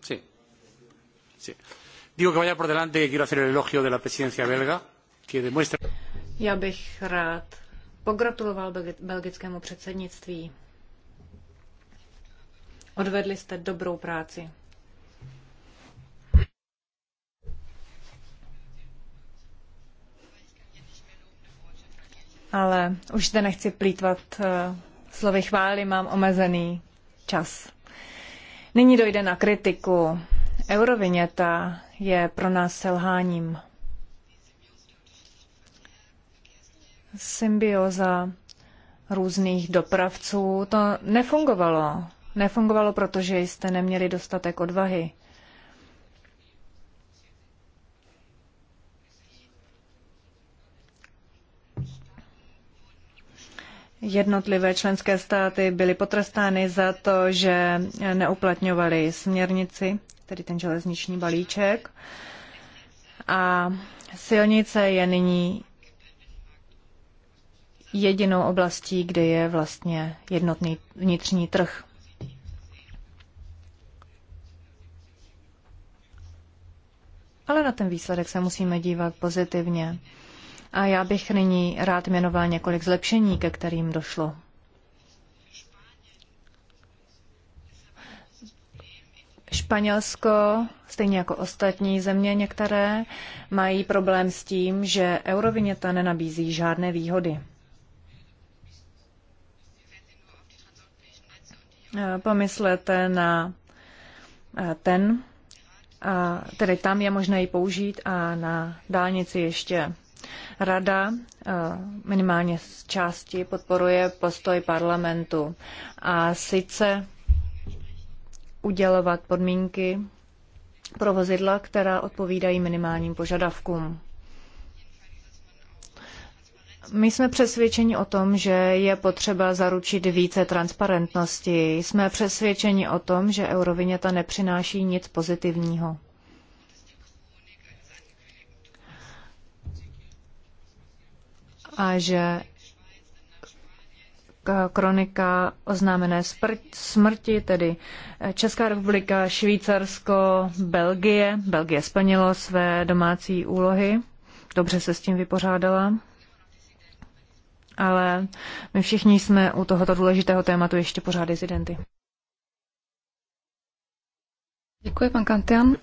Sí. Sí. Digo que vaya por delante que quiero hacer el elogio de la presidencia belga, que demuestra... Já bych rád pogratuloval belgickému předsednictví. Odvedli jste dobrou práci. ale už zde nechci plítvat eh, slovy chvály, mám omezený čas. Nyní dojde na kritiku. Euroviněta je pro nás selháním. Symbioza různých dopravců, to nefungovalo. Nefungovalo, protože jste neměli dostatek odvahy. jednotlivé členské státy byly potrestány za to, že neuplatňovaly směrnici, tedy ten železniční balíček. A silnice je nyní jedinou oblastí, kde je vlastně jednotný vnitřní trh. Ale na ten výsledek se musíme dívat pozitivně. A já bych nyní rád jmenoval několik zlepšení, ke kterým došlo. Španělsko, stejně jako ostatní země některé, mají problém s tím, že euroviněta nenabízí žádné výhody. Pomyslete na eh, ten, tedy tam je možné ji použít a na dálnici ještě Rada eh, minimálně z části podporuje postoj parlamentu a sice udělovat podmínky pro vozidla, která odpovídají minimálním požadavkům. My jsme přesvědčeni o tom, že je potřeba zaručit více transparentnosti. Jsme přesvědčeni o tom, že euroviněta nepřináší nic pozitivního. a že kronika oznámené smrti, tedy Česká republika, Švýcarsko, Belgie. Belgie splnilo své domácí úlohy, dobře se s tím vypořádala. Ale my všichni jsme u tohoto důležitého tématu ještě pořád incidenty. Děkuji, pan Kantian.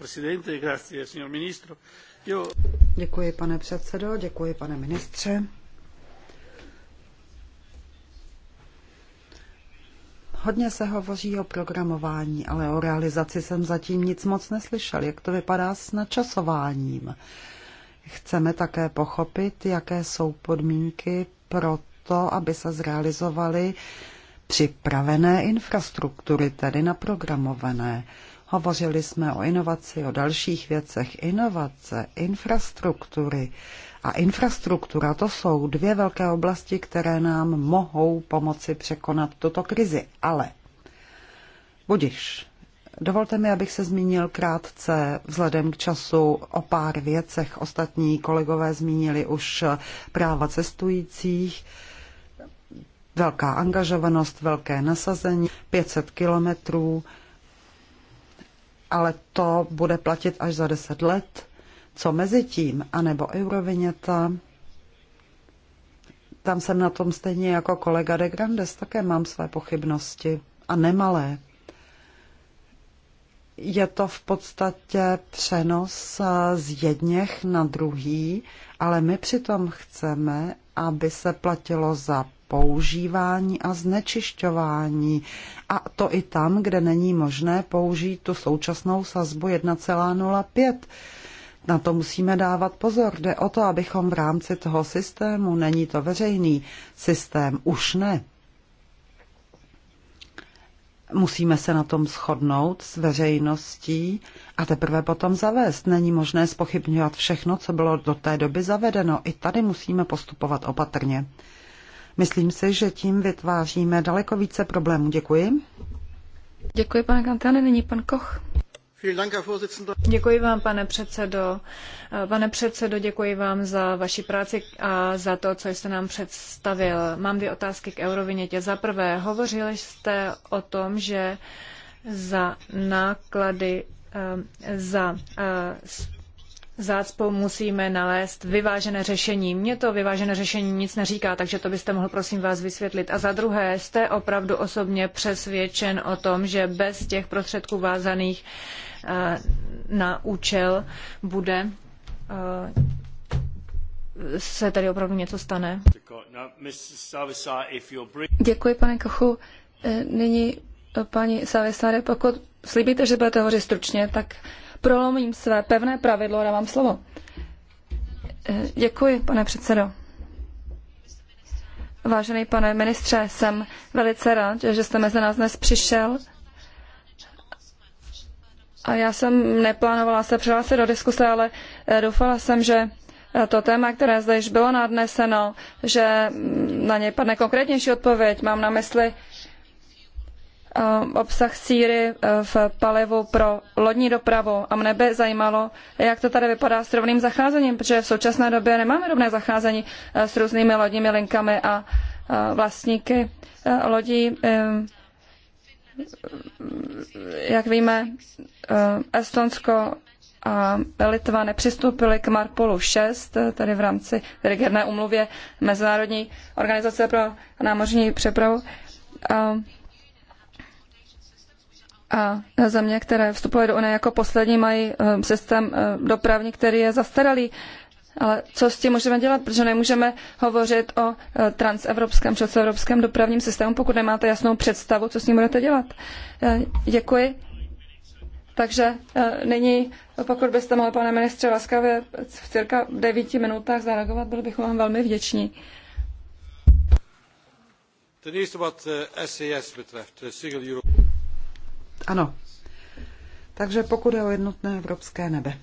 Děkuji, pane předsedo, děkuji, pane ministře. Hodně se hovoří o programování, ale o realizaci jsem zatím nic moc neslyšel. Jak to vypadá s načasováním? Chceme také pochopit, jaké jsou podmínky pro to, aby se zrealizovaly připravené infrastruktury, tedy naprogramované. Hovořili jsme o inovaci, o dalších věcech. Inovace, infrastruktury a infrastruktura to jsou dvě velké oblasti, které nám mohou pomoci překonat tuto krizi. Ale budiš, Dovolte mi, abych se zmínil krátce vzhledem k času o pár věcech. Ostatní kolegové zmínili už práva cestujících, velká angažovanost, velké nasazení, 500 kilometrů, ale to bude platit až za deset let. Co mezi tím, anebo euroviněta, tam jsem na tom stejně jako kolega de Grandes, také mám své pochybnosti a nemalé. Je to v podstatě přenos eh, z jedněch na druhý, ale my přitom chceme, aby se platilo za používání a znečišťování. A to i tam, kde není možné použít tu současnou sazbu 1,05. Na to musíme dávat pozor. Jde o to, abychom v rámci toho systému, není to veřejný systém, už ne. Musíme se na tom shodnout s veřejností a teprve potom zavést. Není možné spochybňovat všechno, co bylo do té doby zavedeno. I tady musíme postupovat opatrně. Myslím si, že tím vytváříme daleko více problémů. Děkuji. Děkuji, pane Kantane. Není pan Koch. Děkuji vám, pane předsedo. Pane předsedo, děkuji vám za vaši práci a za to, co jste nám představil. Mám dvě otázky k eurovinětě. Za prvé, hovořili jste o tom, že za náklady eh, za eh, zácpou musíme nalézt vyvážené řešení. Mně to vyvážené řešení nic neříká, takže to byste mohl prosím vás vysvětlit. A za druhé, jste opravdu osobně přesvědčen o tom, že bez těch prostředků vázaných eh, na účel bude eh, se tady opravdu něco stane. Děkuji, pane Kochu. Eh, nyní, paní Savisare, pokud slíbíte, že budete hovořit stručně, tak prolomím své pevné pravidlo a dávám slovo. Eh, děkuji, pane předsedo. Vážený pane ministře, jsem velice rád, že jste mezi nás dnes přišel. A já jsem neplánovala se přihlásit do diskuse, ale eh, doufala jsem, že eh, to téma, které zde již bylo nadneseno, že mm, na něj padne konkrétnější odpověď. Mám na mysli Eh, obsah síry eh, v palivu pro lodní dopravu. A mne by zajímalo, jak to tady vypadá s rovným zacházením, protože v současné době nemáme rovné zacházení eh, s různými lodními linkami a vlastníky lodí. Jak víme, Estonsko a Litva nepřistoupily k Marpolu 6, tedy v rámci tedy úmluvy umluvě Mezinárodní organizace pro námořní přepravu. A a země, které vstupují do Unie jako poslední, mají eh, systém eh, dopravní, který je zastaralý. Ale co s tím můžeme dělat? Protože nemůžeme hovořit o eh, transevropském, transevropském dopravním systému, pokud nemáte jasnou představu, co s ním budete dělat. Děkuji. Takže nyní, pokud byste mohl, pane ministře, laskavě v cirka devíti minutách zareagovat, byli bychom vám velmi vděční. Ten eerste co SES betreft, Single Europe. Ano. Takže pokud je o jednotné evropské nebe.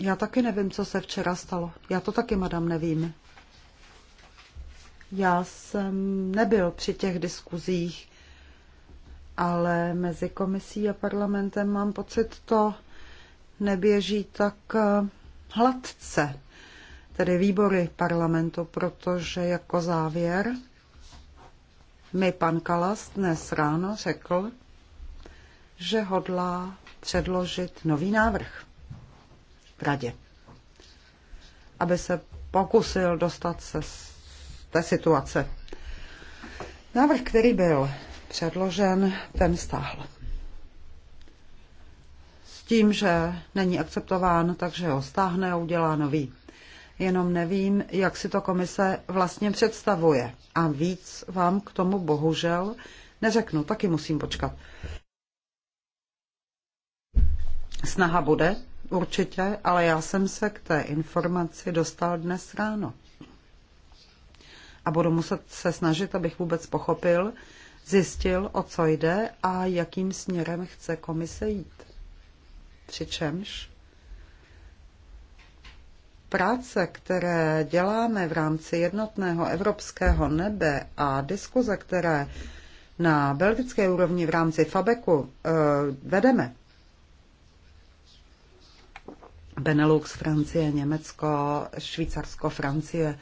Já taky nevím, co se včera stalo. Já to taky, madam, nevím. Já jsem nebyl při těch diskuzích, ale mezi komisí a parlamentem mám pocit, to neběží tak eh, hladce, tedy výbory parlamentu, protože jako závěr mi pan Kalas dnes ráno řekl, že hodlá předložit nový návrh v radě, aby se pokusil dostat se z té situace. Návrh, který byl předložen, ten stáhl. S tím, že není akceptován, takže ho stáhne a udělá nový jenom nevím, jak si to komise vlastně představuje. A víc vám k tomu bohužel neřeknu, taky musím počkat. Snaha bude, určitě, ale já jsem se k té informaci dostal dnes ráno. A budu muset se snažit, abych vůbec pochopil, zjistil, o co jde a jakým směrem chce komise jít. Přičemž práce, které děláme v rámci jednotného evropského nebe a diskuze, které na belgické úrovni v rámci Fabeku eh, vedeme, Benelux, Francie, Německo, Švýcarsko, Francie.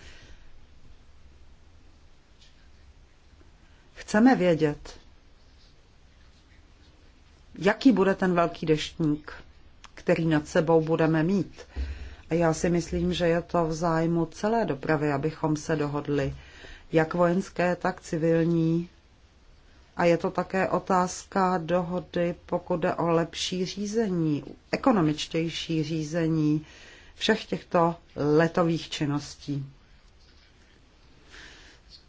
Chceme vědět, jaký bude ten velký deštník, který nad sebou budeme mít. Já si myslím, že je to v zájmu celé dopravy, abychom se dohodli, jak vojenské, tak civilní. A je to také otázka dohody, pokud jde o lepší řízení, ekonomičtější řízení všech těchto letových činností.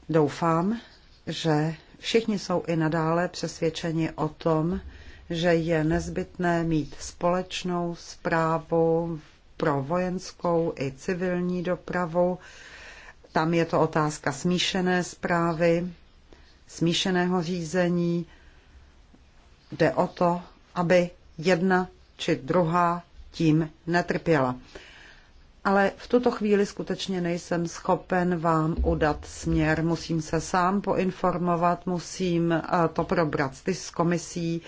Doufám, že všichni jsou i nadále přesvědčeni o tom, že je nezbytné mít společnou zprávu pro vojenskou i civilní dopravu. Tam je to otázka smíšené zprávy, smíšeného řízení. Jde o to, aby jedna či druhá tím netrpěla. Ale v tuto chvíli skutečně nejsem schopen vám udat směr. Musím se sám poinformovat, musím eh, to probrat s komisí,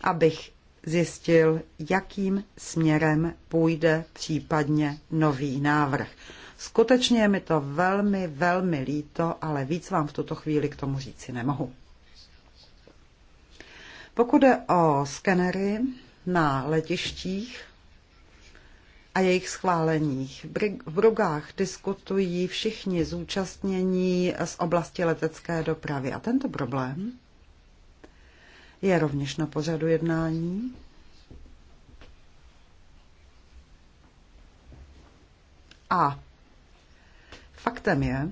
abych zjistil, jakým směrem půjde případně nový návrh. Skutečně je mi to velmi, velmi líto, ale víc vám v tuto chvíli k tomu říci nemohu. Pokud je o skenery na letištích a jejich schváleních, v Brugách diskutují všichni zúčastnění z oblasti letecké dopravy. A tento problém je rovněž na pořadu jednání. A faktem je,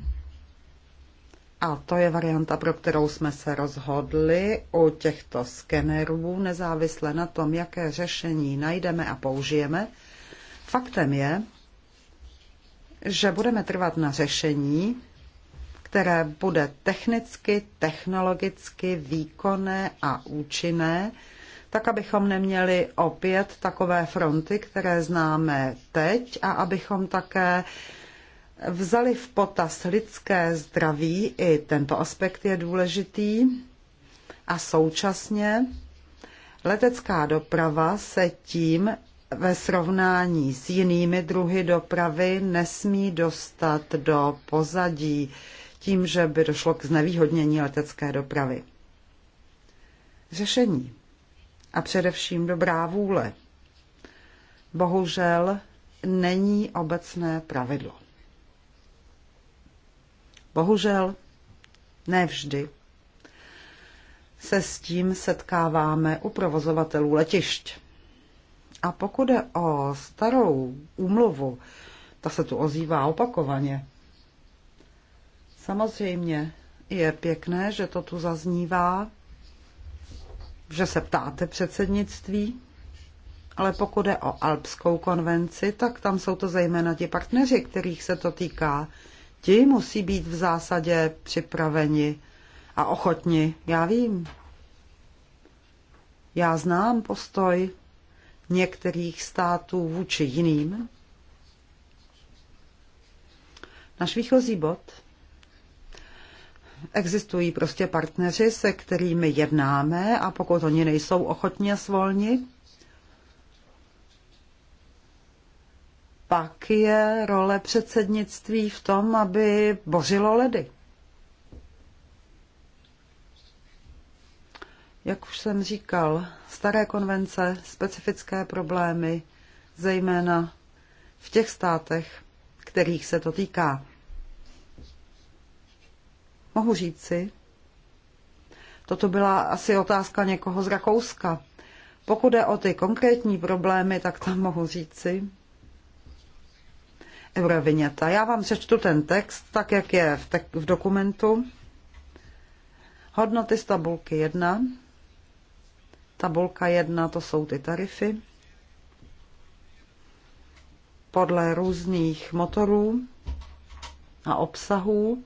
a to je varianta, pro kterou jsme se rozhodli u těchto skenerů, nezávisle na tom, jaké řešení najdeme a použijeme. Faktem je, že budeme trvat na řešení, které bude technicky, technologicky výkonné a účinné, tak abychom neměli opět takové fronty, které známe teď a abychom také vzali v potaz lidské zdraví, i tento aspekt je důležitý, a současně letecká doprava se tím ve srovnání s jinými druhy dopravy nesmí dostat do pozadí tím, že by došlo k znevýhodnění letecké dopravy. Řešení a především dobrá vůle bohužel není obecné pravidlo. Bohužel nevždy se s tím setkáváme u provozovatelů letišť. A pokud je o starou úmluvu, ta se tu ozývá opakovaně, Samozřejmě je pěkné, že to tu zaznívá, že se ptáte předsednictví, ale pokud je o Alpskou konvenci, tak tam jsou to zejména ti partneři, kterých se to týká. Ti musí být v zásadě připraveni a ochotni, já vím. Já znám postoj některých států vůči jiným. Naš výchozí bod Existují prostě partneři, se kterými jednáme a pokud oni nejsou ochotně svolni, pak je role předsednictví v tom, aby bořilo ledy. Jak už jsem říkal, staré konvence, specifické problémy, zejména v těch státech, kterých se to týká mohu říci, toto byla asi otázka někoho z Rakouska. Pokud je o ty konkrétní problémy, tak tam mohu říci, euroviněta. Já vám přečtu ten text, tak jak je v, te- v dokumentu. Hodnoty z tabulky 1. Tabulka 1 to jsou ty tarify. Podle různých motorů a obsahů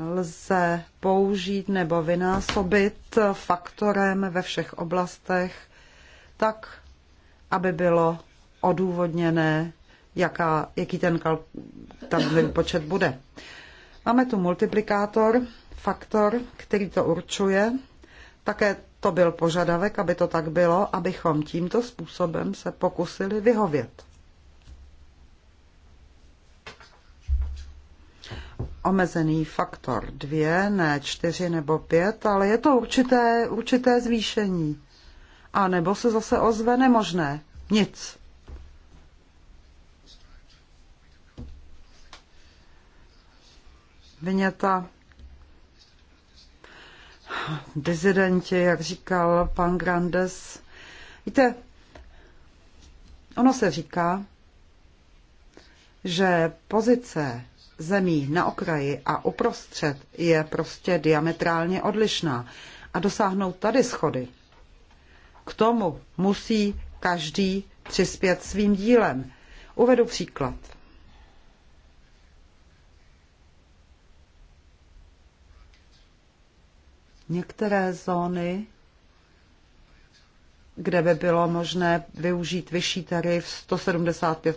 lze použít nebo vynásobit faktorem ve všech oblastech tak, aby bylo odůvodněné, jaká, jaký ten, kal, ten počet bude. Máme tu multiplikátor, faktor, který to určuje. Také to byl požadavek, aby to tak bylo, abychom tímto způsobem se pokusili vyhovět. omezený faktor dvě, ne čtyři nebo pět, ale je to určité, určité zvýšení. A nebo se zase ozve nemožné. Nic. Vyněta dizidenti, jak říkal pan Grandes. Víte, ono se říká, že pozice zemí na okraji a uprostřed je prostě diametrálně odlišná. A dosáhnout tady schody, k tomu musí každý přispět svým dílem. Uvedu příklad. Některé zóny, kde by bylo možné využít vyšší tarif 175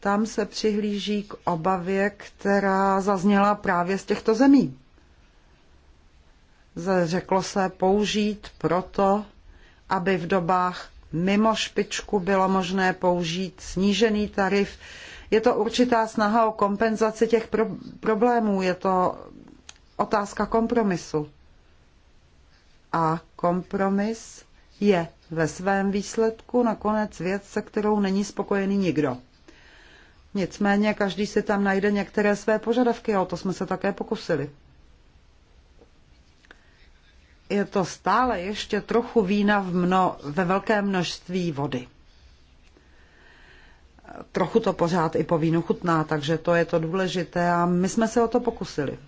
tam se přihlíží k obavě, která zazněla právě z těchto zemí. Řeklo se použít proto, aby v dobách mimo špičku bylo možné použít snížený tarif. Je to určitá snaha o kompenzaci těch pro- problémů, je to otázka kompromisu. A kompromis je ve svém výsledku nakonec věc, se kterou není spokojený nikdo. Nicméně každý si tam najde některé své požadavky a o to jsme se také pokusili. Je to stále ještě trochu vína v mno, ve velkém množství vody. Trochu to pořád i po vínu chutná, takže to je to důležité a my jsme se o to pokusili.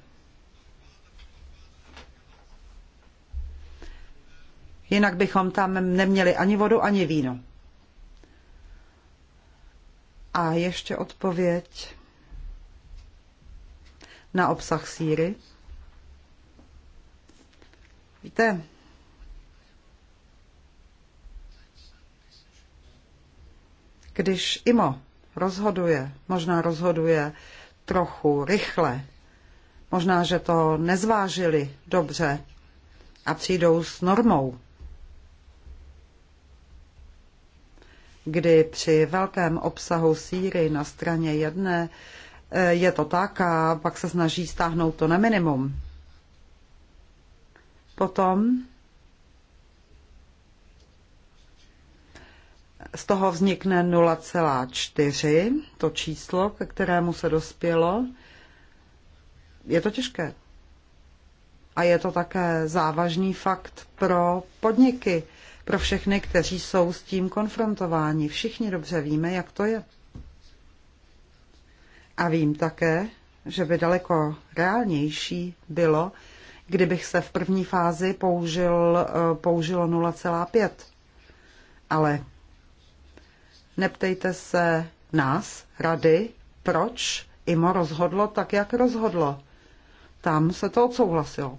Jinak bychom tam neměli ani vodu, ani víno. A ještě odpověď na obsah síry. Víte, když IMO rozhoduje, možná rozhoduje trochu rychle, možná, že to nezvážili dobře a přijdou s normou, kdy při velkém obsahu síry na straně jedné eh, je to tak a pak se snaží stáhnout to na minimum. Potom z toho vznikne 0,4, to číslo, ke kterému se dospělo. Je to těžké a je to také závažný fakt pro podniky, pro všechny, kteří jsou s tím konfrontováni. Všichni dobře víme, jak to je. A vím také, že by daleko reálnější bylo, kdybych se v první fázi použil, eh, použilo 0,5. Ale neptejte se nás, rady, proč IMO rozhodlo tak, jak rozhodlo. Tam se to odsouhlasilo.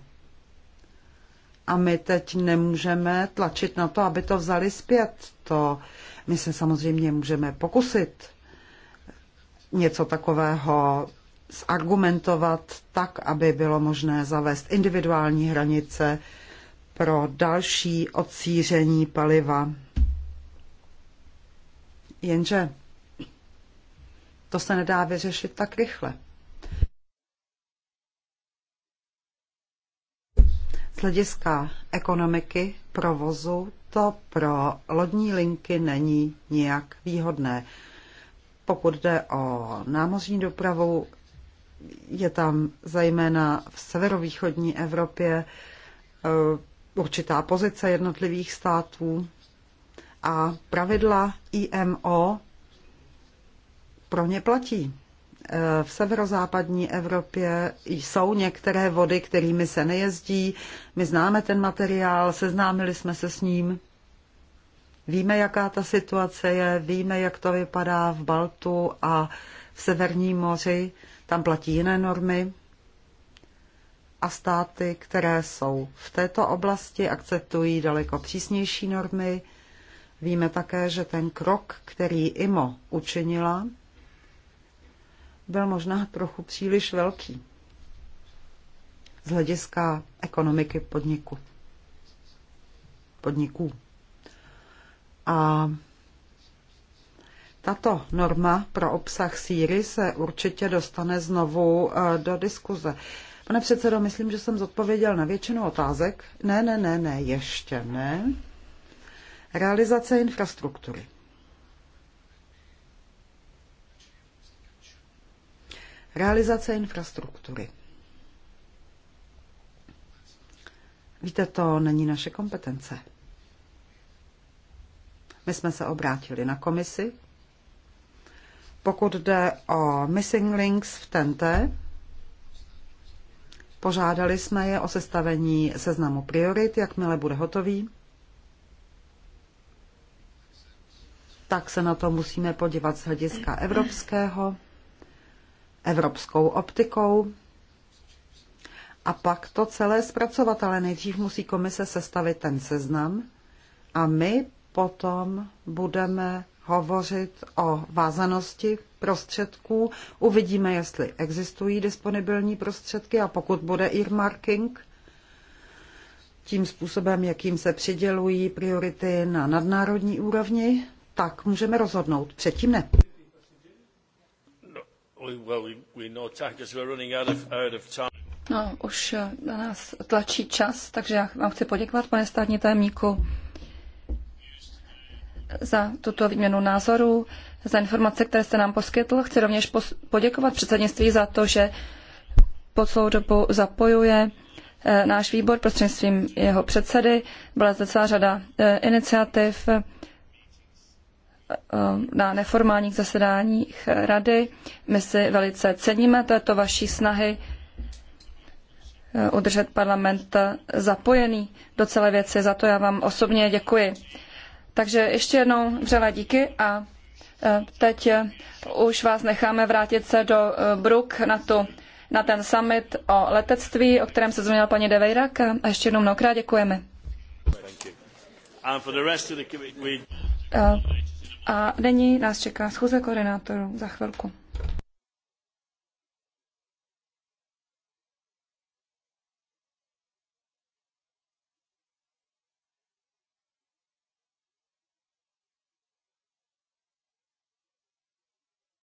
A my teď nemůžeme tlačit na to, aby to vzali zpět. To my se samozřejmě můžeme pokusit něco takového zargumentovat tak, aby bylo možné zavést individuální hranice pro další odsíření paliva. Jenže to se nedá vyřešit tak rychle. hlediska ekonomiky provozu to pro lodní linky není nijak výhodné. Pokud jde o námořní dopravu, je tam zejména v severovýchodní Evropě e, určitá pozice jednotlivých států a pravidla IMO pro ně platí v severozápadní Evropě jsou některé vody, kterými se nejezdí. My známe ten materiál, seznámili jsme se s ním. Víme, jaká ta situace je, víme, jak to vypadá v Baltu a v Severním moři. Tam platí jiné normy. A státy, které jsou v této oblasti, akceptují daleko přísnější normy. Víme také, že ten krok, který IMO učinila, byl možná trochu příliš velký z hlediska ekonomiky podniku. Podniků. A tato norma pro obsah síry se určitě dostane znovu eh, do diskuze. Pane předsedo, myslím, že jsem zodpověděl na většinu otázek. Ne, ne, ne, ne, ještě ne. Realizace infrastruktury. Realizace infrastruktury. Víte, to není naše kompetence. My jsme se obrátili na komisi. Pokud jde o missing links v TNT, požádali jsme je o sestavení seznamu priorit, jakmile bude hotový. Tak se na to musíme podívat z hlediska evropského evropskou optikou. A pak to celé zpracovat, ale nejdřív musí komise sestavit ten seznam a my potom budeme hovořit o vázanosti prostředků. Uvidíme, jestli existují disponibilní prostředky a pokud bude earmarking, tím způsobem, jakým se přidělují priority na nadnárodní úrovni, tak můžeme rozhodnout. Předtím ne. No, už eh, na nás tlačí čas, takže já vám chci poděkovat, pane státní tajemníku, za tuto výměnu názorů, za informace, které jste nám poskytl. Chci rovněž poděkovat předsednictví za to, že po celou dobu zapojuje eh, náš výbor prostřednictvím jeho předsedy. Byla zde celá řada eh, iniciativ, Eh, na neformálních zasedáních rady. My si velice ceníme této vaší snahy eh, udržet parlament zapojený do celé věci. Za to já vám osobně děkuji. Takže ještě jednou vřele díky a eh, teď už vás necháme vrátit se do Bruk na, tu, na ten summit o letectví, o kterém se zmínila paní Deveirak a ještě jednou mnohokrát děkujeme. A nyní nás čeká schůze koordinátorů za chvilku.